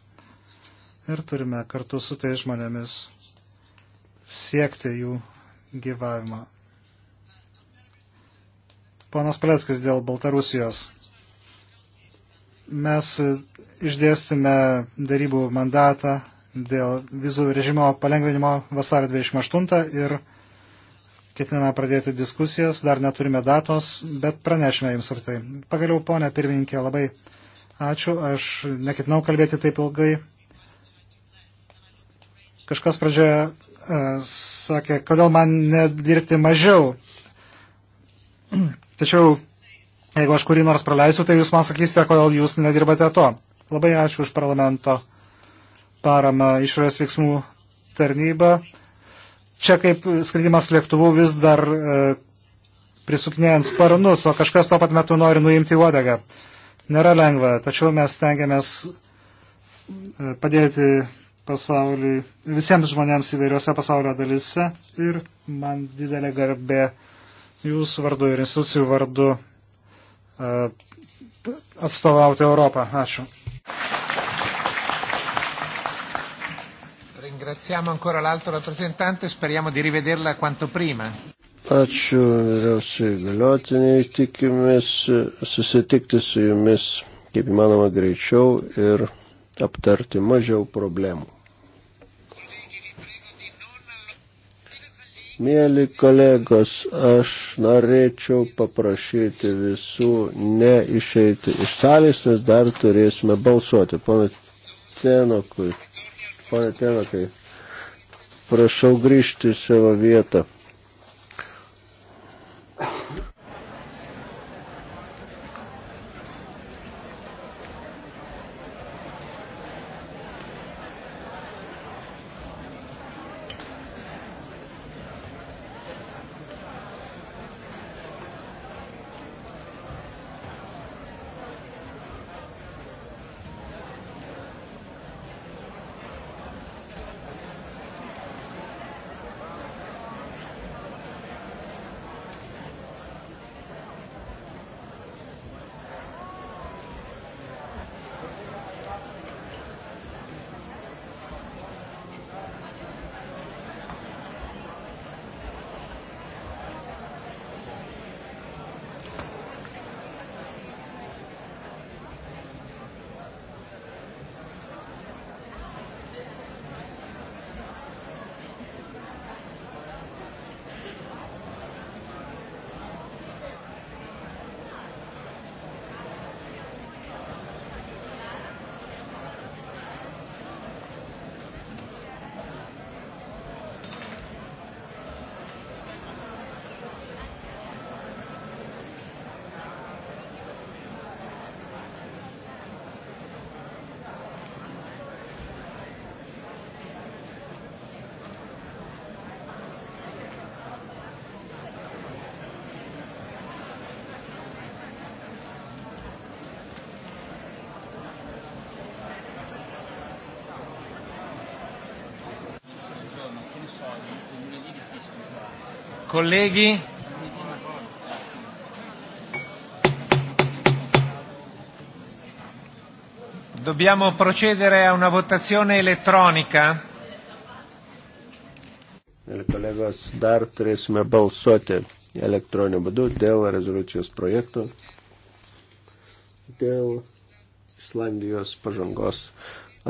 Ir turime kartu su tai žmonėmis siekti jų gyvavimą. Ponas Paleckis dėl Baltarusijos. Mes išdėstime darybų mandatą dėl vizų režimo palengvinimo vasario 28 ir ketiname pradėti diskusijas, dar neturime datos, bet pranešime jums ar tai. Pagaliau, ponia pirmininkė, labai ačiū, aš neketinau kalbėti taip ilgai. Kažkas pradžioje E, sakė, kodėl man nedirbti mažiau. Tačiau, jeigu aš kurį nors praleisiu, tai jūs man sakysite, kodėl jūs nedirbate to. Labai ačiū už parlamento paramą išorės veiksmų tarnybą. Čia kaip skridimas lėktuvų vis dar e, prisuknėjant sparnus, o kažkas tuo pat metu nori nuimti uodegą. Nėra lengva, tačiau mes tengiamės e, padėti pasauliui, visiems žmonėms įvairiose pasaulio dalise ir man didelė garbė jūsų vardu ir institucijų vardu e, atstovauti Europą. Ačiū. Ringraziamo ancora l'alto rappresentante, speriamo di rivederla quanto prima. Ačiū vyriausiai galiotiniai, tikimės susitikti su jumis kaip įmanoma greičiau ir aptarti mažiau problemų. Mėly kolegos, aš norėčiau paprašyti visų neišeiti iš salės, nes dar turėsime balsuoti. Pana Tenokui, pana Tenokai, prašau grįžti į savo vietą. colleghi. Dobbiamo procedere a una votazione elettronica. Ir kolegos, dar turėsime balsuoti elektroniniu būdu dėl rezoliucijos projektų, dėl Islandijos pažangos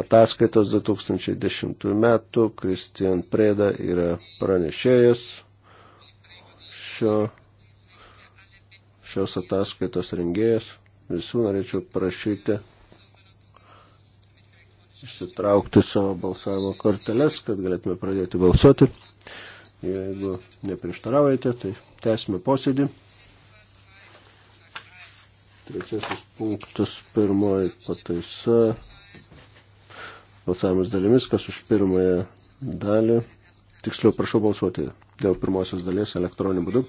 ataskaitos 2010 metų. Kristian Preda yra pranešėjas šio, šios ataskaitos rengėjas. Visų norėčiau prašyti išsitraukti savo balsavimo korteles, kad galėtume pradėti balsuoti. Jeigu neprieštaraujate, tai tęsime posėdį. Trečiasis punktas, pirmoji pataisa. Balsavimas dalimis, kas už pirmąją dalį. Tiksliau, prašau balsuoti dėl pirmosios dalies elektroniniu būdu.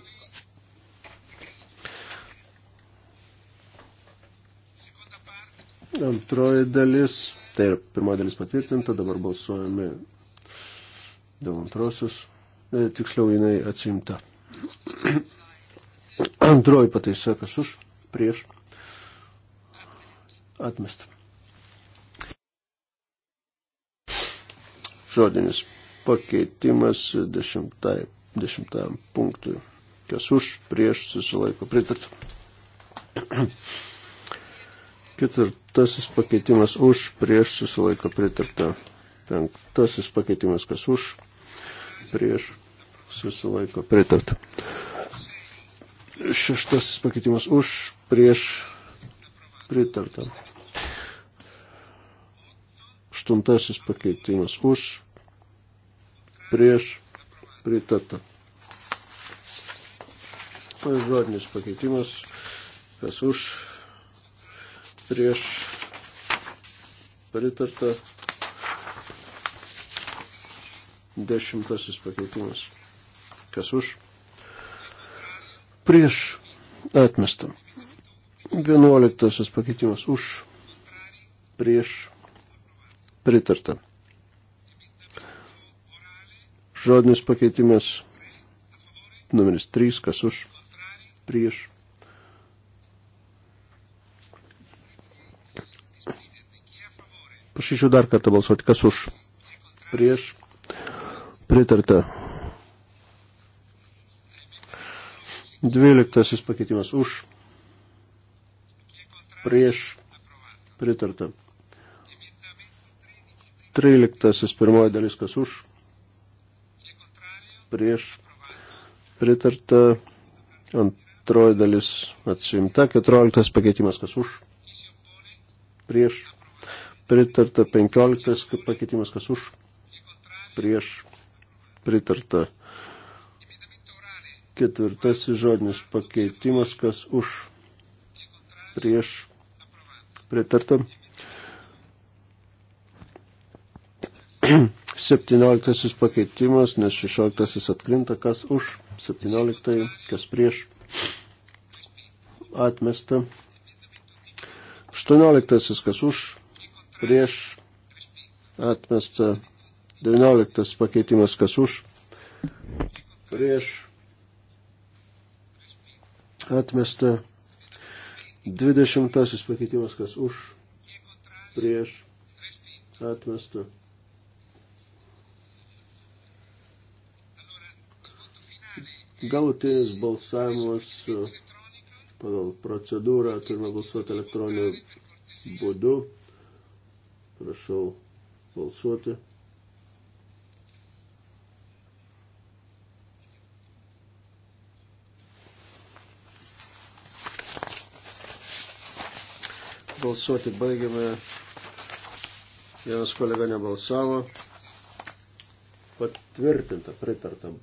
Antroji dalis, tai yra pirmoji dalis patvirtinta, dabar balsuojame dėl antrosios, e, tiksliau jinai atsimta. Antroji pataisa, kas už, prieš, atmesta. Žodinis pakeitimas dešimtai 10 punktui. Kas už, prieš, susilaiko pritarta. Ketvirtasis pakeitimas už, prieš, susilaiko pritarta. Penktasis pakeitimas kas už, prieš, susilaiko pritarta. Šeštasis pakeitimas už, prieš, pritarta. Aštuntasis pakeitimas už, prieš, pritarta. Žodinis pakeitimas, kas už, prieš, pritarta. Dešimtasis pakeitimas, kas už, prieš, atmesta. Vienuoliktasis pakeitimas už, prieš, pritarta. Žodinis pakeitimas numeris 3, kas už, prieš. Prašyčiau dar kartą balsuoti, kas už, prieš, pritarta. Dvyliktasis pakeitimas už, prieš, pritarta. Tryliktasis pirmoji dalis, kas už, prieš pritarta, antroji dalis atsimta, keturioliktas pakeitimas kas už, prieš pritarta, penkioliktas pakeitimas kas už, prieš pritarta. Ketvirtasis žodinis pakeitimas, kas už prieš pritarta. 17 pakeitimas, nes 16 atkrinta, kas už 17, kas prieš atmesta. 18 kas už, prieš atmesta. 19 pakeitimas kas už, prieš atmesta. 20 pakeitimas kas už, prieš atmesta. Galutinis balsavimas e, pagal procedūrą turime balsuoti elektroniniu būdu. Prašau balsuoti. Balsuoti baigiame. Vienas kolega nebalsavo. Patvirtinta, pritartam.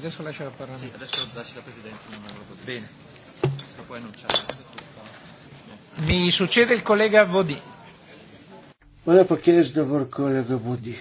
Adesso lascia la parola. Sì, adesso lascia la Presidente. Non lo Bene. Sta poi annunciare. Mi succede il collega Vodì. Mane pakeis dabar kolega Budį.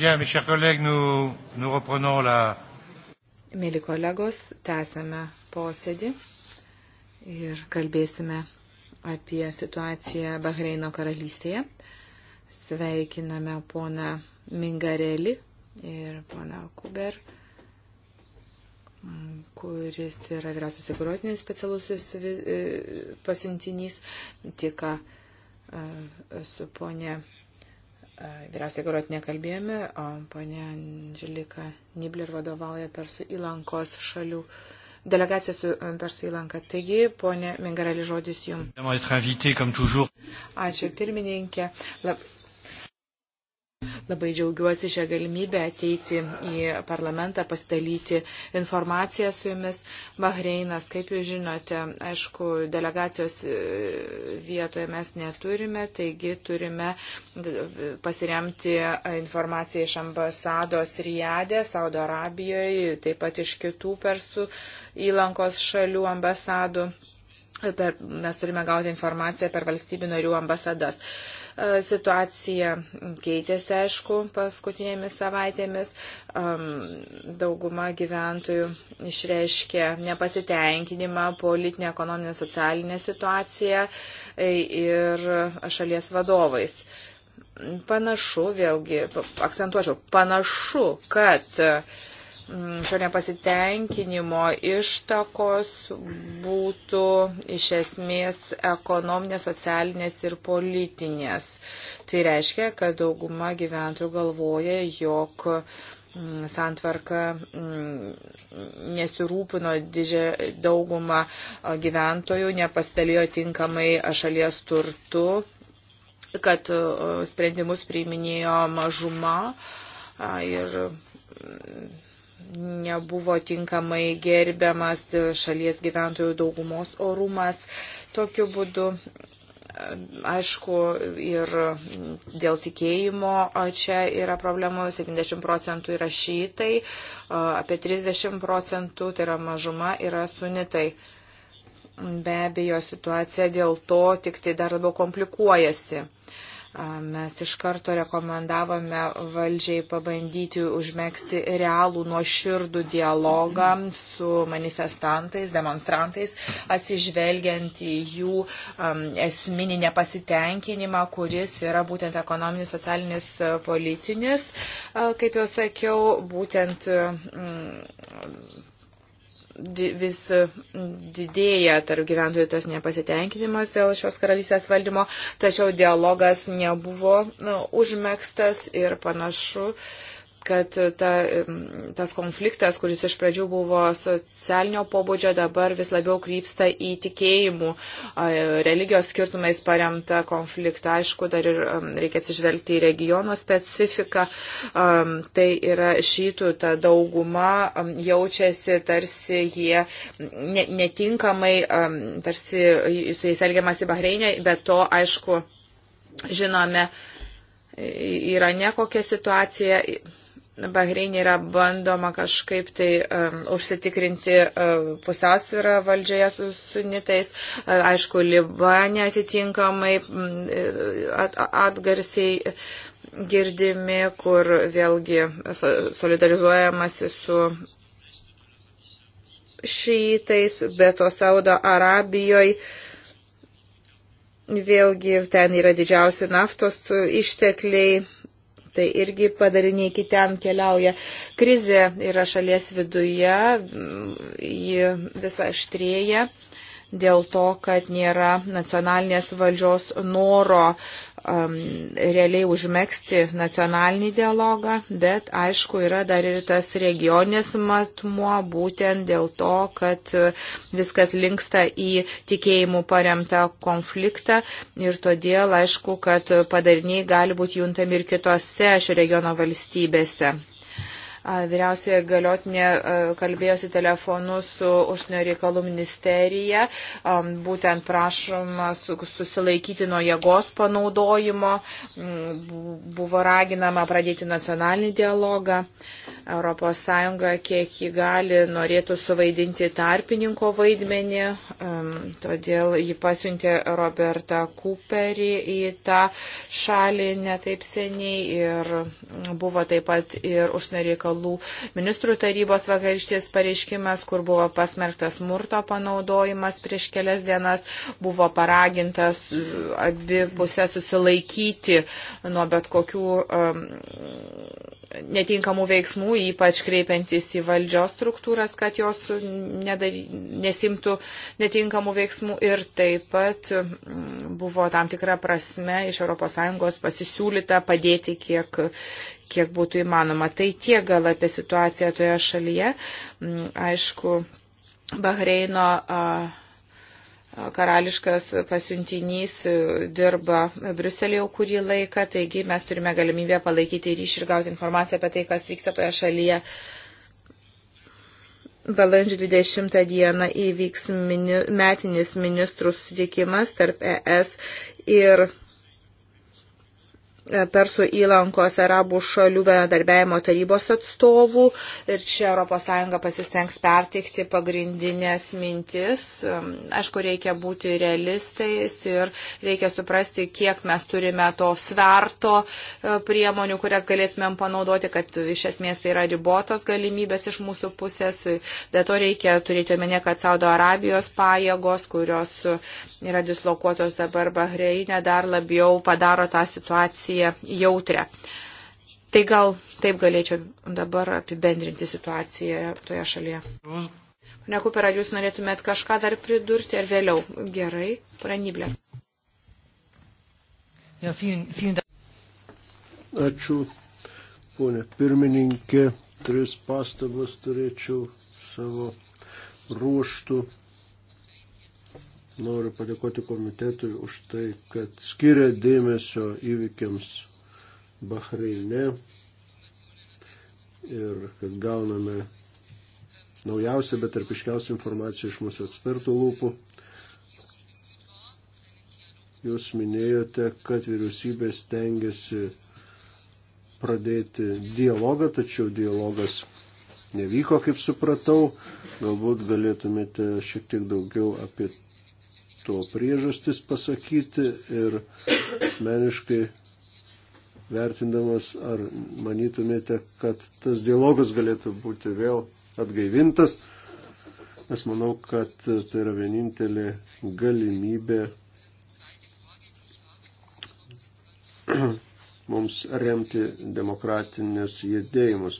Bien, mes chers collègues, nous, nous reprenons la. Mėly kolegos, tęsėme posėdį ir kalbėsime apie situaciją Bahreino karalystėje. Sveikiname poną Mingarelį ir poną Kuber, kuris yra vyriausios įgaliotinės specialusis e, pasiuntinys, tik e, su ponė Vyriausiai galot nekalbėjome, o ponia Anželika Nibler vadovauja Persų įlankos šalių. Delegacija su e, Persų įlanka. Taigi, ponė Mingarelį, žodis jums. Ačiū pirmininkė. Lab, Labai džiaugiuosi šią galimybę ateiti į parlamentą, pasidalyti informaciją su jumis. Bahreinas, kaip jūs žinote, aišku, delegacijos e, vietoje mes neturime, taigi turime pasiremti informaciją iš ambasados Riadė, Saudo Arabijoje, taip pat iš kitų persų įlankos šalių ambasadų. Per, mes turime gauti informaciją per valstybių narių ambasadas. Uh, Situacija keitėsi, aišku, paskutinėmis savaitėmis. Dauguma gyventojų išreiškė nepasitenkinimą politinę, ekonominę, socialinę situaciją e, ir šalies vadovais. Panašu, vėlgi, akcentuočiau, panašu, kad uh, šio mm, nepasitenkinimo ištakos būtų iš esmės ekonominės, socialinės ir politinės. Tai reiškia, kad dauguma gyventojų galvoja, jog mm, santvarka mm, nesirūpino didžią daugumą gyventojų, nepastalėjo tinkamai šalies turtu, kad sprendimus priiminėjo mažuma ir nebuvo tinkamai gerbiamas šalies gyventojų daugumos orumas. Tokiu būdu aišku, ir dėl tikėjimo čia yra problemų, 70 procentų yra šytai, apie 30 procentų, tai yra mažuma, yra sunitai. Be abejo, situacija dėl to tik tai dar labiau komplikuojasi. Uh, Mes iš karto rekomendavome valdžiai pabandyti užmėgsti realų nuoširdų dialogą su manifestantais, demonstrantais, atsižvelgiant į jų um, esminį nepasitenkinimą, kuris yra būtent ekonominis, socialinis, politinis, kaip jau sakiau, būtent um, vis mm, didėja tarp gyventojų tas nepasitenkinimas dėl šios karalystės valdymo, tačiau dialogas nebuvo nu, užmėgstas ir panašu, uh, kad ta, tas konfliktas, kuris iš pradžių buvo socialinio pobūdžio, dabar vis labiau krypsta į tikėjimų, religijos skirtumais paremtą konfliktą. Aišku, dar ir reikia atsižvelgti į regiono specifiką. Tai yra šytų ta dauguma jaučiasi tarsi jie netinkamai, tarsi su jais elgiamasi Bahreinė, bet to, aišku, žinome, yra nekokia situacija Bahrein yra bandoma kažkaip tai um, užsitikrinti um, pusiausvyrą valdžioje su sunitais, aišku, Libane atitinkamai at, atgarsiai girdimi, kur vėlgi solidarizuojamasi su šytais, bet o Saudo Arabijoje vėlgi ten yra didžiausi naftos ištekliai Tai irgi padariniai kitam keliauja. Krizė yra šalies viduje, ji visa aštrėja dėl to, kad nėra nacionalinės valdžios noro uh, um, realiai užmėgsti nacionalinį dialogą, bet aišku yra dar ir tas regioninis matmuo būtent dėl to, kad uh, viskas linksta į tikėjimų paremtą konfliktą ir todėl aišku, kad padariniai gali būti juntami ir kitose šio regiono valstybėse. Vyriausioje galiotinė kalbėjosi telefonu su užsienio reikalų ministerija, būtent prašoma susilaikyti nuo jėgos panaudojimo, mm, buvo raginama pradėti nacionalinį dialogą. ES kiek jį gali norėtų suvaidinti tarpininko vaidmenį, todėl jį pasiuntė Robertą Cooperį į tą šalį netaip seniai ir buvo taip pat ir užsienio reikalų reikalų ministrų tarybos vakarykštės pareiškimas, kur buvo pasmerktas smurto panaudojimas prieš kelias dienas, buvo paragintas e, abi pusės susilaikyti nuo bet kokių um, netinkamų veiksmų, ypač kreipiantis į valdžios struktūras, kad jos nedary, nesimtų netinkamų veiksmų ir taip pat mm, buvo tam tikra prasme iš ES pasisiūlyta padėti kiek, kiek būtų įmanoma. Tai tiek gal apie situaciją toje šalyje. Mm, aišku, Bahreino. Uh, karališkas pasiuntinys dirba Briuselėje jau kurį laiką, taigi mes turime galimybę palaikyti ryšį ir gauti informaciją apie tai, kas vyksta toje šalyje. Balandžio 20 dieną įvyks mini, metinis ministrų susitikimas tarp ES ir E, Persų įlankos arabų šalių bendarbiajimo tarybos atstovų ir čia ES pasistengs perteikti pagrindinės mintis. E, Aišku, reikia būti realistais ir reikia suprasti, kiek mes turime to sverto e, priemonių, kurias galėtumėm panaudoti, kad iš esmės tai yra ribotos galimybės iš mūsų pusės. Be to reikia turėti omenyje, kad Saudo Arabijos pajėgos, kurios yra dislokuotos dabar Bahreinė, dar labiau padaro tą situaciją situaciją jautrę. Tai gal taip galėčiau dabar apibendrinti situaciją toje šalyje. Pane Kuper, ar jūs norėtumėt kažką dar pridurti ar vėliau? Gerai, pranyblė. Ačiū, ponė pirmininkė. Tris pastabas turėčiau savo ruoštų Noriu padėkoti komitetui už tai, kad skiria dėmesio įvykiams Bahreine ir kad gauname naujausią, bet ir piškiausią informaciją iš mūsų ekspertų lūpų. Jūs minėjote, kad vyriausybė stengiasi pradėti dialogą, tačiau dialogas nevyko, kaip supratau. Galbūt galėtumėte šiek tiek daugiau apie to priežastis pasakyti ir asmeniškai vertindamas, ar manytumėte, kad tas dialogas galėtų būti vėl atgaivintas. Nes manau, kad tai yra vienintelė galimybė mums remti demokratinius judėjimus.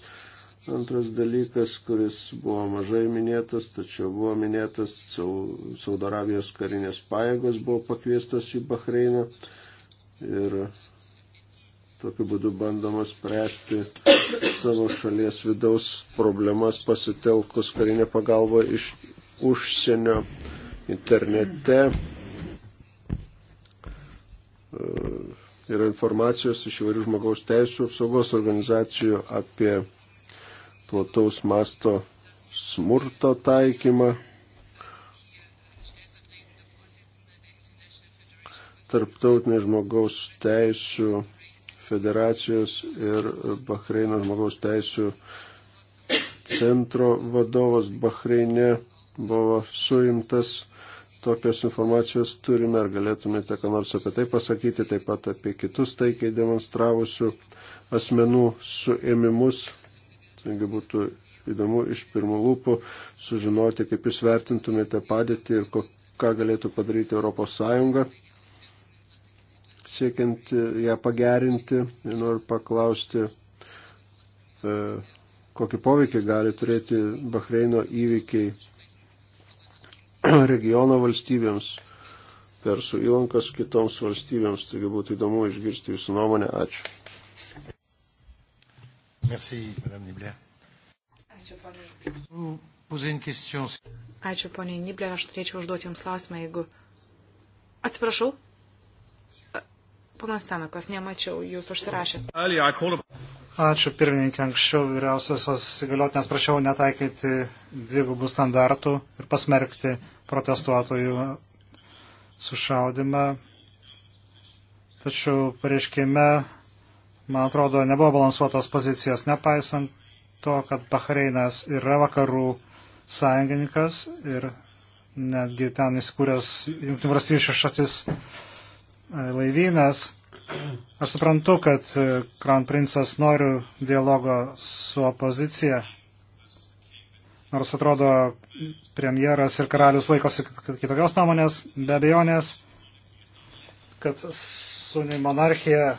Antras dalykas, kuris buvo mažai minėtas, tačiau buvo minėtas, Saudo Arabijos karinės pajėgos buvo pakviestas į Bahreiną ir tokiu būdu bandoma spręsti savo šalies vidaus problemas pasitelkus karinę pagalbą iš užsienio internete. E, yra informacijos iš įvairių žmogaus teisų apsaugos organizacijų apie plataus masto smurto taikymą. Tarptautinė žmogaus teisų federacijos ir Bahreino žmogaus teisų centro vadovas Bahreine buvo suimtas. Tokios informacijos turime, ar galėtumėte ką nors apie tai pasakyti, taip pat apie kitus taikiai demonstravusių asmenų suėmimus Taigi būtų įdomu iš pirmų lūpų sužinoti, kaip jūs vertintumėte padėtį ir ką galėtų padaryti ES, siekiant e, ją pagerinti. Ir noriu paklausti, e, kokį poveikį gali turėti Bahreino įvykiai regiono valstybėms. Persų įlankas kitoms valstybėms, taigi būtų įdomu išgirsti jūsų nuomonę. Ačiū. Merci, Madame Nibler. Ačiū, ponė. Ačiū, ponė Nibler. Aš turėčiau užduoti Jums klausimą, jeigu... Atsiprašau. E, ponas Tanakas, nemačiau, Jūs užsirašęs. Ačiū, pirmininkė. Anksčiau vyriausiosios įgaliotinės prašiau netaikyti dvigubų standartų ir pasmerkti protestuotojų sušaudimą. Tačiau pareiškime man atrodo, nebuvo balansuotos pozicijos, nepaisant to, kad Bahreinas yra vakarų sąjungininkas ir netgi ten įsikūręs Junktinių valstybių šešatis e, laivynas. Aš suprantu, kad e, Crown Princess nori dialogo su opozicija, nors atrodo premjeras ir karalius laikosi kitokios nuomonės, be abejonės, kad suni monarchija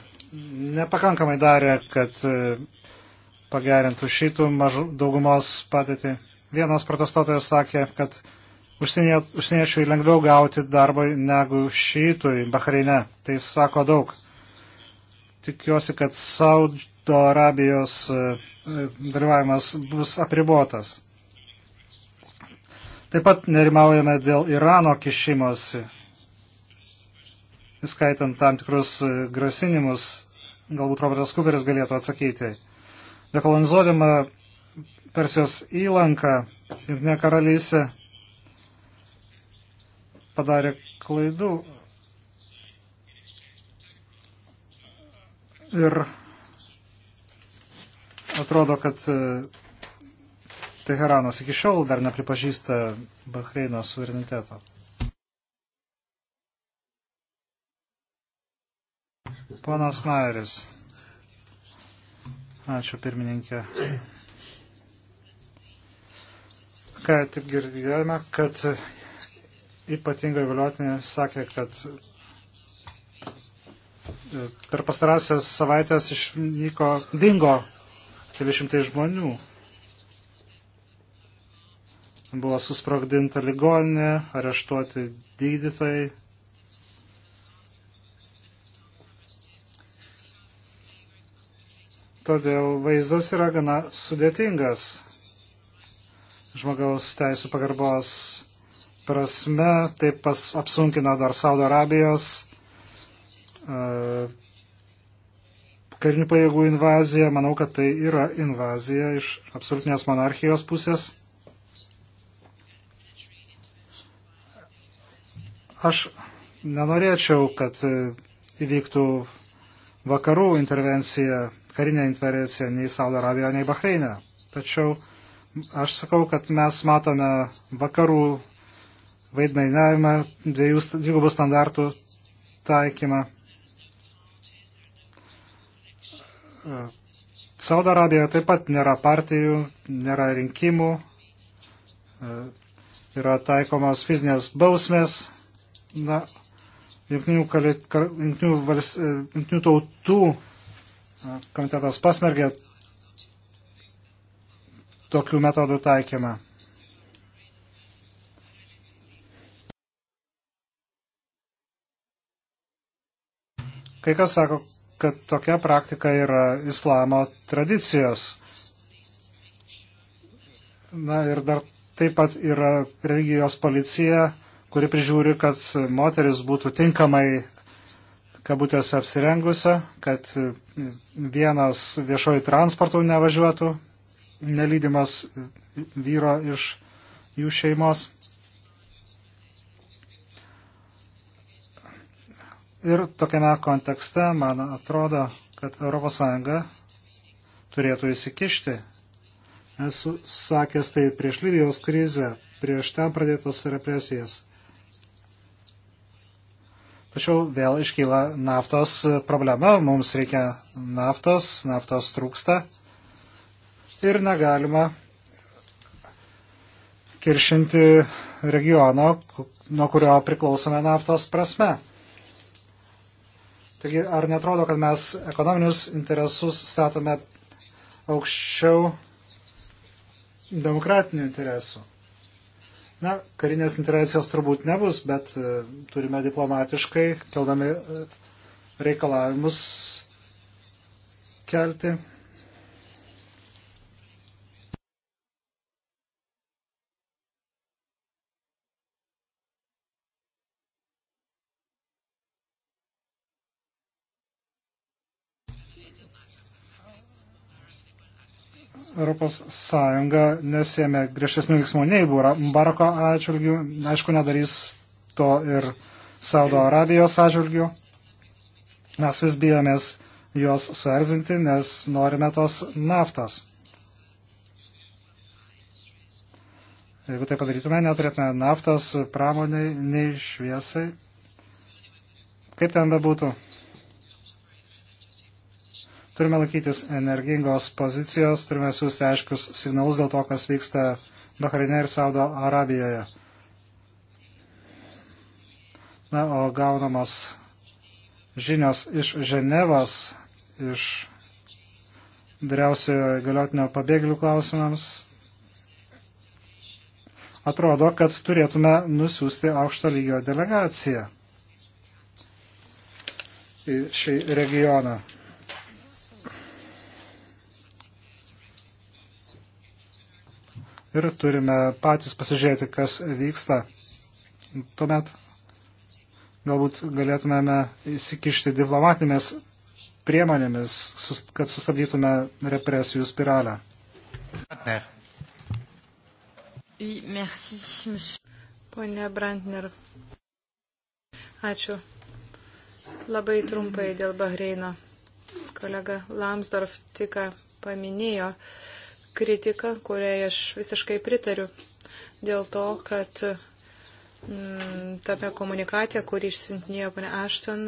nepakankamai darė, kad e, pagerintų šitų mažų daugumos padėtį. Vienas protestuotojas sakė, kad užsienie, užsieniečiui lengviau gauti darbą negu šitui Bahreine. Tai sako daug. Tikiuosi, kad Saudo Arabijos e, e, dalyvavimas bus apribotas. Taip pat nerimaujame dėl Irano kišimosi įskaitant tam tikrus e, grasinimus, galbūt Robertas Kuberis galėtų atsakyti. Dekolonizuodama Persijos įlanką, Junktinė karalystė padarė klaidų. Ir atrodo, kad e, Teheranas iki šiol dar nepripažįsta Bahreino suvereniteto. Ponas Maeris. Ačiū pirmininkė. Ką tik girdėjome, kad ypatingai galiotinė sakė, kad e, per pastarąsias savaitės išnyko, dingo keli šimtai žmonių. Buvo susprogdinta ligoninė, areštuoti gydytojai. Todėl vaizdas yra gana sudėtingas. Žmogaus teisų pagarbos prasme taip pas apsunkino dar Saudo Arabijos e, karinių pajėgų invazija. Manau, kad tai yra invazija iš absoliutinės monarchijos pusės. Aš nenorėčiau, kad įvyktų vakarų intervencija karinė intervencija nei Saudo Arabijoje, nei Bahreinė. Tačiau aš sakau, kad mes matome vakarų vaidmainavimą, dviejų dvigubų standartų taikymą. Saudo Arabijoje taip pat nėra partijų, nėra rinkimų, yra taikomos fizinės bausmės. Na, jungtinių, kar, jungtinių, vals, jungtinių tautų komitetas pasmergė tokių metodų taikymą. Kai kas sako, kad tokia praktika yra islamo tradicijos. Na ir dar taip pat yra religijos policija, kuri prižiūri, kad moteris būtų tinkamai kabutėse apsirengusią, kad vienas viešoji transportų nevažiuotų, nelydimas vyro iš jų šeimos. Ir tokiame kontekste, man atrodo, kad ES turėtų įsikišti. Esu sakęs tai prieš Libijos krizę, prieš ten pradėtas represijas. Tačiau vėl iškyla naftos e, problema, mums reikia naftos, naftos trūksta ir negalima kiršinti regiono, nuo kurio priklausome naftos prasme. Taigi, ar netrodo, kad mes ekonominius interesus statome aukščiau demokratinių interesų? Na, karinės intervencijos turbūt nebus, bet e, turime diplomatiškai, keldami e, reikalavimus kelti. ES nesėmė griežtesnių veiksmų nei Barako atžvilgių, aišku, nedarys to ir Saudo Arabijos atžvilgių. Mes vis bijomės juos suerzinti, nes norime tos naftos. Jeigu tai padarytume, neturėtume naftos pramoniai nei šviesai. Kaip ten bebūtų? Turime laikytis energingos pozicijos, turime siūsti aiškius signalus dėl to, kas vyksta Bahreinė ir Saudo Arabijoje. Na, o gaunamos žinios iš Ženevos, iš vyriausiojo galiotinio pabėgėlių klausimams, atrodo, kad turėtume nusiųsti aukšto lygio delegaciją į šį regioną. ir turime patys pasižiūrėti, kas vyksta. Tuomet galbūt galėtumėme įsikišti diplomatinėmis priemonėmis, kad sustabdytume represijų spiralę. Pone Brantner, ačiū. Labai trumpai dėl Bahreino. Kolega Lamsdorf tik paminėjo, uh, kritiką, kuriai aš visiškai pritariu. Dėl to, kad Mm, tame komunikate, kurį išsintinėjo pane Ašton,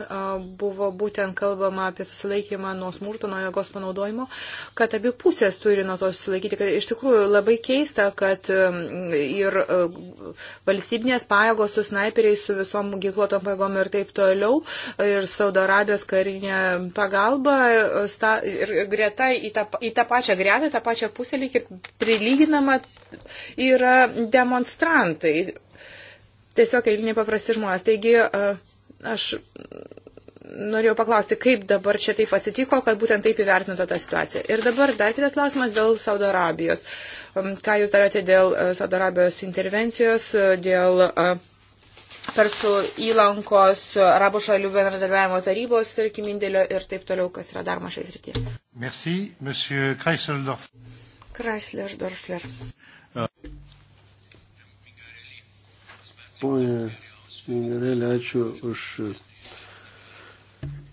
buvo būtent kalbama apie susilaikymą nuo smurto, nuo jėgos panaudojimo, kad abi pusės turi nuo to susilaikyti. Kad iš tikrųjų labai keista, kad mm, ir valstybinės pajėgos su snaiperiais, su visom ginkluotom pajėgom ir taip toliau, ir Saudo Arabijos karinė pagalba, sta, ir greta į tą, į tą pačią gretą, tą pačią pusę lyg ir prilyginama yra demonstrantai tiesiog eiliniai paprasti žmonės. Taigi aš norėjau paklausti, kaip dabar čia taip atsitiko, kad būtent taip įvertinta ta situacija. Ir dabar dar kitas klausimas dėl Saudo Arabijos. Um, ką jūs darote dėl uh, Saudo Arabijos intervencijos, uh, dėl uh, Persų įlankos, Arabų šalių bendradarbiavimo tarybos, tarkim, indėlio ir taip toliau, kas yra daroma šiais rytyje. Merci, monsieur Kreisler-Dorfler. Pone Mingarelė, ačiū už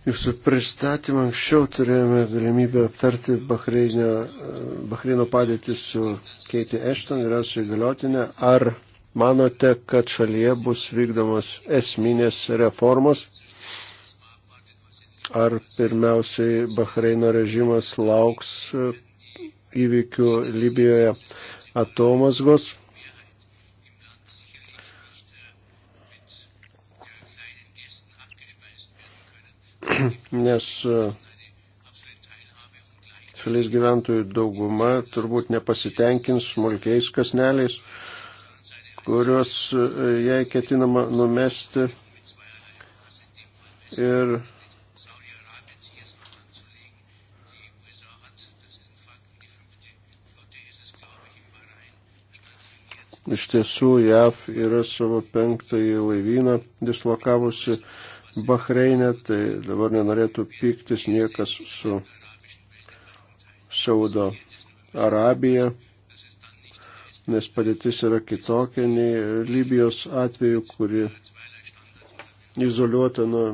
Jūsų pristatymą anksčiau turėjome galimybę aptarti Bahreino padėtį su Keiti Ešton, vyriausiai galiotinė. Ar manote, kad šalyje bus vykdomos esminės reformos? Ar pirmiausiai Bahreino režimas lauks įvykių Libijoje atomazgos? nes e, šalies gyventojų dauguma turbūt nepasitenkins smulkiais kasneliais, kuriuos e, jai ketinama numesti. Ir iš tiesų JAV yra savo penktąjį laivyną dislokavusi Bahreinė, tai dabar nenorėtų pyktis niekas su Saudo Arabija, nes padėtis yra kitokia nei Libijos atveju, kuri izoliuota nuo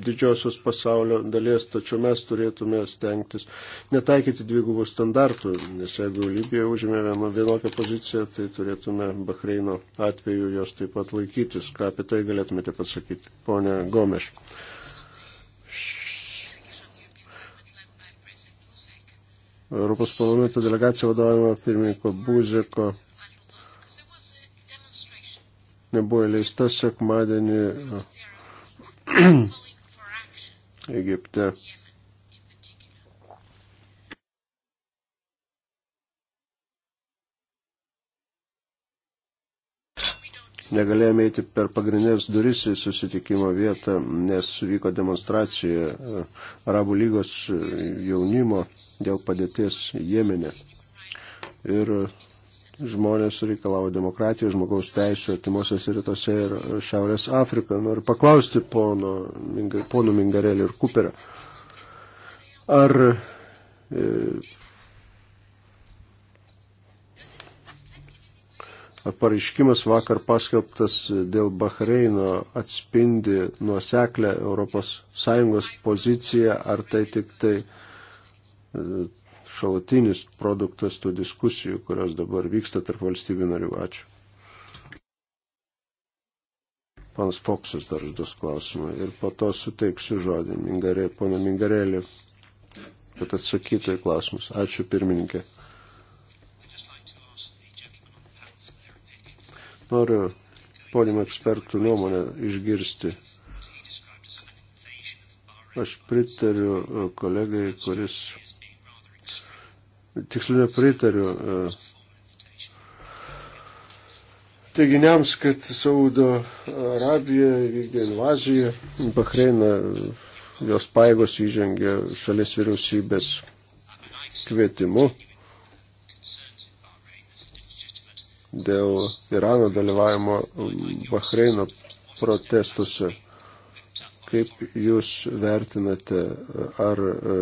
didžiosios pasaulio dalies, tačiau mes turėtume stengtis netaikyti dvigubų standartų, nes jeigu Libija užėmė vienokią poziciją, tai turėtume Bahreino atveju jos taip pat laikytis. Ką apie tai galėtumėte pasakyti, ponė Gomeš? Europos parlamento delegacija vadovavimo pirmininko Buzeko nebuvo leista sekmadienį Egipte. Negalėjome eiti per pagrindinės duris į susitikimo vietą, nes vyko demonstracija e, Arabų lygos e, jaunimo dėl padėties Jemenė. Ir žmonės reikalavo demokratijos, žmogaus teisų artimuosiuose rytuose ir Šiaurės Afrika. Noriu paklausti pono, pono Mingarelį ir Kuperio, ar e, ar pareiškimas vakar paskelbtas dėl Bahreino atspindi nuoseklę ES poziciją, ar tai tik tai e, šalutinis produktas tų diskusijų, kurios dabar vyksta tarp valstybių narių. Ačiū. Panas Foksas dar užduos klausimą ir po to suteiksiu žodį Mingarė, pana Mingarėlį, kad atsakytų į klausimus. Ačiū pirmininkė. Noriu podium ekspertų nuomonę išgirsti. Aš pritariu kolegai, kuris tiksliau nepritariu e, teiginiams, kad Saudo Arabija vykdė invaziją, Bahreina, jos paėgos įžengė šalies vyriausybės kvietimu dėl Irano dalyvavimo Bahreino protestuose. Kaip jūs vertinate, ar e,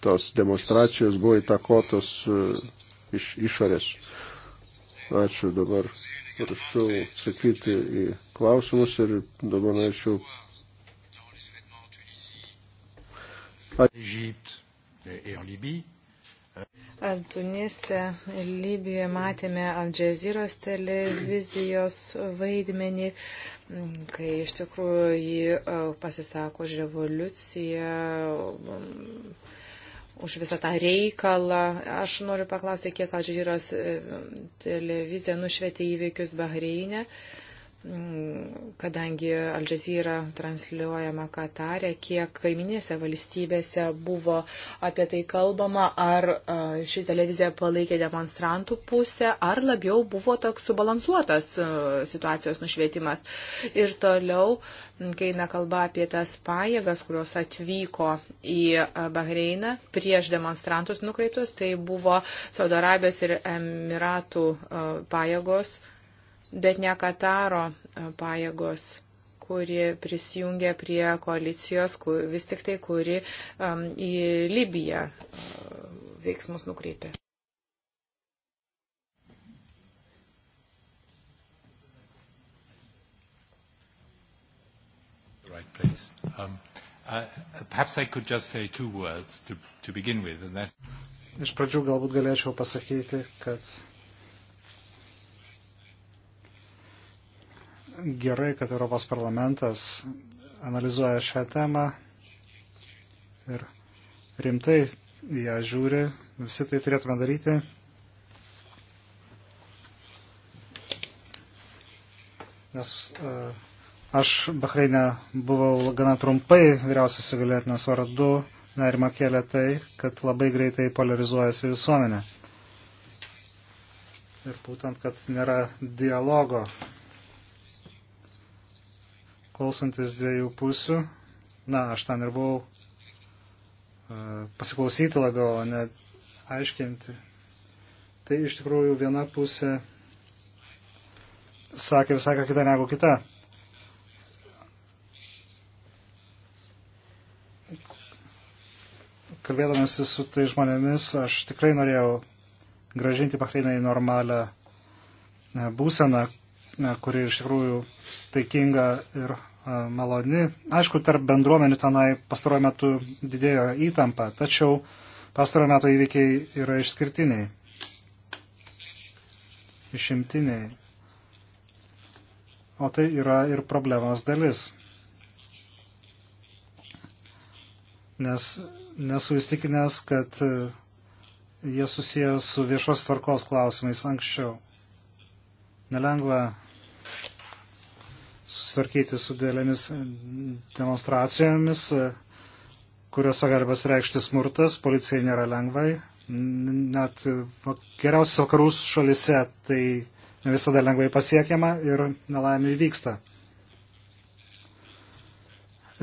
tos demonstracijos buvo įtakotos e, iš išorės. Ačiū dabar. Prašau atsakyti į klausimus ir dabar norėčiau. Tunise ir Libijoje matėme Aldžeziros televizijos vaidmenį, kai iš tikrųjų jį e, pasisako už revoliuciją už visą tą reikalą. Aš noriu paklausyti, kiek Alžyros e, televizija nušvietė įvykius Bahreinė kadangi Al Jazeera transliuojama Katarė, kiek kaiminėse valstybėse buvo apie tai kalbama, ar ši televizija palaikė demonstrantų pusę, ar labiau buvo toks subalansuotas situacijos nušvietimas. Ir toliau, kai eina kalba apie tas pajėgas, kurios atvyko į Bahreiną prieš demonstrantus nukreiptus, tai buvo Saudo Arabijos ir Emiratų pajėgos bet ne Kataro e, pajėgos kuri prisijungia prie koalicijos, kur, vis tik tai, kuri um, į Libiją uh, veiksmus nukreipė. Right place. Um, uh, uh, perhaps I could just say two words to, to begin with. And that... Iš pradžių galbūt galėčiau pasakyti, kad gerai, kad Europos parlamentas analizuoja šią temą ir rimtai ją žiūri. Visi tai turėtume daryti. Nes e, aš Bahreinė buvau gana trumpai vyriausias įgaliotinės vardu. Nerima kėlė tai, kad labai greitai polarizuojasi visuomenė. Ir būtent, kad nėra dialogo klausantis dviejų pusių. Na, aš ten ir buvau e, pasiklausyti labiau, o ne aiškinti. Tai iš tikrųjų viena pusė sakė visai ką kitą negu kita. Kalbėdamas su tai žmonėmis, aš tikrai norėjau gražinti Bahreiną į normalią e, būseną, e, kuri iš tikrųjų taikinga ir E, maloni. Aišku, tarp bendruomenių tenai pastaruoju metu didėjo įtampa, tačiau pastaruoju metu įvykiai yra išskirtiniai, išimtiniai. O tai yra ir problemos dalis. Nes nesu įstikinęs, kad e, jie susijęs su viešos tvarkos klausimais anksčiau. Nelengva susitvarkyti su dėlėmis demonstracijomis, kuriuose gali pasireikšti smurtas, policijai nėra lengvai. Net geriausios vakarų šalise tai ne visada lengvai pasiekiama ir nelaimė įvyksta.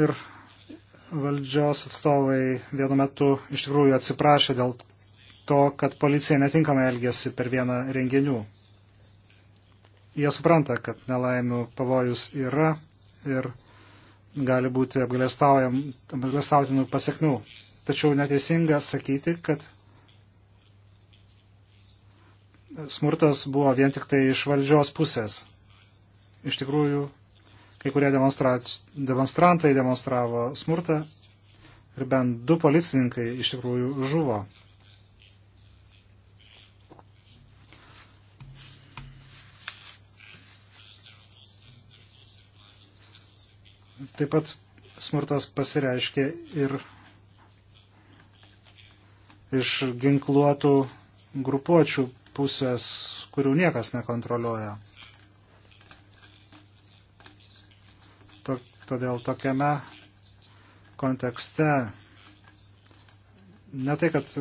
Ir valdžios atstovai vienu metu iš tikrųjų atsiprašė dėl to, kad policija netinkamai elgėsi per vieną renginių. Jie supranta, kad nelaimių pavojus yra ir gali būti apgalėstautinų pasiekmių. Tačiau neteisinga sakyti, kad smurtas buvo vien tik tai iš valdžios pusės. Iš tikrųjų, kai kurie demonstra... demonstrantai demonstravo smurtą ir bent du policininkai iš tikrųjų žuvo. Taip pat smurtas pasireiškia ir iš ginkluotų grupuočių pusės, kurių niekas nekontroliuoja. To, todėl tokiame kontekste ne tai, kad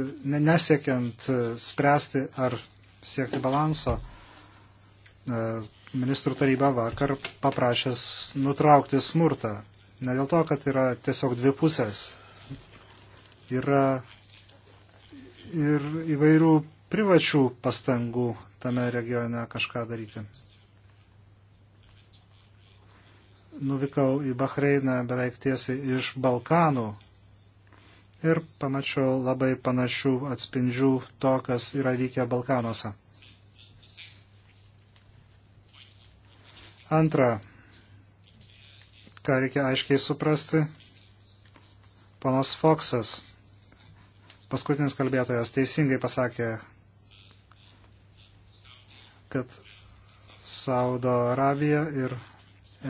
nesiekiant spręsti ar siekti balanso, e, ministrų taryba vakar paprašęs nutraukti smurtą. Ne dėl to, kad yra tiesiog dvi pusės. Yra ir įvairių privačių pastangų tame regione kažką daryti. Nuvykau į Bahreiną beveik tiesiai iš Balkanų ir pamačiau labai panašių atspindžių to, kas yra vykę Balkanuose. Antra, ką reikia aiškiai suprasti, panas Foksas, paskutinis kalbėtojas, teisingai pasakė, kad Saudo Arabija ir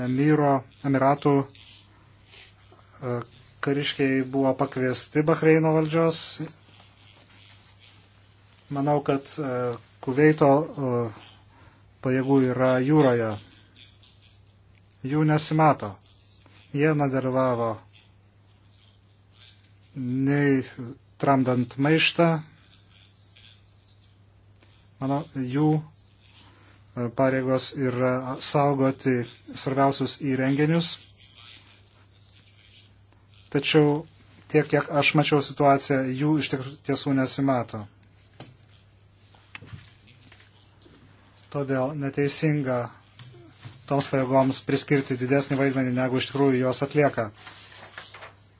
Emyro, Emiratų e, kariškiai buvo pakviesti Bahreino valdžios. Manau, kad e, Kuveito e, pajėgų yra jūroje jų nesimato. Jie nedalyvavo nei tramdant maištą, mano, jų e, pareigos yra saugoti svarbiausius įrenginius. Tačiau tiek, kiek aš mačiau situaciją, jų iš tiesų nesimato. Todėl neteisinga toms pajėgoms priskirti didesnį vaidmenį, negu iš tikrųjų jos atlieka.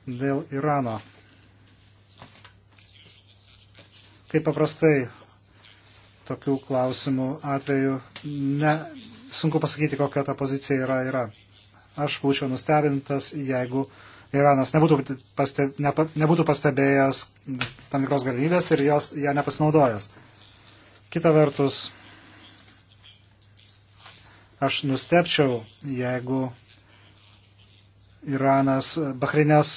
Dėl Irano. Kaip paprastai tokių klausimų atveju, ne, sunku pasakyti, kokia ta pozicija yra. yra. Aš būčiau nustebintas, jeigu Iranas nebūtų, paste, ne, nebūtų pastebėjęs tam tikros galimybės ir jos ją nepasinaudojęs. Kita vertus, Aš nustepčiau, jeigu Iranas, Bahreinės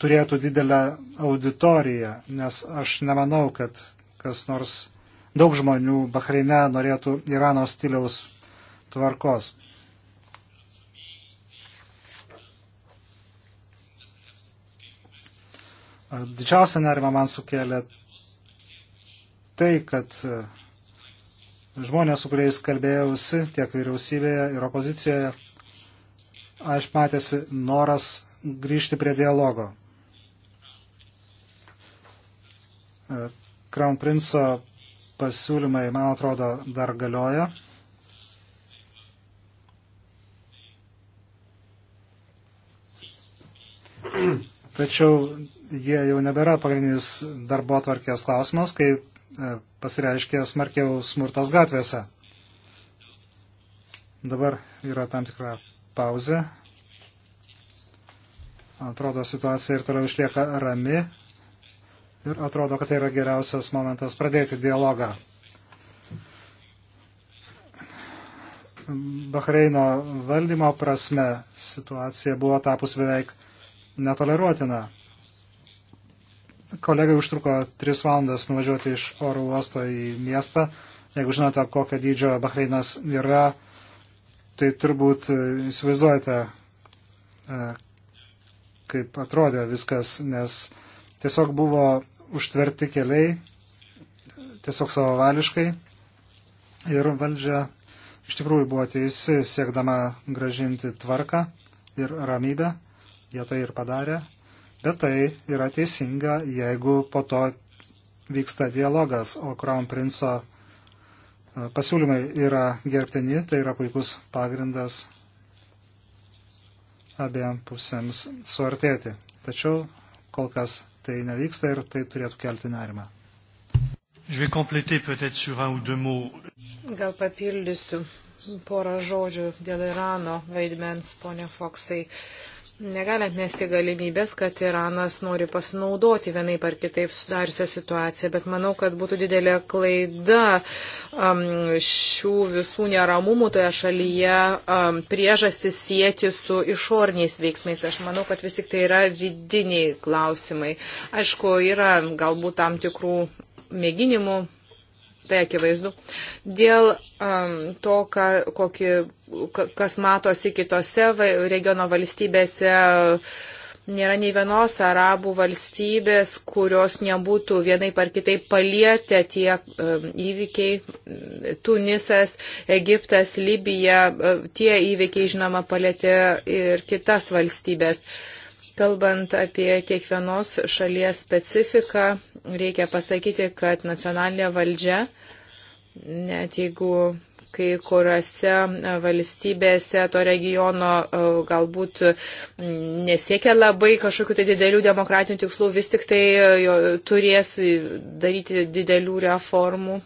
turėtų didelę auditoriją, nes aš nemanau, kad kas nors daug žmonių Bahreine norėtų Irano stiliaus tvarkos. Didžiausia nerima man sukėlė tai, kad Žmonės, su kuriais kalbėjausi tiek vyriausybėje ir opozicijoje, aš matėsi noras grįžti prie dialogo. E, Crown Prince'o pasiūlymai, man atrodo, dar galioja. Tačiau jie jau nebėra pagrindinis darbo atvarkės klausimas, kai E, pasireiškia smarkiau smurtas gatvėse. Dabar yra tam tikra pauzė. Atrodo, situacija ir toliau išlieka rami. Ir atrodo, kad tai yra geriausias momentas pradėti dialogą. Bahreino valdymo prasme situacija buvo tapus beveik netoleruotina kolegai užtruko 3 valandas nuvažiuoti iš oro uosto į miestą. Jeigu žinote, kokio dydžio Bahreinas yra, tai turbūt e, įsivaizduojate, e, kaip atrodė viskas, nes tiesiog buvo užtverti keliai, tiesiog savavališkai ir valdžia iš tikrųjų buvo teisi siekdama gražinti tvarką ir ramybę, jie tai ir padarė. Bet tai yra teisinga, jeigu po to vyksta dialogas, o Crown Prince'o e, pasiūlymai yra gerbtini, tai yra puikus pagrindas abiem pusėms suartėti. Tačiau kol kas tai nevyksta ir tai turėtų kelti nerimą. Gal papildysiu porą žodžių dėl Irano vaidmens, ponia Foksai. Uh, Negali atmesti galimybės, kad Iranas nori pasinaudoti vienai par kitaip sudariusią situaciją, bet manau, kad būtų didelė klaida um, šių visų neramumų toje šalyje um, priežastis sieti su išorniais veiksmais. Aš manau, kad vis tik tai yra vidiniai klausimai. Aišku, yra galbūt tam tikrų mėginimų tai akivaizdu. Dėl um, to, ką, kokį kas matosi kitose regiono valstybėse. Nėra nei vienos arabų valstybės, kurios nebūtų vienai par kitaip palietę tie įvykiai. Tunisas, Egiptas, Libija, e, tie įvykiai, žinoma, palietė ir kitas valstybės. Kalbant apie kiekvienos šalies specifiką, reikia pasakyti, kad nacionalinė valdžia, net jeigu kai kuriuose e, valstybėse to regiono e, galbūt nesiekia labai kažkokių tai didelių demokratinių tikslų, vis tik tai e, turės daryti didelių reformų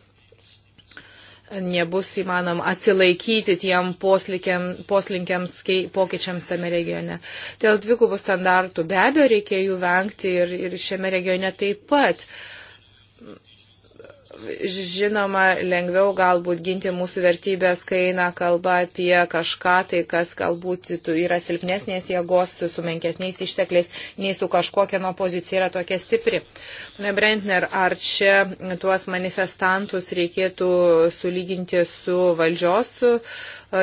nebus įmanom atsilaikyti tiem poslikiam, poslinkiams, pokyčiams tame regione. Dėl dvigubų standartų be abejo reikia jų vengti ir, ir šiame regione taip pat. Uh, žinoma, lengviau galbūt ginti mūsų vertybės, kai eina kalba apie kažką, tai kas galbūt yra silpnesnės jėgos, su menkesniais ištekliais, nei su kažkokia nuo pozicija yra tokia stipri. Pane Brentner, ar čia tuos manifestantus reikėtų sulyginti su valdžios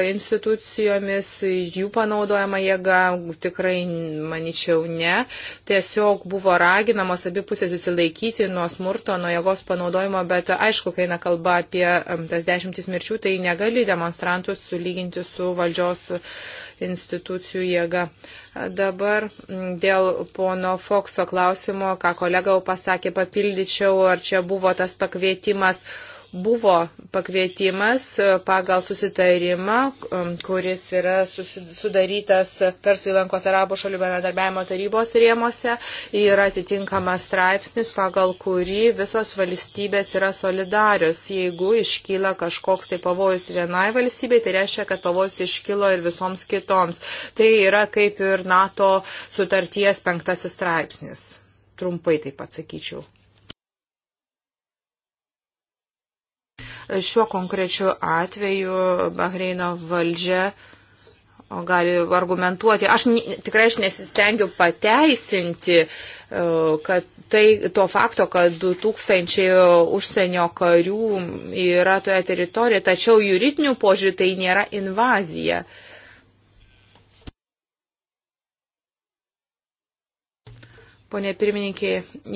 institucijomis, jų panaudojama jėga, tikrai, manyčiau, ne. Tiesiog buvo raginamos abi pusės susilaikyti nuo smurto, nuo jėgos panaudojimo, bet aišku, kai eina kalba apie tas dešimtis mirčių, tai negali demonstrantus sulyginti su valdžios institucijų jėga. Dabar dėl pono Fokso klausimo, ką kolega jau pasakė, papildyčiau, ar čia buvo tas pakvietimas. Uh, buvo pakvietimas e, pagal susitarimą, kuris yra sudarytas Persų įlankos arabų šalių bendradarbiavimo tarybos rėmose. Yra atitinkamas straipsnis, pagal kurį visos valstybės yra solidarius. Jeigu iškyla kažkoks tai pavojus vienai valstybei, tai reiškia, kad pavojus iškilo ir visoms kitoms. Tai yra kaip ir NATO sutarties penktasis straipsnis. Trumpai taip atsakyčiau. Šiuo konkrečiu atveju Bahreino valdžia gali argumentuoti. Aš tikrai aš nesistengiu pateisinti, e, kad tai to fakto, kad 2000 e, užsienio karių yra toje teritorijoje, tačiau juridinių požiūrį tai nėra invazija. Uh, Pone pirmininkė,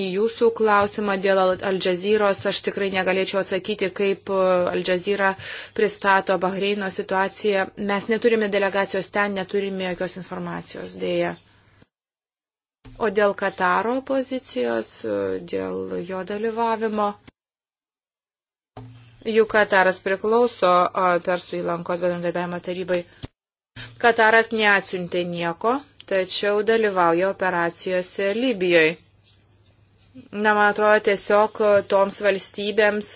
į jūsų klausimą dėl Al Jazeeros aš tikrai negalėčiau atsakyti, kaip uh, Al Jazeera pristato Bahreino situaciją. Mes neturime delegacijos ten, neturime jokios informacijos dėja. O dėl Kataro pozicijos, uh, dėl jo dalyvavimo. Juk Kataras priklauso uh, Persų įlankos bendradarbiavimo tarybai. Kataras neatsiuntė nieko tačiau dalyvauja operacijose Libijoje. Na, man atrodo, tiesiog e, toms valstybėms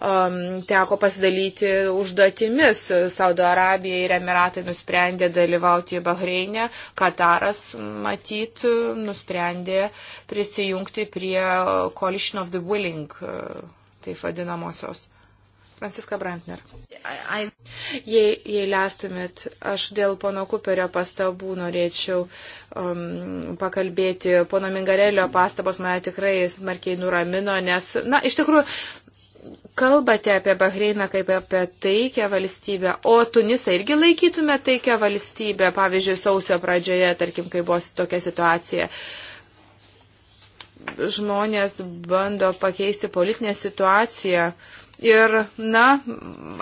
um, teko pasidalyti užduotimis. Saudo Arabija ir Emiratai nusprendė dalyvauti Bahreinė, Kataras, matyt, nusprendė prisijungti prie e, Coalition of the Willing, e, taip vadinamosios. Franciska Brantner. Jei, jei leistumėt, aš dėl pono Kuperio pastabų norėčiau um, pakalbėti. Pono Mingarelio pastabos mane tikrai smarkiai nuramino, nes, na, iš tikrųjų, kalbate apie Bahreiną kaip apie taikę valstybę, o Tunisą irgi laikytume taikę valstybę, pavyzdžiui, sausio pradžioje, tarkim, kai buvo tokia situacija. Uh, žmonės bando pakeisti politinę situaciją. Ir, na,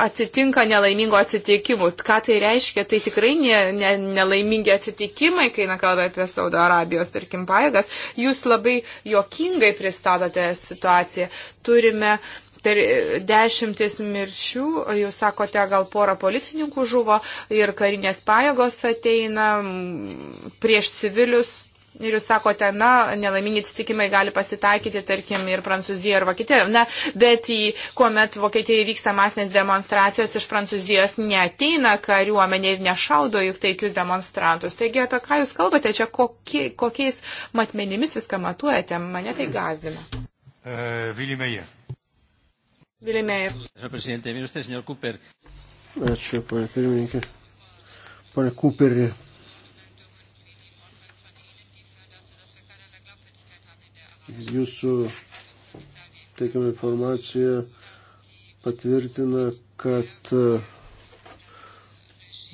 atsitinka nelaimingų atsitikimų. Ką tai reiškia? Tai tikrai ne, ne, nelaimingi atsitikimai, kai nekalba apie Saudo Arabijos, tarkim, paėgas. Jūs labai jokingai pristatote situaciją. Turime per dešimtis mirčių, jūs sakote, gal pora policininkų žuvo ir karinės pajėgos ateina prieš civilius Ir jūs sakote, na, nelaiminiai atsitikimai gali pasitaikyti, tarkim, ir Prancūzijoje, ir Vokietijoje. Na, bet į, kuomet Vokietijoje vyksta masinės demonstracijos, iš Prancūzijos neteina kariuomenė ir nešaudo juk taikius demonstrantus. Taigi, apie ką jūs kalbate, čia kokie, kokiais matmenimis viską matuojate, mane tai gazdina. Uh, Vilimėje. Vilimėje. Ačiū, ponė pirmininkė. Pone Kuperį, jūsų teikiama informacija patvirtina, kad e,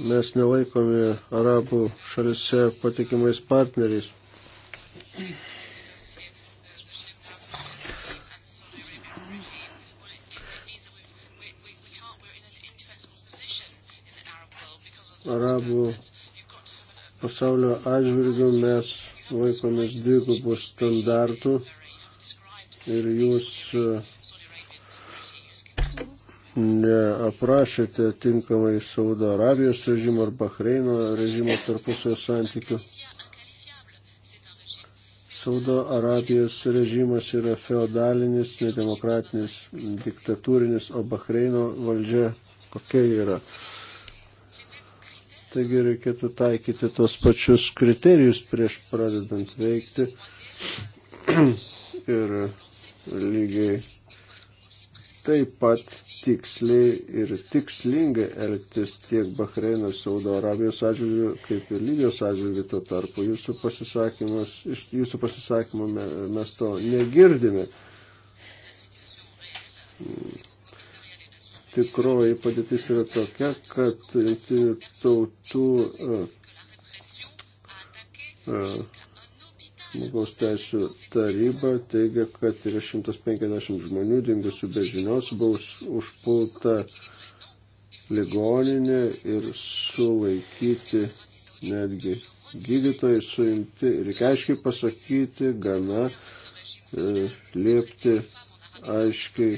mes nelaikomi arabų šalise patikimais partneriais. Arabų pasaulio atžvilgių mes laikomės dvigubų standartų ir jūs e, neaprašėte tinkamai Saudo Arabijos režimo ar Bahreino režimo tarpusio santykių. Saudo Arabijos režimas yra feodalinis, nedemokratinis, diktatūrinis, o Bahreino valdžia kokia yra. Taigi reikėtų taikyti tos pačius kriterijus prieš pradedant veikti. ir lygiai taip pat tiksliai ir tikslingai elgtis tiek Bahreino ir Saudo Arabijos atžvilgių, kaip ir Libijos atžvilgių to tarpu. Jūsų, jūsų pasisakymų mes to negirdime tikroji padėtis yra tokia, kad jungtinių tautų e, e, žmogaus teisų taryba teigia, kad yra 150 žmonių dingusių be žinios, buvo užpulta ligoninė ir sulaikyti netgi gydytojai suimti. Reikia aiškiai pasakyti, gana e, liepti aiškiai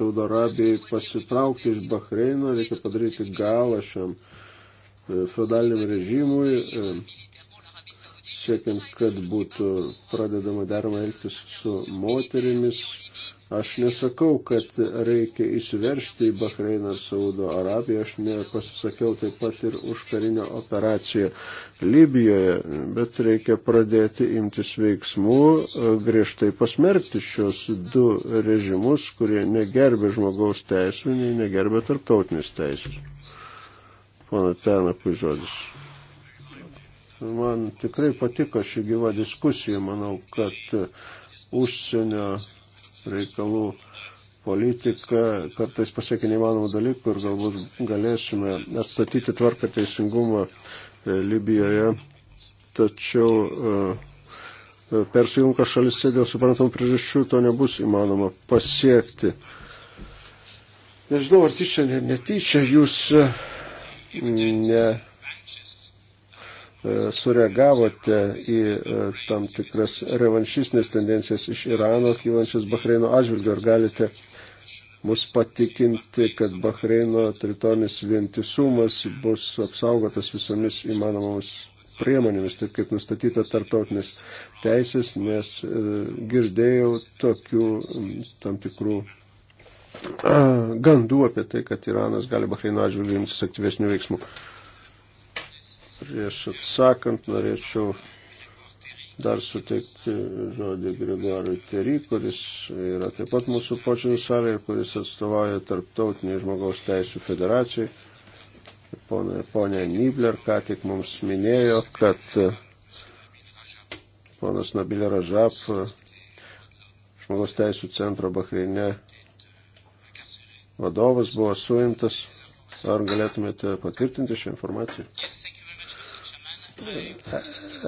Saudarabijai pasitraukti iš Bahreino, reikia padaryti galą šiam e, feudaliniam režimui, e, siekiant, kad būtų pradedama derma elgtis su moterimis, Aš nesakau, kad reikia įsiveršti į Bahreiną ar Saudo Arabiją, aš nepasisakiau taip pat ir už karinę operaciją Libijoje, bet reikia pradėti imtis veiksmų, e, griežtai pasmerkti šios du režimus, kurie negerbė žmogaus teisų, nei negerbė tarptautinis teisės. Pana Tenakui žodis. Man tikrai patiko ši gyva diskusija, manau, kad e, užsienio reikalų politiką, kartais pasiekia neįmanomų dalykų ir galbūt galėsime atstatyti tvarką teisingumą e, Libijoje. Tačiau e, e, persijunka šalise dėl suprantamų priežasčių to nebus įmanoma pasiekti. Nežinau, ar tyčia, ne, netyčia jūs ne E, sureagavote į e, tam tikras revanšistinės tendencijas iš Irano kylančias Bahreino atžvilgiu. Ar galite mus patikinti, kad Bahreino teritorinis vientisumas bus apsaugotas visomis įmanomomis priemonėmis, taip kaip nustatyta tarptautinės teisės, nes e, girdėjau tokių tam tikrų gandų apie tai, kad Iranas gali Bahreino atžvilgiu imtis aktyvesnių veiksmų. Prieš atsakant norėčiau dar suteikti žodį Grigorui Terį, kuris yra taip pat mūsų počių salėje, kuris atstovauja Tarptautiniai žmogaus teisų federacijai. Pone, ponė Nibler ką tik mums minėjo, kad e, ponas Nabilė Ražap, e, žmogaus teisų centro Bahreine vadovas, buvo suimtas. Ar galėtumėte patvirtinti šią informaciją?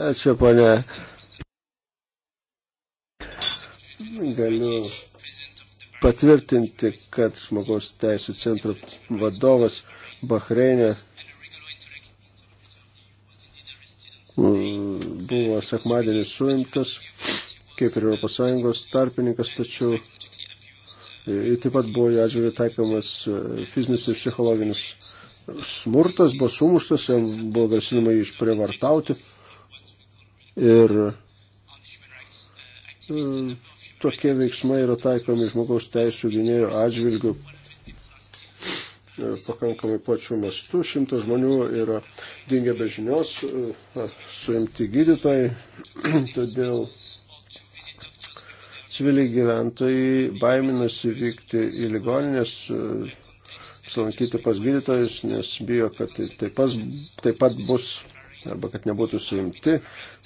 Ačiū, ponė. Galiu patvirtinti, kad žmogaus teisų centro vadovas Bahreinė mm, buvo sekmadienį suimtas kaip ir ES tarpininkas, tačiau e, taip pat buvo atžvilgiu taikomas e, fizinis ir psichologinis smurtas, buvo sumuštas, jam buvo grasinama išprievartauti. Ir e, tokie veiksmai yra taikomi žmogaus teisų gynėjų atžvilgių e, pakankamai plačių mastų. Šimtas žmonių yra dingę be žinios, e, suimti gydytojai, todėl civiliai gyventojai baiminasi vykti į ligoninės, apsilankyti pas gydytojus, nes bijo, kad tai taip, pas, taip pat bus arba kad nebūtų suimti.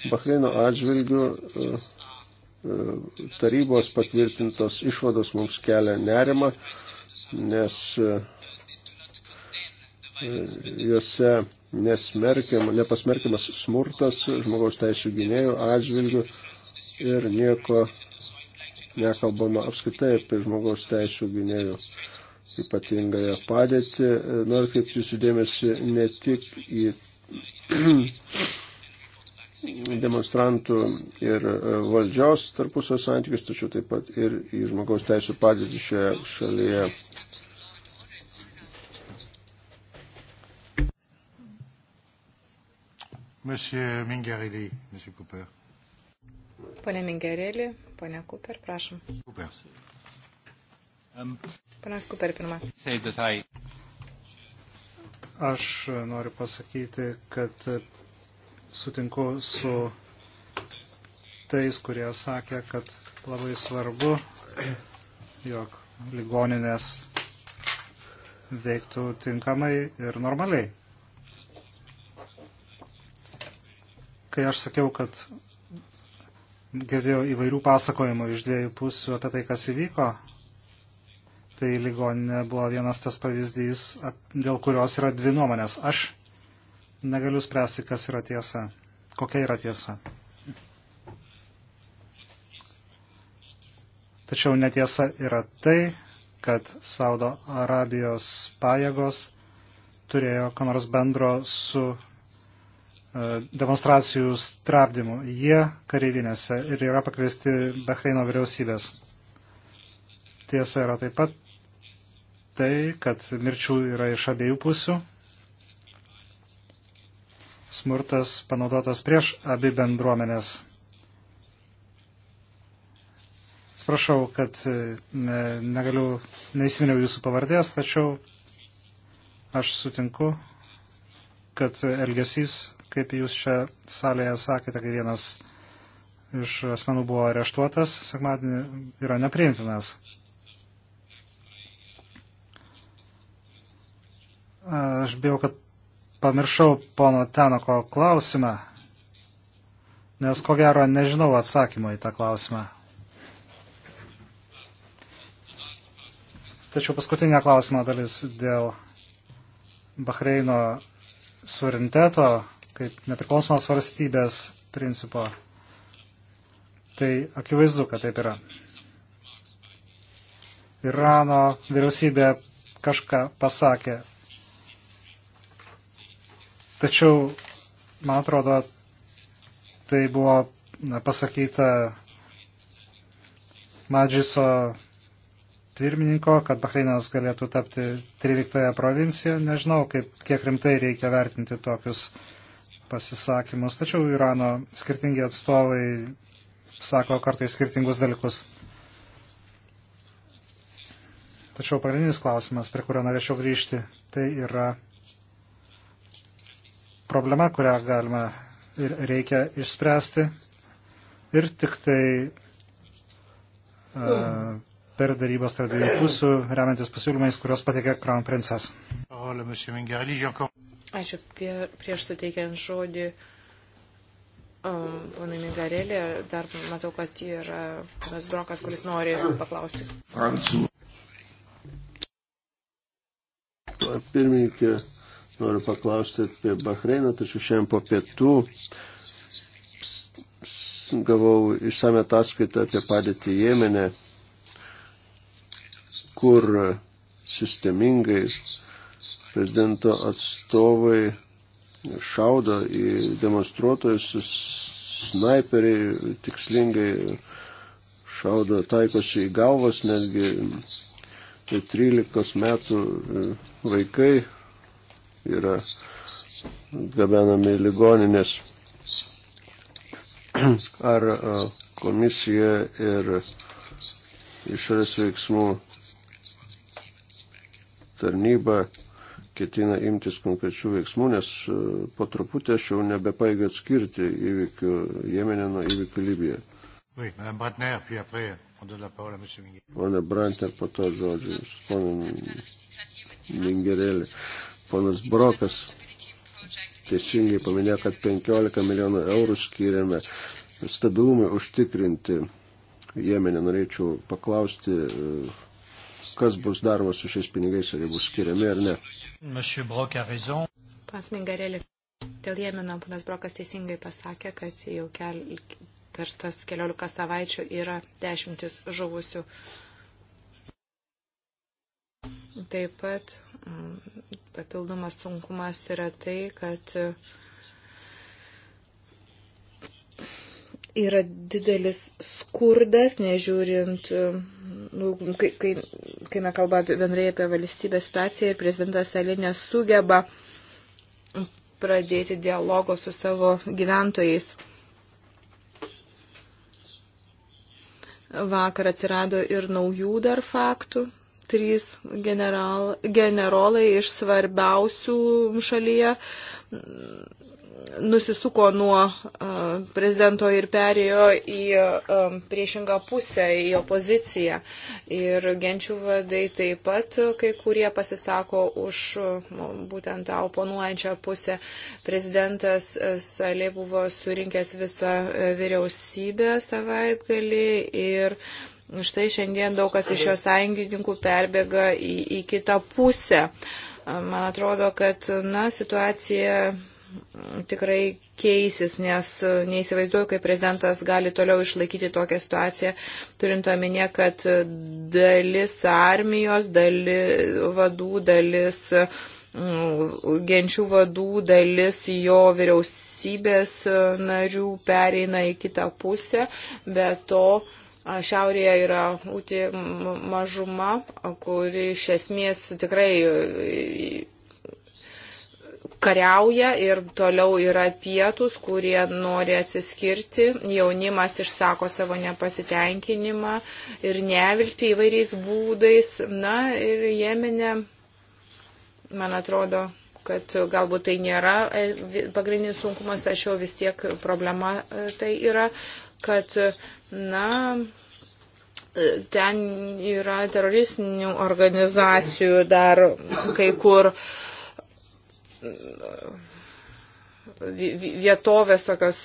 Bahreino atžvilgių e, e, tarybos patvirtintos išvados mums kelia nerima, nes e, juose nesmerkiam, nepasmerkiamas smurtas žmogaus teisų gynėjų atžvilgių ir nieko nekalbama apskaitai apie žmogaus teisų gynėjų ypatingąją padėtį. Noriu kaip jūsų dėmesį ne tik į demonstrantų ir e, valdžios tarpusio santykius, tačiau taip pat ir į žmogaus teisų padėtį šioje šalyje. Monsieur Mingarelli, Monsieur Cooper. Pone Mingarelli, pone Cooper, prašom. Cooper. Um, Panas Kuper, pirmą. Aš noriu pasakyti, kad sutinku su tais, kurie sakė, kad labai svarbu, jog ligoninės veiktų tinkamai ir normaliai. Kai aš sakiau, kad girdėjau įvairių pasakojimų iš dviejų pusių apie tai, kas įvyko, tai ligoninė buvo vienas tas pavyzdys, dėl kurios yra dvi nuomonės. Aš negaliu spręsti, kas yra tiesa, kokia yra tiesa. Tačiau netiesa yra tai, kad Saudo Arabijos pajėgos turėjo ką nors bendro su e, demonstracijų strapdymu. Jie kareivinėse ir yra pakviesti Bahreino vyriausybės. Tiesa yra taip pat tai, kad mirčių yra iš abiejų pusių. Smurtas panaudotas prieš abi bendruomenės. Atsiprašau, kad ne, negaliu, neįsiminiau jūsų pavardės, tačiau aš sutinku, kad elgesys, kaip jūs čia salėje sakėte, kai vienas iš asmenų buvo areštuotas, sekmadienį yra nepriimtinas. Aš bijau, kad pamiršau pono Tenoko klausimą, nes ko gero nežinau atsakymą į tą klausimą. Tačiau paskutinė klausimo dalis dėl Bahreino surinteto kaip nepriklausomos valstybės principo. Tai akivaizdu, kad taip yra. Irano vyriausybė kažką pasakė Tačiau, man atrodo, tai buvo pasakyta Madžiso pirmininko, kad Bahreinas galėtų tapti 13 provincija. Nežinau, kaip, kiek rimtai reikia vertinti tokius pasisakymus. Tačiau Irano skirtingi atstovai sako kartais skirtingus dalykus. Tačiau pagrindinis klausimas, prie kurio norėčiau grįžti, tai yra problema, kurią galima ir reikia išspręsti. Ir tik tai uh, per darybas tarp dviejų pusių, remiantis pasiūlymais, kuriuos pateikė Crown Princess. Ačiū prie, prieš suteikiant žodį. Pana Mingarelė, dar matau, kad yra panas Brokas, kuris nori paklausti. Pirmininkė, Noriu paklausti apie Bahreiną, tačiau šiandien po pietų gavau išsame ataskaitą apie padėtį Jemenę, kur sistemingai prezidento atstovai šaudo į demonstruotojus, snaiperiai tikslingai šaudo, taikosi į galvas, netgi 13 metų e, vaikai yra gabenami ligoninės. Ar komisija ir išorės veiksmų tarnyba ketina imtis konkrečių veiksmų, nes po truputį aš jau nebepaigiu atskirti įvykių Jemenė nuo įvykių Libijoje. Oui, Madame Brantner, puis après, on donne la parole à Monsieur Mingerelli. Pone Brantner, po to žodžiu, ponė Mingerelli. Ponas Brokas teisingai paminėjo, kad 15 milijonų eurų skiriame stabilumui užtikrinti. Jemenė norėčiau paklausti, kas bus daroma su šiais pinigais, ar jie bus skiriami ar ne. Pas Mingarelį, dėl Jemeno, panas Brokas teisingai pasakė, kad jau kel, per tas keliolika savaičių yra dešimtis žuvusių. Taip pat Papildomas sunkumas yra tai, kad yra didelis skurdas, nežiūrint, nu, kai, kai, kai mes kalbame bendrai apie valstybės situaciją ir prezidentas Elė nesugeba pradėti dialogo su savo gyventojais. Vakar atsirado ir naujų dar faktų trys general, generolai iš svarbiausių šalyje mm, nusisuko nuo e, prezidento ir perėjo į e, priešingą pusę, į opoziciją. Ir genčių vadai taip pat kai kurie pasisako už e, būtent tą oponuojančią pusę. Prezidentas Salė buvo surinkęs visą vyriausybę savaitgalį ir Štai šiandien daug kas iš jos sąjungininkų perbėga į, į kitą pusę. Man atrodo, kad na, situacija tikrai keisis, nes neįsivaizduoju, kaip prezidentas gali toliau išlaikyti tokią situaciją, turint omenyje, kad dalis armijos, dalis vadų, dalis mm, genčių vadų, dalis jo vyriausybės mm, narių pereina į kitą pusę, bet to Šiaurėje yra Uti mažuma, kuri iš esmės tikrai e, kariauja ir toliau yra pietus, kurie nori atsiskirti, jaunimas išsako savo nepasitenkinimą ir nevilti įvairiais būdais. Na ir Jemenė, man atrodo, kad galbūt tai nėra e, pagrindinis sunkumas, tačiau vis tiek problema e, tai yra, kad uh, Na, e, ten yra teroristinių organizacijų dar kai kur e, vietovės tokios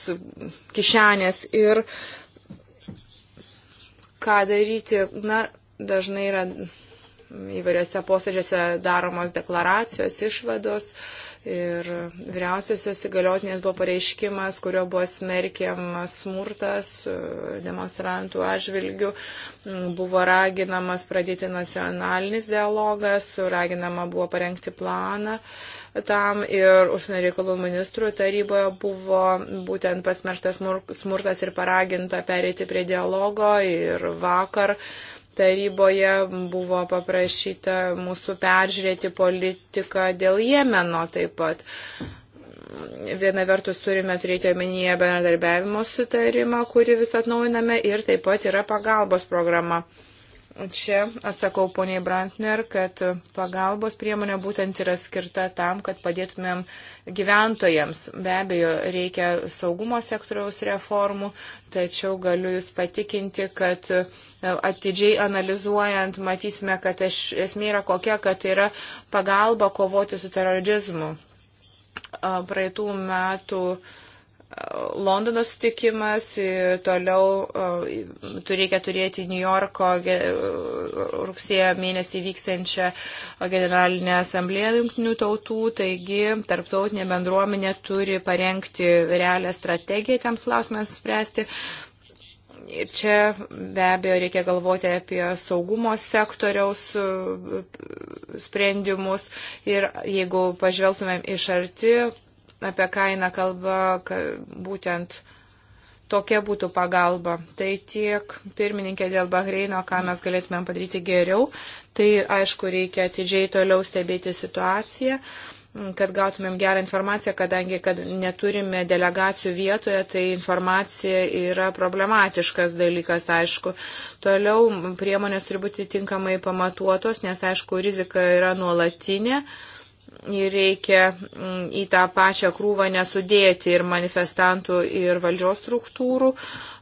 kišenės ir ką daryti, na, dažnai yra įvairiose posėdžiuose daromos deklaracijos, išvados, uh, Ir vyriausiosios įgaliotinės buvo pareiškimas, kurio buvo smerkiamas smurtas e, demonstrantų atžvilgių, mm, buvo raginamas pradėti nacionalinis dialogas, raginama buvo parengti planą tam ir užsienio reikalų ministrų taryboje buvo būtent pasmerktas smurtas ir paraginta perėti prie dialogo ir vakar taryboje buvo paprašyta mūsų peržiūrėti politiką dėl Jemeno taip pat. Viena vertus turime turėti omenyje bendradarbiavimo sutarimą, kurį vis atnaujiname, ir taip pat yra pagalbos programa. Čia atsakau poniai Brantner, kad pagalbos priemonė būtent yra skirta tam, kad padėtumėm gyventojams. Be abejo, reikia saugumo sektoriaus reformų, tačiau galiu Jūs patikinti, kad e, atidžiai analizuojant matysime, kad esmė yra kokia, kad tai yra pagalba kovoti su terorizmu. Praeitų metų uh, Londono sutikimas, toliau e, reikia turėti New Yorko e, rugsėjo mėnesį vykstančią generalinę asamblėją jungtinių tautų, taigi tarptautinė bendruomenė turi parengti realią strategiją tiems klausimams spręsti. Ir čia be abejo reikia galvoti apie saugumo sektoriaus e, sprendimus ir jeigu pažvelgtumėm iš arti, apie ką eina kalba, kad būtent tokia būtų pagalba. Tai tiek pirmininkė dėl Bahreino, ką mes galėtumėm padaryti geriau. Tai aišku, reikia atidžiai toliau stebėti situaciją kad gautumėm gerą informaciją, kadangi kad neturime delegacijų vietoje, tai informacija yra problematiškas dalykas, aišku. Toliau priemonės turi būti tinkamai pamatuotos, nes, aišku, rizika yra nuolatinė. Uh, reikia mm, į tą pačią krūvą nesudėti ir manifestantų, ir valdžios struktūrų.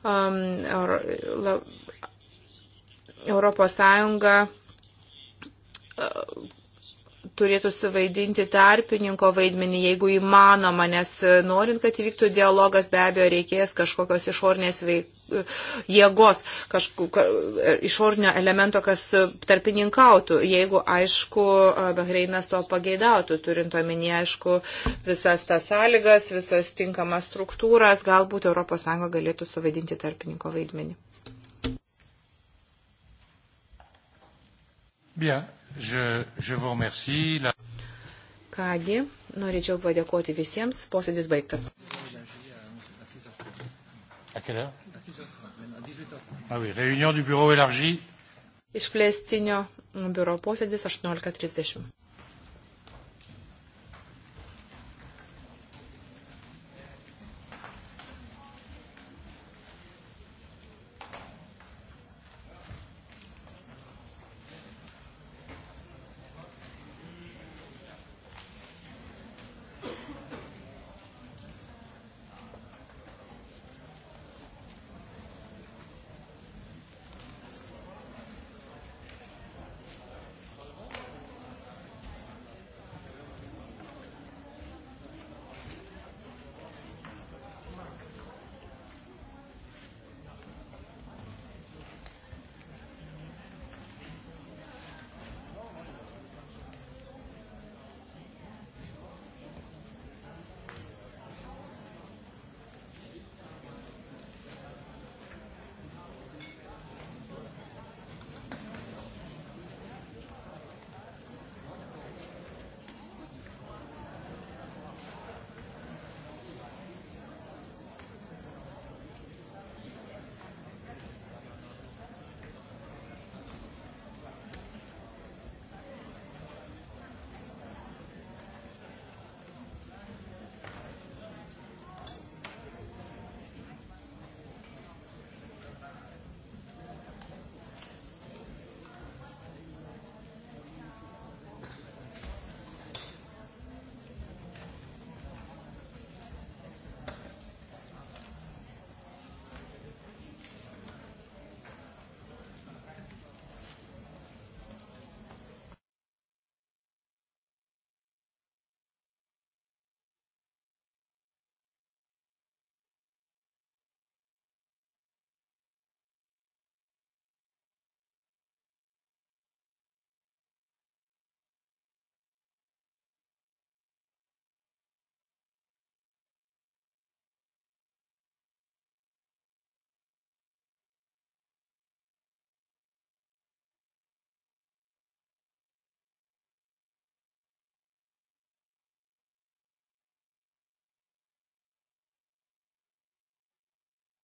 Um, Europos Sąjunga uh, turėtų suvaidinti tarpininko vaidmenį, jeigu įmanoma, nes uh, norint, kad įvyktų dialogas, be abejo reikės kažkokios išornės veiklos jėgos, kažkokio išornio elemento, kas tarpininkautų, jeigu, aišku, Bahreinas to pageidautų, turint omenyje, aišku, visas tas sąlygas, visas tinkamas struktūras, galbūt ES galėtų suvaidinti tarpininko vaidmenį. Bien, je, je vous remercie. La... Kągi, norėčiau padėkoti visiems. Posėdis baigtas. À quelle heure Ah Išplėstinio biuro posėdis 18.30.